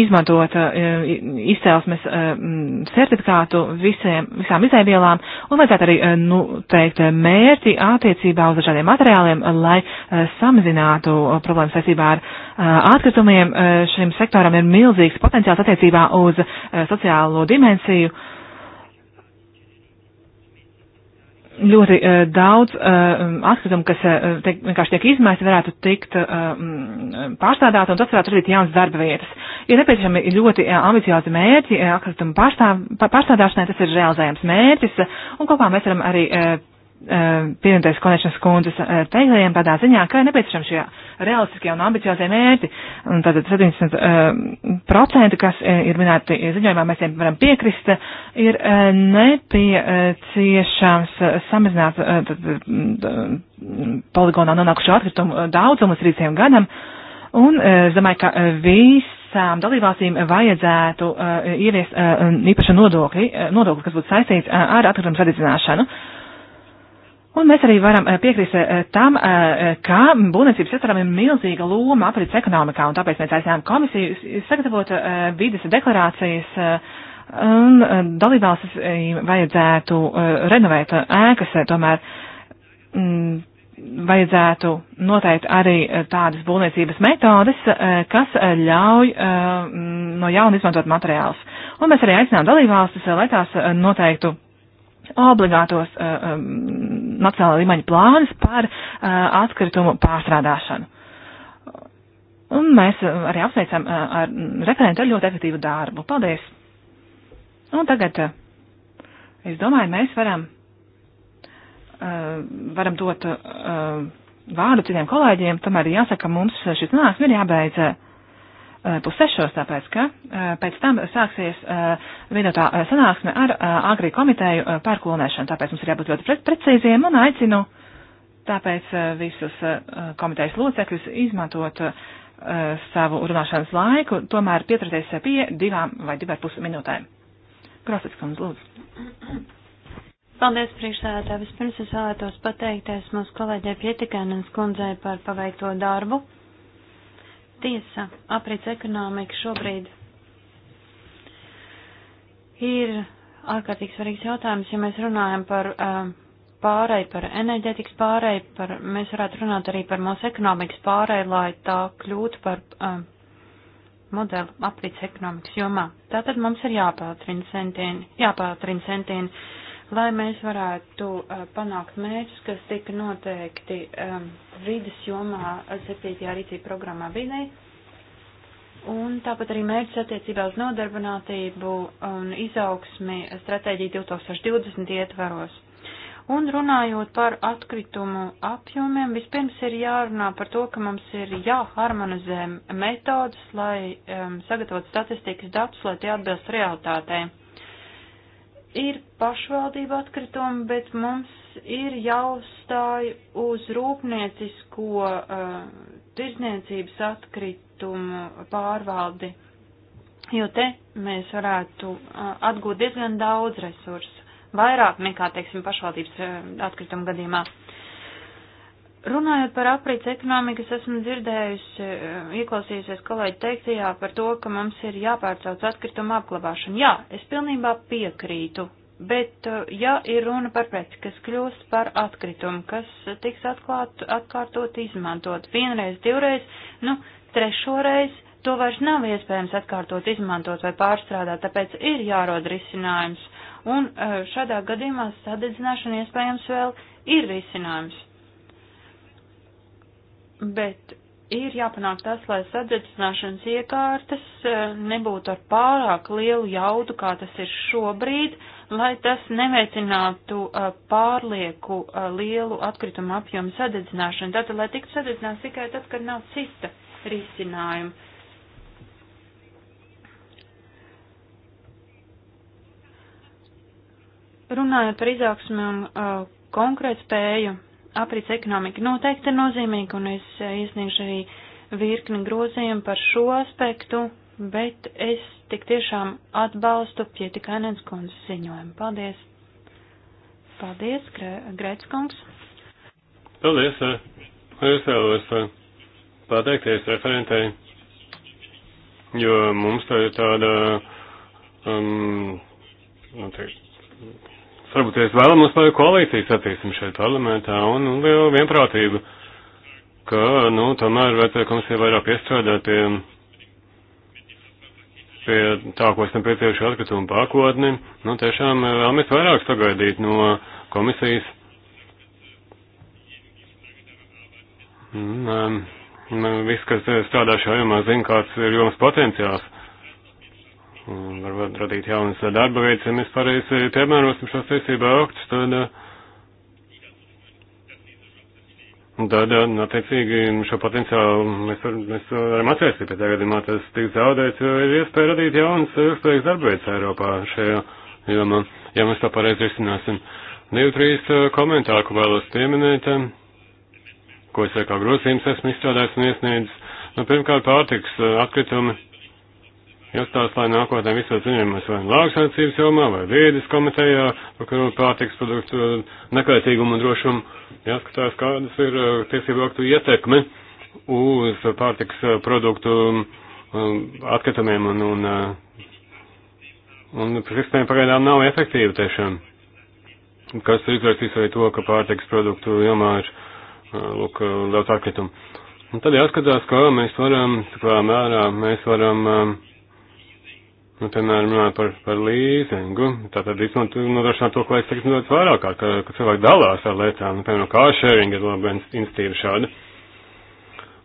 izmantot eh, izcelsmes eh, certifikātu visiem, visām izēvielām un vajadzētu arī noteikt nu, mērķi attiecībā uz dažādiem materiāliem, lai samazinātu problēmas saistībā ar atkritumiem. Šim sektoram ir milzīgs potenciāls attiecībā uz sociālo dimensiju ļoti uh, daudz uh, eh, atkritumu, kas uh, tiek, vienkārši tiek izmēsti, varētu tikt uh, pārstādāt, un tas varētu radīt jaunas darba vietas. Ir nepieciešami ļoti uh, ambiciozi mērķi uh, atkritumu pārstāv, pārstādāšanai, tas ir realizējams mērķis, uh, un kopā mēs varam arī uh, Eh, pienoties konečnas kundzes eh, teiktajiem tādā ziņā, ka ir nepieciešami šie realistiskie un ambiciozie mērķi. Un tātad 70%, eh, kas ir minēti ziņojumā, mēs tiem varam piekrist, ir nepieciešams samazināt poligonā nonākušo atkritumu daudzumu līdz rītiem gadam. Un es domāju, ka visām dalībvalstīm vajadzētu ieviest īpašu nodokli, nodokli, kas būtu saistīts ar atkritumu sadedzināšanu. Uh, Un mēs arī varam eh, piekrist eh, tam, eh, ka būvniecības sektoram ir milzīga loma aprits ekonomikā, un tāpēc mēs aicinām komisiju sagatavot vides deklarācijas un dalībvalstis vajadzētu renovēt ēkas, tomēr mm, vajadzētu noteikt arī tādas būvniecības metodes, kas ļauj mm, no jauna izmantot materiālus. Un mēs arī aicinām dalībvalstis, lai tās noteiktu obligātos uh, eh, um, nacionāla līmeņa plānus par uh, atkritumu pārstrādāšanu. Un mēs eh, arī apsveicam uh, ar referentu ar ļoti efektīvu darbu. Paldies! Un tagad, uh, es domāju, mēs varam, uh, varam dot uh, vārdu citiem kolēģiem, tomēr jāsaka, mums šis nāks ir jābeidz. Uh, Eh, pussešos, tāpēc, ka eh, pēc tam sāksies eh, vienotā sanāksme ar Agri komiteju par klonēšanu, tāpēc mums ir jābūt ļoti precīziem un aicinu tāpēc visus komitejas locekļus izmantot savu runāšanas laiku, tomēr pieturēties pie divām vai divām pus minūtēm. Krosits kundze, lūdzu. Paldies, priekšsēdētāji. Vispirms es vēlētos pateikties mūsu kolēģei Pietikēnens kundzei par paveikto darbu. Tiesa, aprits ekonomika šobrīd ir ārkārtīgi svarīgs jautājums, ja mēs runājam par uh, pārēju, par enerģētikas pārēju, par, mēs varētu runāt arī par mūsu ekonomikas pārēju, lai tā kļūtu par uh, modeli aprits ekonomikas jomā. Tātad mums ir jāpātrina centieni, jāpātrina centieni, lai mēs varētu eh, panākt mērķus, kas tika noteikti eh, vidas jomā 7. rīcība programmā vidē. Un tāpat arī mērķis attiecībā uz nodarbinātību un izaugsmi stratēģija 2020 ietvaros. Un runājot par atkritumu apjomiem, vispirms ir jārunā par to, ka mums ir jāharmonizē metodas, lai um, sagatavot statistikas datus, lai tie atbilst realitātei ir pašvaldība atkritumi, bet mums ir jāuzstāj uz rūpniecisko uh, tirzniecības atkritumu pārvaldi, jo te mēs varētu uh, atgūt diezgan daudz resursu, vairāk nekā, teiksim, pašvaldības uh, atkritumu gadījumā. Uh, Runājot par aprīts ekonomikas, esmu dzirdējusi, eh, ieklausījusies kolēģi teiktajā par to, ka mums ir jāpārcauc atkrituma apglabāšana. Jā, es pilnībā piekrītu, bet eh, ja ir runa par preci, kas kļūst par atkritumu, kas tiks atklāt, atkārtot izmantot vienreiz, divreiz, nu, trešoreiz, to vairs nav iespējams atkārtot izmantot vai pārstrādāt, tāpēc ir jārod risinājums. Un eh, šādā gadījumā sadedzināšana iespējams vēl ir risinājums bet ir jāpanāk tas, lai sadzirdzināšanas iekārtas e, nebūtu ar pārāk lielu jaudu, kā tas ir šobrīd, lai tas neveicinātu e, pārlieku e, lielu atkritumu apjomu sadzirdzināšanu. Tātad, lai tiktu sadzirdzināts tikai tad, kad nav cita risinājuma. Runājot par izaugsmi un uh, konkrētu spēju aprits ekonomika noteikti ir nozīmīga, un es iesniegšu arī virkni grozījumu par šo aspektu, bet es tik tiešām atbalstu Pietikainens kundzes ziņojumu. Paldies! Paldies, Gre Grēckungs! Paldies! Es vēlos pateikties referentei, jo mums tā ir tāda um, noteikti nu, Sarboties vēlamies, lai koalīcija satīsim šeit parlamentā un nu, lielu vienprātību, ka, nu, tomēr vajadzēja komisija vairāk piestrādāt pie, pie tā, ko esam piecieši atkritumu pakotni. Nu, tiešām eh, vēlamies vairāk sagaidīt no komisijas. Un, um, mm, eh, mm, viss, kas eh, strādā šajā jomā, zina, kāds ir jomas potenciāls varbūt radīt jaunas darba veids, ja mēs pareizi piemērosim šos tiesību aktus, tad, eh, tad, eh, attiecīgi, šo potenciālu mēs, var, mēs varam atvērsīt, bet tagad, ja tas tiks zaudēts, jo ir iespēja radīt jaunas ilgspējīgas eh, darba veids Eiropā šajā jomā, ja mēs to pareizi risināsim. Divi, trīs komentāri, ko vēlos pieminēt, ko es kā grozījums esmu izstrādājis un iesniedzis. Nu, pirmkārt, pārtiks atkritumi jāstāsta, lai nākotnē visos ziņojumos vai lauksaimniecības jomā, vai vīdes komitejā, par kuru pārtiks produktu eh, nekaitīgumu un drošumu, jāskatās, kādas ir eh, tiesību aktu ietekme uz pārtiks eh, produktu atkatumiem un, un, un, un sistēma pagaidām nav efektīva tiešām. Kas izvērsīs arī to, ka pārtiks produktu jomā ir lūk, daudz atkritumu. Un tad jāskatās, kā mēs varam, cik lielā mērā mēs varam uh, Nu, piemēram, runājot par, par līzingu, tātad nodrošināt to, ka laiks tiks nodots vairāk, ka, ka cilvēki dalās ar lietām, nu, piemēram, kā sharing ir laba institīva šāda.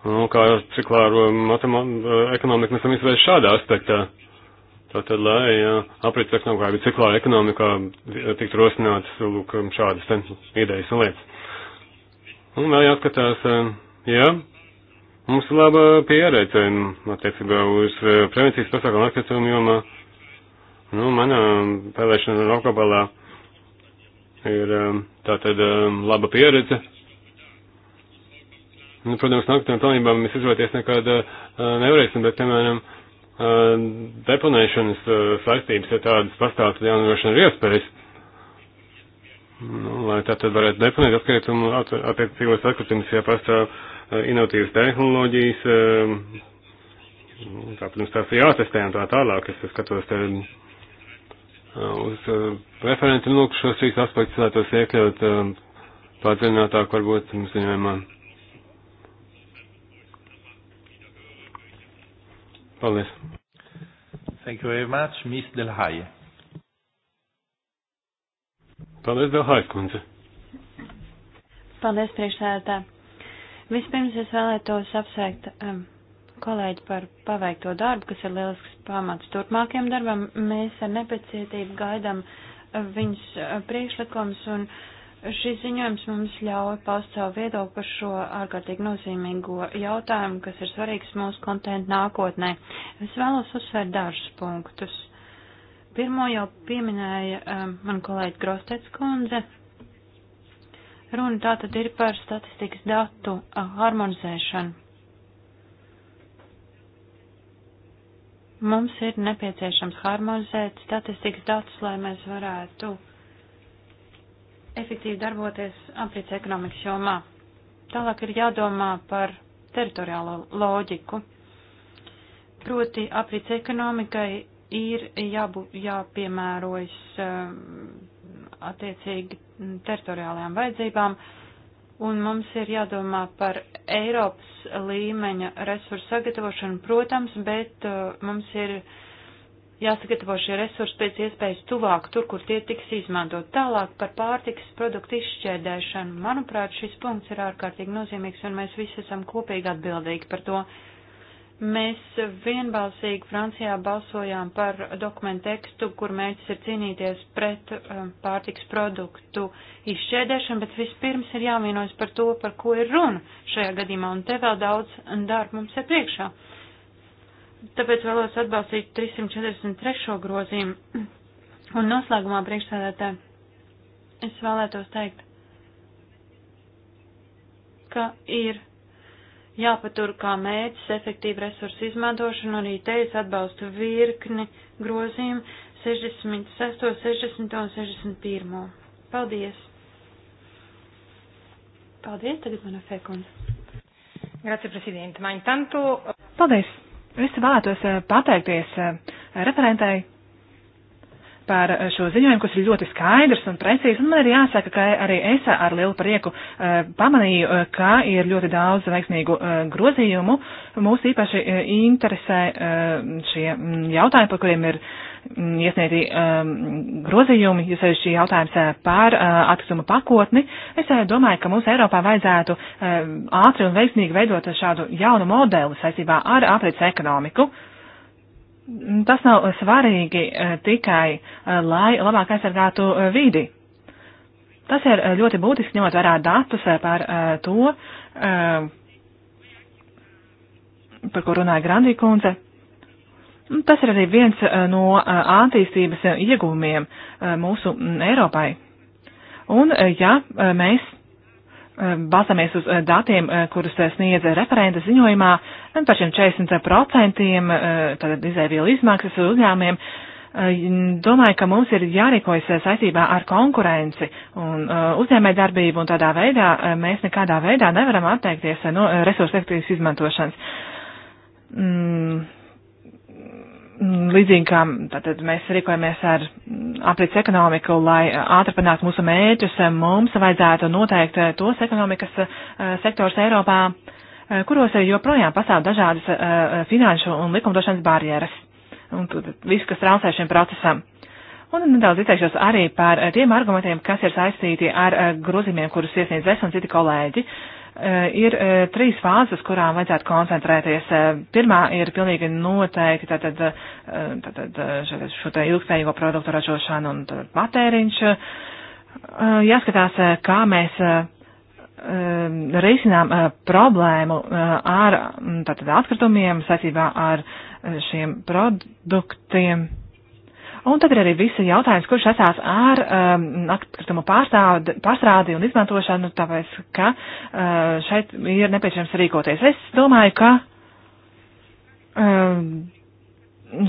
Nu, kā ciklāro ekonomiku mēs esam izvērst šādā aspektā. Tātad, lai aprits ekonomikā, bet ciklāra ekonomikā tiktu rosināts, lūk, šādas te idejas un lietas. Un vēl jāskatās, jā. Ja, Mums ir laba pieredze attiecībā uz eh, prevencijas pasākumu atkritumu jomā. Nu, mana vēlēšana Rokabalā ir eh, tātad eh, laba pieredze. Nu, protams, nākamajām talībām mēs izvēlēties nekad nevarēsim, bet, piemēram, deponēšanas saistības, ja tādas pastāv, tad jānodrošina ir iespējas. Nu, lai tātad varētu deponēt atkritumu, attiecīgos atkritumus, ja pastāv Eh, inovatīvas tehnoloģijas, eh, tā, protams, tās ir jātestē un tā tālāk. Es skatos te eh, uz referentu, nu, šos trīs aspektus vēlētos iekļaut padziļinātāk, varbūt, mums ziņojumā. Paldies. Thank you very much, Miss Delhaye. Paldies, Delhaye, kundze. Paldies, priekšsēdētāji. Vispirms es vēlētos apsveikt um, kolēģi par paveikto darbu, kas ir lielisks pamats turpmākiem darbam. Mēs ar nepacietību gaidām uh, viņas uh, priekšlikums un šis ziņojums mums ļauj paust savu viedokli par šo ārkārtīgi nozīmīgo jautājumu, kas ir svarīgs mūsu kontentu nākotnē. Es vēlos uzsvērt dažus punktus. Pirmo jau pieminēja um, man kolēģi Grostets kundze. Runa tātad ir par statistikas datu harmonizēšanu. Mums ir nepieciešams harmonizēt statistikas datus, lai mēs varētu efektīvi darboties aprits ekonomikas jomā. Tālāk ir jādomā par teritoriālo loģiku. Proti aprits ekonomikai ir jābūt jāpiemērojas um, attiecīgi teritoriālajām vajadzībām, un mums ir jādomā par Eiropas līmeņa resursu sagatavošanu, protams, bet uh, mums ir jāsagatavo šie resursi pēc iespējas tuvāk tur, kur tie tiks izmantot. Tālāk par pārtikas produktu izšķēdēšanu. Manuprāt, šis punkts ir ārkārtīgi nozīmīgs, un mēs visi esam kopīgi atbildīgi par to. Uh, Mēs vienbalsīgi Francijā balsojām par dokumentu tekstu, kur mērķis ir cīnīties pret um, pārtiks produktu izšķēdēšanu, bet vispirms ir jāvienojas par to, par ko ir runa šajā gadījumā, un te vēl daudz darba mums ir priekšā. Tāpēc vēlos atbalstīt 343. grozījumu. Un noslēgumā priekšsēdētē es vēlētos teikt, ka ir jāpatur kā mērķis efektīva resursu izmantošana, arī te es atbalstu virkni grozījumu 66, 60 un 61. Paldies! Paldies, tagad mana sekunda. Grazie, prezidente. Ma intanto... Paldies! Es vēlētos eh, pateikties eh, referentai par eh, šo ziņojumu, kas ir ļoti skaidrs un precīzs. Un man ir jāsaka, ka arī es ar lielu prieku eh, pamanīju, eh, ka ir ļoti daudz veiksmīgu grozījumu. Mūs īpaši interesē šie mm, jautājumi, par kuriem ir mm, iesniegti ehm, grozījumi, jo sevišķi jautājums par atkrituma pakotni. Es domāju, ka mums Eiropā vajadzētu ātri un veiksmīgi veidot šādu jaunu modeli saistībā ar aprits ekonomiku tas nav svarīgi eh, tikai, eh, lai labāk aizsargātu eh, vidi. Tas ir ļoti būtiski, ņemot vērā datus par to, par ko runāja Grandī kundze. Tas ir arī viens no attīstības iegūmiem mūsu mm, Eiropai. Un ja mēs Eh, balstāmies uz eh, datiem, eh, kurus sniedza referenta ziņojumā par šiem 40% tātad izēvielu izmaksas uzņēmiem. Domāju, ka mums ir jārīkojas saistībā ar konkurenci un uzņēmē darbību, un tādā veidā mēs nekādā veidā nevaram atteikties no resursu efektīvas izmantošanas. Mm, līdzīgi kā tātad mēs rīkojamies ar mm, aprits ekonomiku, lai ātri panāktu mūsu mērķus, mums vajadzētu noteikt eh, tos ekonomikas eh, sektors Eiropā, eh, kuros joprojām pastāv dažādas finanšu un likumdošanas barjeras. Un viss, kas traucē šim procesam. Un nedaudz izteikšos arī par tiem argumentiem, kas ir saistīti ar grozījumiem, kurus iesniedz es un citi kolēģi. Eh, ir eh, trīs fāzes, kurām vajadzētu koncentrēties. Eh, pirmā ir pilnīgi noteikti tātad, tātad, šo te ilgspējīgo produktu ražošanu un patēriņš. Jāskatās, kā mēs risinām problēmu ar mm, tātad, atkritumiem saistībā ar šiem produktiem Un tad ir arī visi jautājums, kurš esās ar um, atkritumu pārstādi, pārstrādi un izmantošanu, tāpēc, ka uh, šeit ir nepieciešams rīkoties. Es domāju, ka um,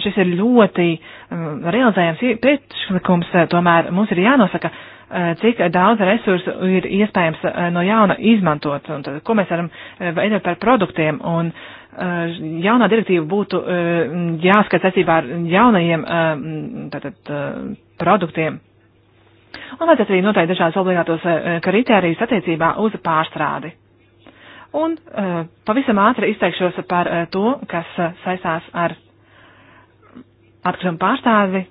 šis ir ļoti um, realizējams priekšlikums, uh, tomēr mums ir jānosaka, uh, cik daudz resursu ir iespējams uh, no jauna izmantot, un tad, ko mēs varam uh, veidot par produktiem. Un, uh, Eh, jaunā direktīva būtu eh, jāskat saistībā ar jaunajiem eh, tātad, produktiem. Un vajadzētu arī noteikt dažādas obligātos kritērijas attiecībā uz pārstrādi. Un pavisam ātri izteikšos par to, kas saistās ar atkritumu pārstāvi.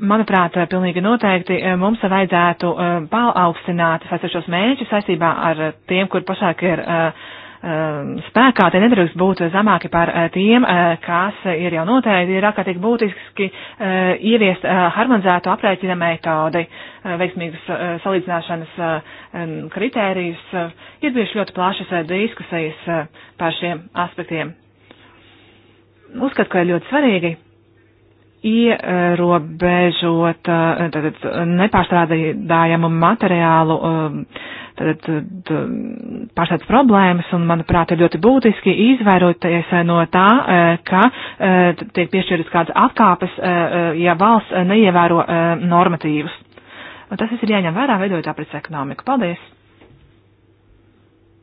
Manuprāt, pilnīgi noteikti mums vajadzētu paaugstināt saistošos mērķus saistībā ar tiem, kur pašāk ir uh, Um, spēkā, te nedrīkst būt zemāki par uh, tiem, uh, kas ir jau noteikti, ir ārkārtīgi būtiski uh, ieviest harmonizēto aprēķina metodi, veiksmīgas salīdzināšanas um, kritērijus. Ir bijuši ļoti plašas diskusijas par šiem aspektiem. Uzskatu, ka ir ļoti svarīgi ierobežot eh, tātad, nepārstrādājumu materiālu eh, tātad, eh, pārstrādes problēmas, un, manuprāt, ir ļoti būtiski izvairoties no tā, ka tiek piešķirtas kādas atkāpes, ja valsts neievēro normatīvus. Tas viss ir jāņem vērā, veidojot aprits ekonomiku. Paldies!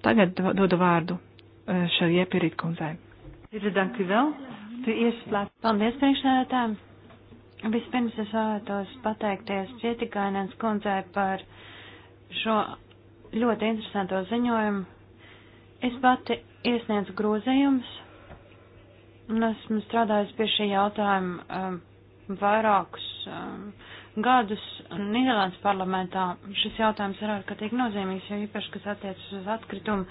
Tagad dodu vārdu šai iepirīt kundzei. Paldies priekšsēdētājiem! Vispirms es vēlētos pateikties Pietikainens kundzei par šo ļoti interesanto ziņojumu. Es pati iesniedzu grozījumus un esmu strādājusi pie šī jautājuma um, vairākus um, gadus Nīderlandes parlamentā. Šis jautājums ir ārkārtīgi nozīmīgs, jo īpaši, kas attiecas uz atkritumu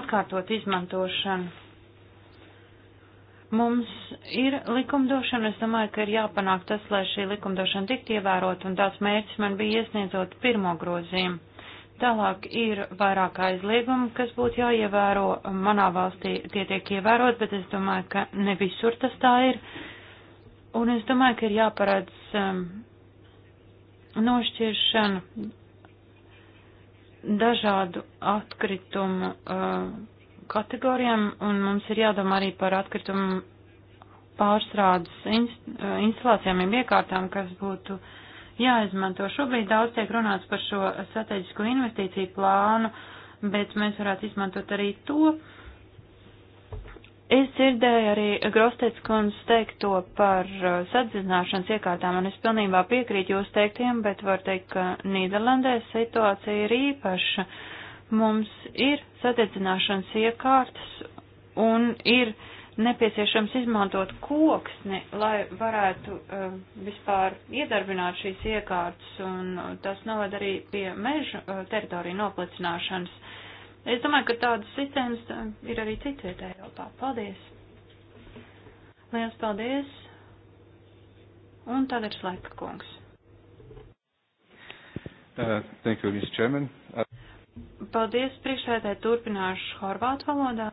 atkārtot izmantošanu. Mums ir likumdošana, es domāju, ka ir jāpanāk tas, lai šī likumdošana tiktu ievērot, un tāds mērķis man bija iesniedzot pirmo grozījumu. Tālāk ir vairāk aizliegumu, kas būtu jāievēro. Manā valstī tie tiek ievērot, bet es domāju, ka ne visur tas tā ir. Un es domāju, ka ir jāparādz um, nošķiršana dažādu atkritumu uh, kategorijām, un mums ir jādomā arī par atkritumu pārstrādes inst eh, instalācijām un iekārtām, kas būtu jāizmanto. Šobrīd daudz tiek runāts par šo strateģisko investīciju plānu, bet mēs varētu izmantot arī to. Es dzirdēju arī Grostets kundz teikto par eh, sadzināšanas iekārtām, un es pilnībā piekrītu jūs teiktiem, bet var teikt, ka Nīderlandē situācija ir īpaša. Uh, Mums ir sadedzināšanas iekārtas un ir nepieciešams izmantot koksni, lai varētu uh, vispār iedarbināt šīs iekārtas, un tas novad arī pie mežu uh, eh, teritoriju noplicināšanas. Es domāju, ka tādas sistēmas eh, ir arī citvietē Eiropā. Paldies! Liels paldies! Un tad ir Slaika kungs. Uh, thank you, Mr. Chairman. Uh... Paldies, priekšsēdētāji, turpināšu horvātu valodā.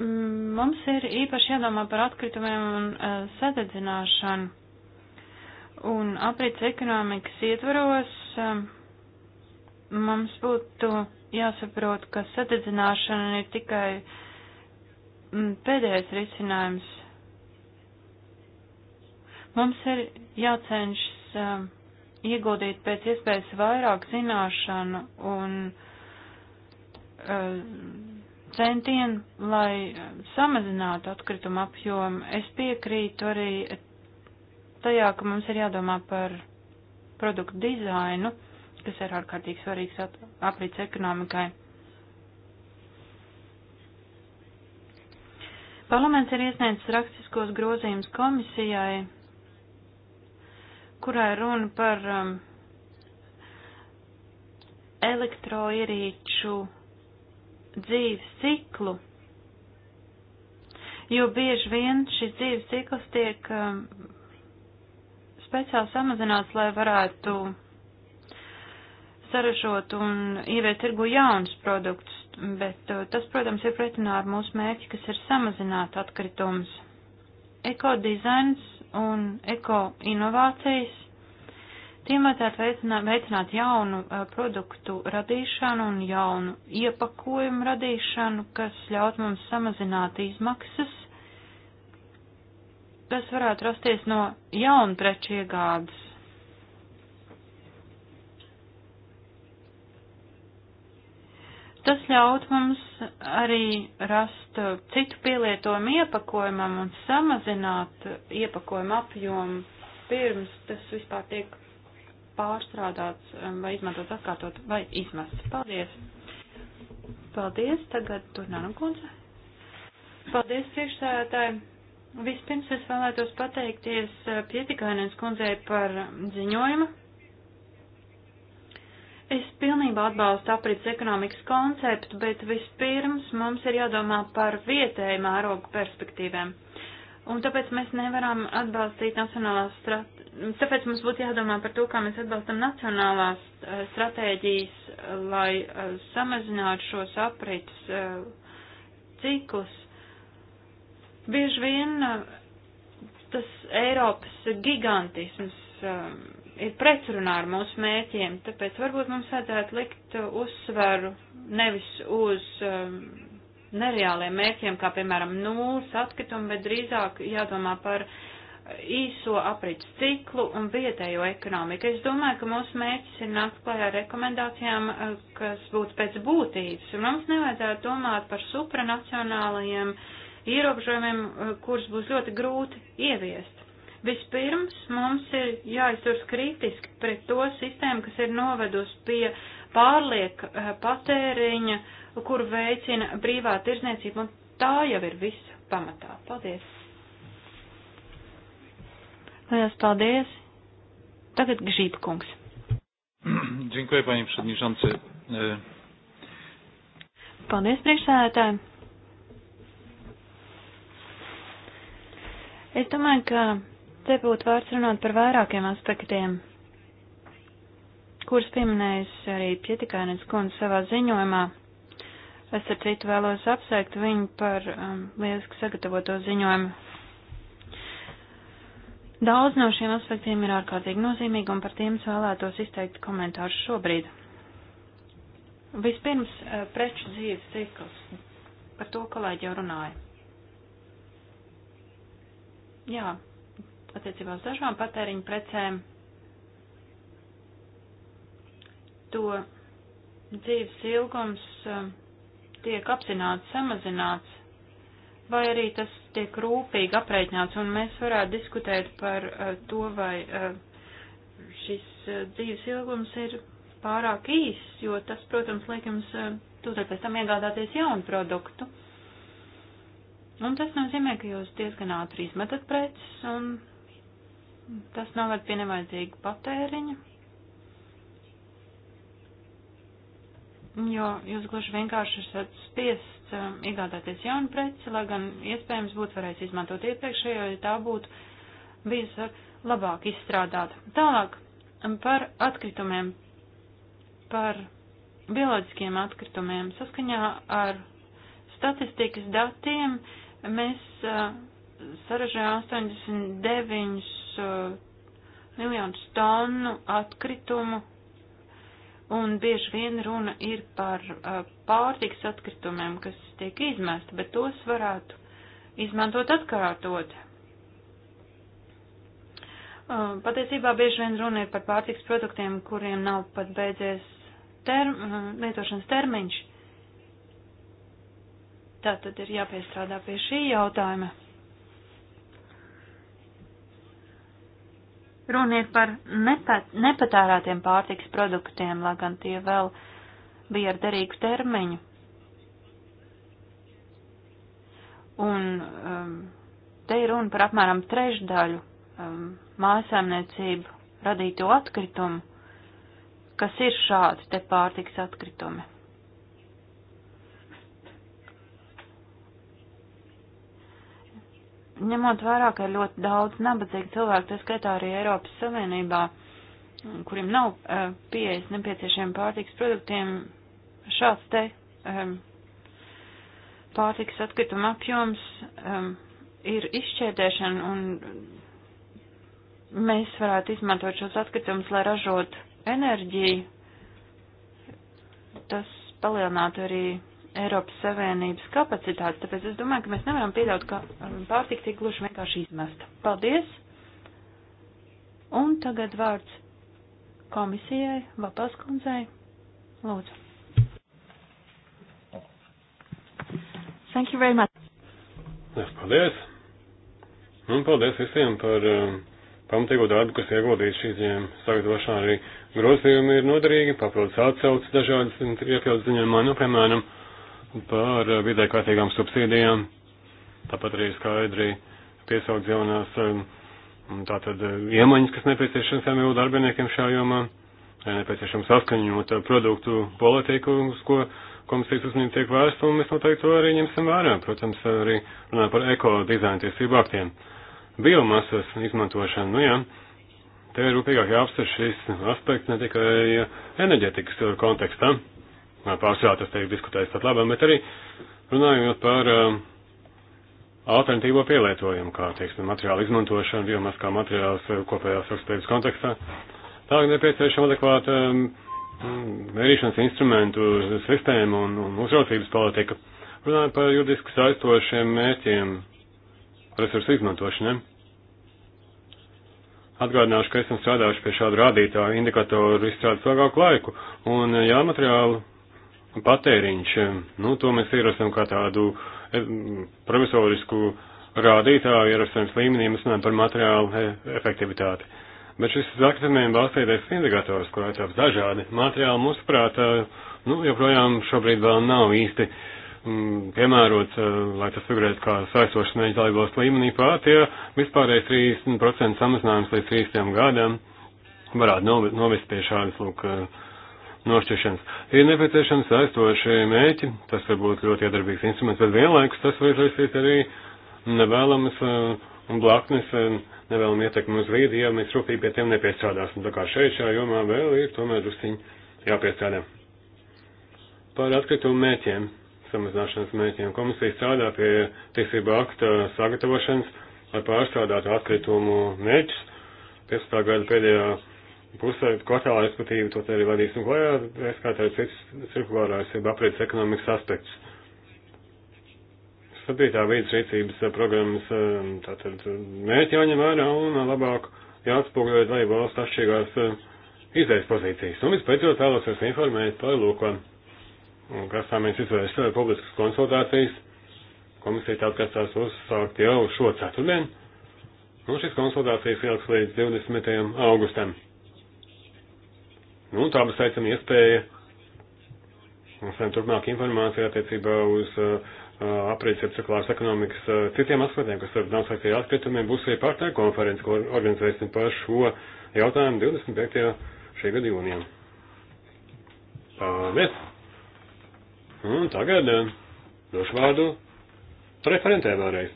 Mm, mums ir īpaši jādomā par atkritumiem un uh, sadedzināšanu. Un aprits ekonomikas ietvaros uh, mums būtu jāsaprot, ka sadedzināšana ir tikai mm, pēdējais risinājums Mums ir jācenšas um, ieguldīt pēc iespējas vairāk zināšanu un um, centienu, lai samazinātu atkritumu apjomu. Es piekrītu arī tajā, ka mums ir jādomā par produktu dizainu, kas ir ārkārtīgi svarīgs aprīts ekonomikai. Parlaments ir iesniedzis rakstiskos grozījumus komisijai kurā runa par um, elektroierīču dzīves ciklu, jo bieži vien šis dzīves cikls tiek um, speciāli samazināts, lai varētu saražot un ieviest tirgu jaunus produktus, bet uh, tas, protams, ir pretinā ar mūsu mērķi, kas ir samazināt atkritumus. Ekodizains un ekoinovācijas. Tiem vajadzētu veicināt, veicināt jaunu uh, produktu radīšanu un jaunu iepakojumu radīšanu, kas ļaut mums samazināt izmaksas, kas varētu rasties no jaunu preču iegādes. Tas ļaut mums arī rast citu pielietojumu iepakojumam un samazināt iepakojumu apjomu pirms tas vispār tiek pārstrādāts um, vai izmantots atkārtot vai izmests. Paldies! Paldies! Tagad Turnāna nu, kundze. Paldies priekšsēdētāji! Vispirms es vēlētos pateikties uh, Pietikainens kundzei par ziņojumu Es pilnībā atbalstu aprits ekonomikas konceptu, bet vispirms mums ir jādomā par vietēju mērogu perspektīvēm. Un tāpēc mēs nevaram atbalstīt nacionālās stratēģijas, tāpēc mums būtu jādomā par to, kā mēs atbalstam nacionālās eh, stratēģijas, eh, lai eh, samazinātu šos aprits ciklus. Bieži vien tas Eiropas gigantisms ir pretrunā ar mūsu mērķiem, tāpēc varbūt mums vajadzētu likt uzsvaru nevis uz um, nereāliem mērķiem, kā piemēram nulles atkritumu, bet drīzāk jādomā par īso aprits ciklu un vietējo ekonomiku. Es domāju, ka mūsu mērķis ir nākt klajā ar rekomendācijām, uh, kas būtu pēc būtības. Mums nevajadzētu domāt par supranacionālajiem ierobežojumiem, uh, kurus būs ļoti grūti ieviest. Vispirms mums ir jāizturas kritiski pret to sistēmu, kas ir novedus pie pārlieka eh, patēriņa, kur veicina brīvā tirzniecība, un tā jau ir viss pamatā. Paldies! Lielas paldies! Tagad Gžība kungs. (clears throat) Dziękuję, panie przewodniczący. E, paldies, priekšsēdētāji! Es domāju, ka Te būtu vārds runāt par vairākiem aspektiem, kurus pieminējis arī Pietikainis kundze savā ziņojumā. Es ar citu vēlos apsveikt viņu par um, lieliski sagatavoto ziņojumu. Daudz no šiem aspektiem ir ārkārtīgi nozīmīgi, un par tiem es vēlētos izteikt komentārus šobrīd. Vispirms uh, preču dzīves cikls. Par to kolēģi jau runāja. Jā, attiecībā uz dažām patēriņu precēm to dzīves ilgums um, tiek apzināts, samazināts, vai arī tas tiek rūpīgi aprēķināts, un mēs varētu diskutēt par uh, to, vai uh, šis uh, dzīves ilgums ir pārāk īs, jo tas, protams, liek jums tūlīt pēc tam iegādāties jaunu produktu. Un tas nozīmē, ka jūs diezgan ātri izmetat preces un Tas noved pie nevajadzīga patēriņa, jo jūs gluži vienkārši esat spiests um, iegādāties jaunu preci, lai gan iespējams būtu varējis izmantot iepriekšējo, ja tā būtu bijusi labāk izstrādāta. Tālāk um, par atkritumiem, par bioloģiskiem atkritumiem. Saskaņā ar statistikas datiem mēs uh, saražojām 89 uh, miljonus tonu atkritumu, un bieži vien runa ir par uh, pārtiks atkritumiem, kas tiek izmesti, bet tos varētu izmantot atkārtot. Uh, patiesībā bieži vien runa ir par pārtiks produktiem, kuriem nav pat beidzies term, uh, lietošanas termiņš. Tā tad ir jāpiestrādā pie šī jautājuma. Runa ir par nepēt, nepatērētiem pārtiks produktiem, lai gan tie vēl bija ar derīgu termiņu. Un um, te ir runa par apmēram trešdaļu um, mājasēmniecību radīto atkritumu, kas ir šādi te pārtiks atkritumi. Ņemot vērā, ka ir ļoti daudz nabadzīgu cilvēku, tas skaitā arī Eiropas Savienībā, kuriem nav uh, pieejas nepieciešiem pārtiks produktiem, šāds te um, pārtiks atkrituma apjoms um, ir izšķērdēšana un mēs varētu izmantot šos atkritumus, lai ražotu enerģiju. Tas palielinātu arī Eiropas Savienības kapacitātes, tāpēc es domāju, ka mēs nevaram pieļaut, ka um, pārtika tiek gluži vienkārši izmesta. Paldies! Un tagad vārds komisijai, Vapaskundzei. Lūdzu. Thank you very much. Es paldies. Un paldies visiem par uh, pamatīgo darbu, kas ieguldīts šīm sagatavošanā arī grozījumi ir noderīgi, papildus atsaucas dažādas un ir iekļauts ziņojumā, nu, piemēram, par vidē kārtīgām subsīdijām, tāpat arī skaidri piesaukt jaunās um, tātad uh, iemaņas, kas nepieciešams MVU darbiniekiem šajā jomā, nepieciešams saskaņot produktu politiku, uz ko komisijas uzmanība tiek vērsta, un mēs noteikti to arī ņemsim vērā, protams, arī runājot par eko dizaina tiesību aktiem. Biomasas izmantošana, nu jā, te ir rūpīgāk jāapsver šis aspekts ne tikai enerģetikas kontekstā pārsvarā tas tiek diskutēts pat labam, bet arī runājot par um, alternatīvo pielietojumu, kā, teiksim, materiālu izmantošanu, biomas kā materiāls uh, kopējās ilgspējības kontekstā. Tā ir nepieciešama adekvāta um, mm, mērīšanas instrumentu sistēma un, un uzraucības politika. Runājot par juridiski saistošiem mērķiem, resursu izmantošanai. Atgādināšu, ka esam strādājuši pie šādu rādītāju indikatoru izstrādes ilgāku laiku, un uh, jā, materiālu patēriņš, nu, to mēs ierosinām kā tādu e, provisorisku rādītāju ierosinājumu līmenī, mēs runājam par materiālu e, efektivitāti. Bet šis aktivējuma balstītais indikators, ko atsāps dažādi materiāli, mūsuprāt, e, nu, joprojām šobrīd vēl nav īsti m, mm, piemērots, lai tas figurētu kā saistošs neģdalībās līmenī pat, ja vispārējais 30% samazinājums līdz 30 gadam varētu novest pie šādas, lūk, uh, nošķiršanas. Ir nepieciešams aizstošie mēķi, tas var būt ļoti iedarbīgs instruments, bet vienlaikus tas var izraisīt arī nevēlamas un eh, blaknes, eh, nevēlamu ietekmi uz vīdi, ja mēs rūpīgi pie tiem nepiestrādāsim. Tā kā šeit šajā jomā vēl ir tomēr drusciņi jāpiestrādā. Par atkritumu mēķiem, samazināšanas mēķiem, komisija strādā pie tiesību akta sagatavošanas, lai pārstrādātu atkritumu mēķus. 15. gada pēdējā pusē, kvartālā, respektīvi, to arī vadīsim klajā, es kā teicu, cits cirkulārās, jeb aprits ekonomikas aspekts. Sabiedrā vīdes rīcības eh, programmas, eh, tātad eh, mērķi jāņem vērā un labāk jāatspoguļot, lai valsts atšķirīgās izējas pozīcijas. Un vispēcot vēlos jūs informēt par lūko, kas tā mēs izvērst publiskas konsultācijas. Komisija tātad, kas tās uzsākt jau šo ceturtdienu. Un šis konsultācijas ilgs līdz 20. augustam. Nu, tā būs, teicam, iespēja saņemt turpmāk informāciju attiecībā uz uh, uh aprīļa cirkulāras ekonomikas uh, citiem aspektiem, kas ar nāsāktie atkritumiem būs arī partneru konferences, ko organizēsim par šo jautājumu 25. šī gada jūnijā. Paldies! Un tagad uh, došu vārdu referentē vēlreiz.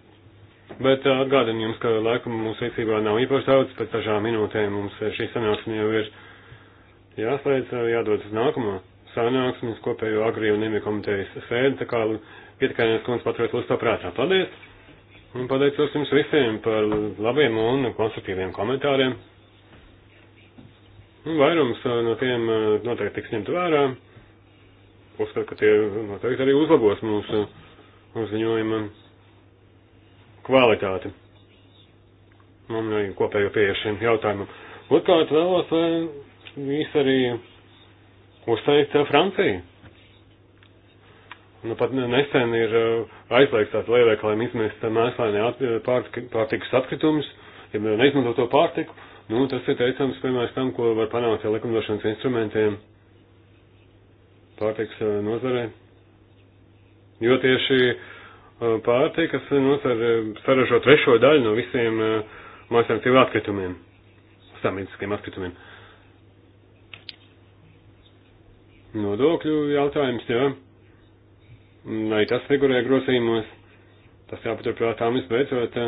Bet uh, atgādinu jums, ka laika mums rīcībā nav īpaši daudz, pēc dažām minūtēm mums uh, šī sanāksme jau ir jāslēdz, jādodas uz nākamo sanāksmes kopējo agrī un nemie komitejas sēdi, tā kā pietikainies kundz paturēt lūdzu to prātā. Paldies! Un pateicos jums visiem par labiem un konstruktīviem komentāriem. Un vairums no tiem noteikti tiks ņemt vērā. Uzskatu, ka tie noteikti arī uzlabos mūsu uzziņojuma kvalitāti. Un arī kopējo pieeja šiem jautājumam. Otkārt vēlos, lai īsi arī uzteikt Franciju. Nu, pat nesen ir uh, aizliegts tās lielveikaliem izmest uh, mēslēnē pārtikas atkritumus, ja neizmanto to pārtiku. Nu, tas ir teicams, piemēram, tam, ko var panākt ar likumdošanas instrumentiem pārtikas uh, nozarē. Jo tieši pārtikas nozare saražo trešo daļu no visiem mājasēmniecību atkritumiem, samītiskiem atkritumiem. Uh, nodokļu jautājums, jā. Lai tas figurē grozījumos, tas jāpaturprātā mums beidzot.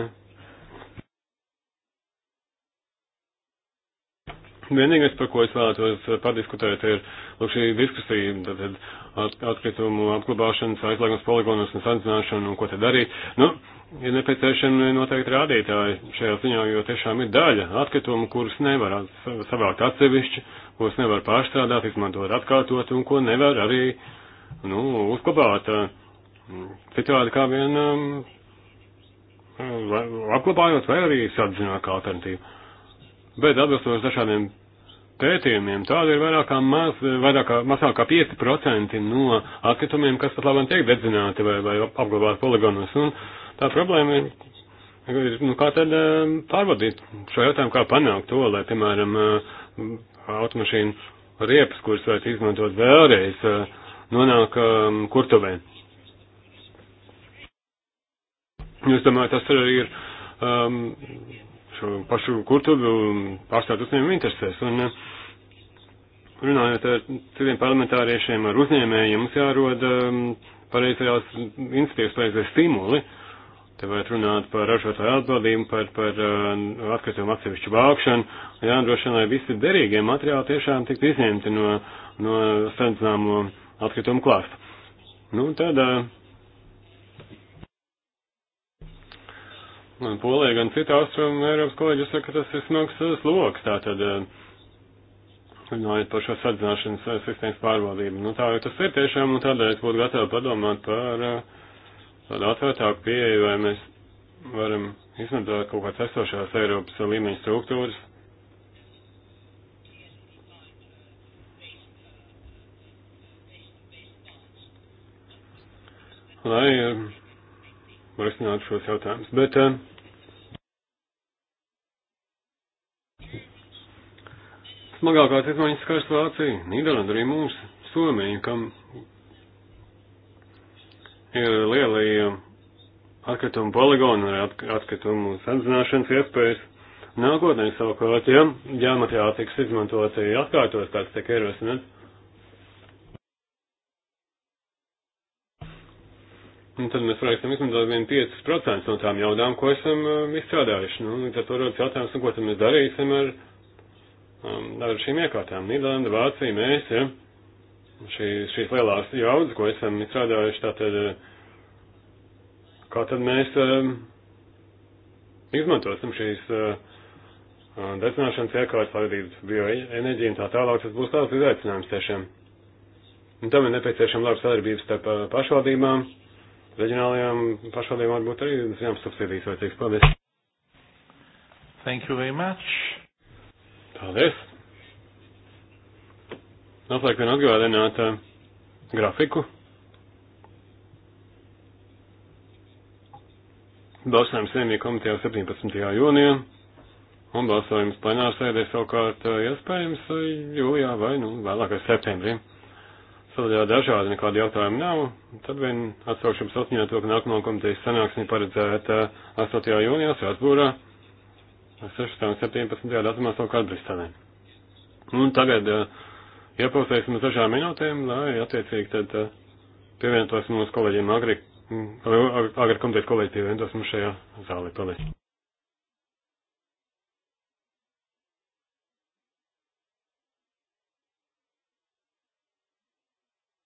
Vienīgais, par ko es vēlētos padiskutēt, ir lūk šī diskusija, tad atkritumu atklāšanas, aizliegums poligonos un sandzināšanu un ko tad darīt. Nu, ir nepieciešami noteikti rādītāji šajā ziņā, jo tiešām ir daļa atkritumu, kurus nevar savākt atsevišķi. Uh, kuras nevar pārstrādāt, izmantot atkārtot un ko nevar arī, nu, uzklabāt. Citādi kā vien um, apglabājot vai arī sadzināt kā alternatīvu. Bet atbilstoši dažādiem pētījumiem, tāda ir vairāk kā maz, vairāk kā, mazāk kā 5% no atkritumiem, kas pat labāk tiek dedzināti vai, vai apglabāti poligonos. Un tā problēma ir, nu, kā tad um, pārvadīt šo jautājumu, kā panākt to, lai, piemēram, automašīnu riepas, kuras varētu izmantot vēlreiz, eh, nonāk um, kurtuvē. Es domāju, tas arī ir um, šo pašu kurtuvu um, pārstāvju uzņēmumu interesēs. Un, eh, runājot ar citiem parlamentāriešiem, ar uzņēmējiem, mums jārod um, pareizajās institīvas, pareizajās stimuli. Uh, Te varētu runāt par ražotāju atbildību, par, par uh, atkritumu atsevišķu vākšanu. Jānodrošina, lai visi derīgie materiāli tiešām tiktu izņemti no, no sadzināmo atkritumu klāsta. Nu, tādā Un uh, Polija, gan cita austrumu Eiropas kolēģi saka, ka tas ir smags uh, sloks, tātad runājot par šo sadzināšanas sistēmas pārvaldību. Nu, tā jau tas ir tiešām, un tādēļ es būtu gatavs padomāt par uh, tādu atvērtāku pieeju, vai mēs varam izmantot kaut kādas esošās Eiropas līmeņa struktūras. Lai um, risinātu šos jautājumus. Bet, uh, Smagākās izmaiņas skars Vāciju, Nīderlandi arī mūsu, Somiju, kam lielajiem atkritumu poligonu ar atkritumu sadzināšanas iespējas. Nākotnē savukārt, ja ģeomateriāli tiks izmantoti atkārtos, kāds tiek ierosināts, Un tad mēs varēsim izmantot vien 5% no tām jaudām, ko esam um, izstrādājuši. Nu, tad tur rodas jautājums, nu, ko tad mēs darīsim ar, um, ar šīm iekārtām. Nīderlanda, Vācija, mēs, ja šī, šīs lielās jaudas, ko esam izstrādājuši, tātad kā tad mēs um, izmantosim šīs uh, decināšanas iekārtas, pārvadības bioenerģiju un tā tālāk, tas būs tāds izaicinājums tiešām. Un tam ir nepieciešama laba sadarbības starp uh, pašvaldībām, reģionālajām pašvaldībām varbūt arī zinām subsīdijas vajadzīgs. Paldies! Thank you very much. Paldies! Atliek vien atgādināt uh, grafiku. Balsājums vienīgi komitejā 17. jūnijā, un balsājums plenārsēdē savukārt uh, iespējams uh, jūlijā vai, nu, vēlākais septembrī. Sadaļā dažādi nekādi jautājumi nav, tad vien atsaukšam sasniegt to, ka nākamā komitejas sanāksme paredzēta 8. jūnijā Strasbūrā. 16. un 17. datumā savukārt Briselē. Un tagad uh, iepauzēsim uz dažām minūtēm, lai attiecīgi tad eh, pievienotos mūsu kolēģiem agri, agri komitejas kolēģi pievienotos mums šajā zālē. Paldies!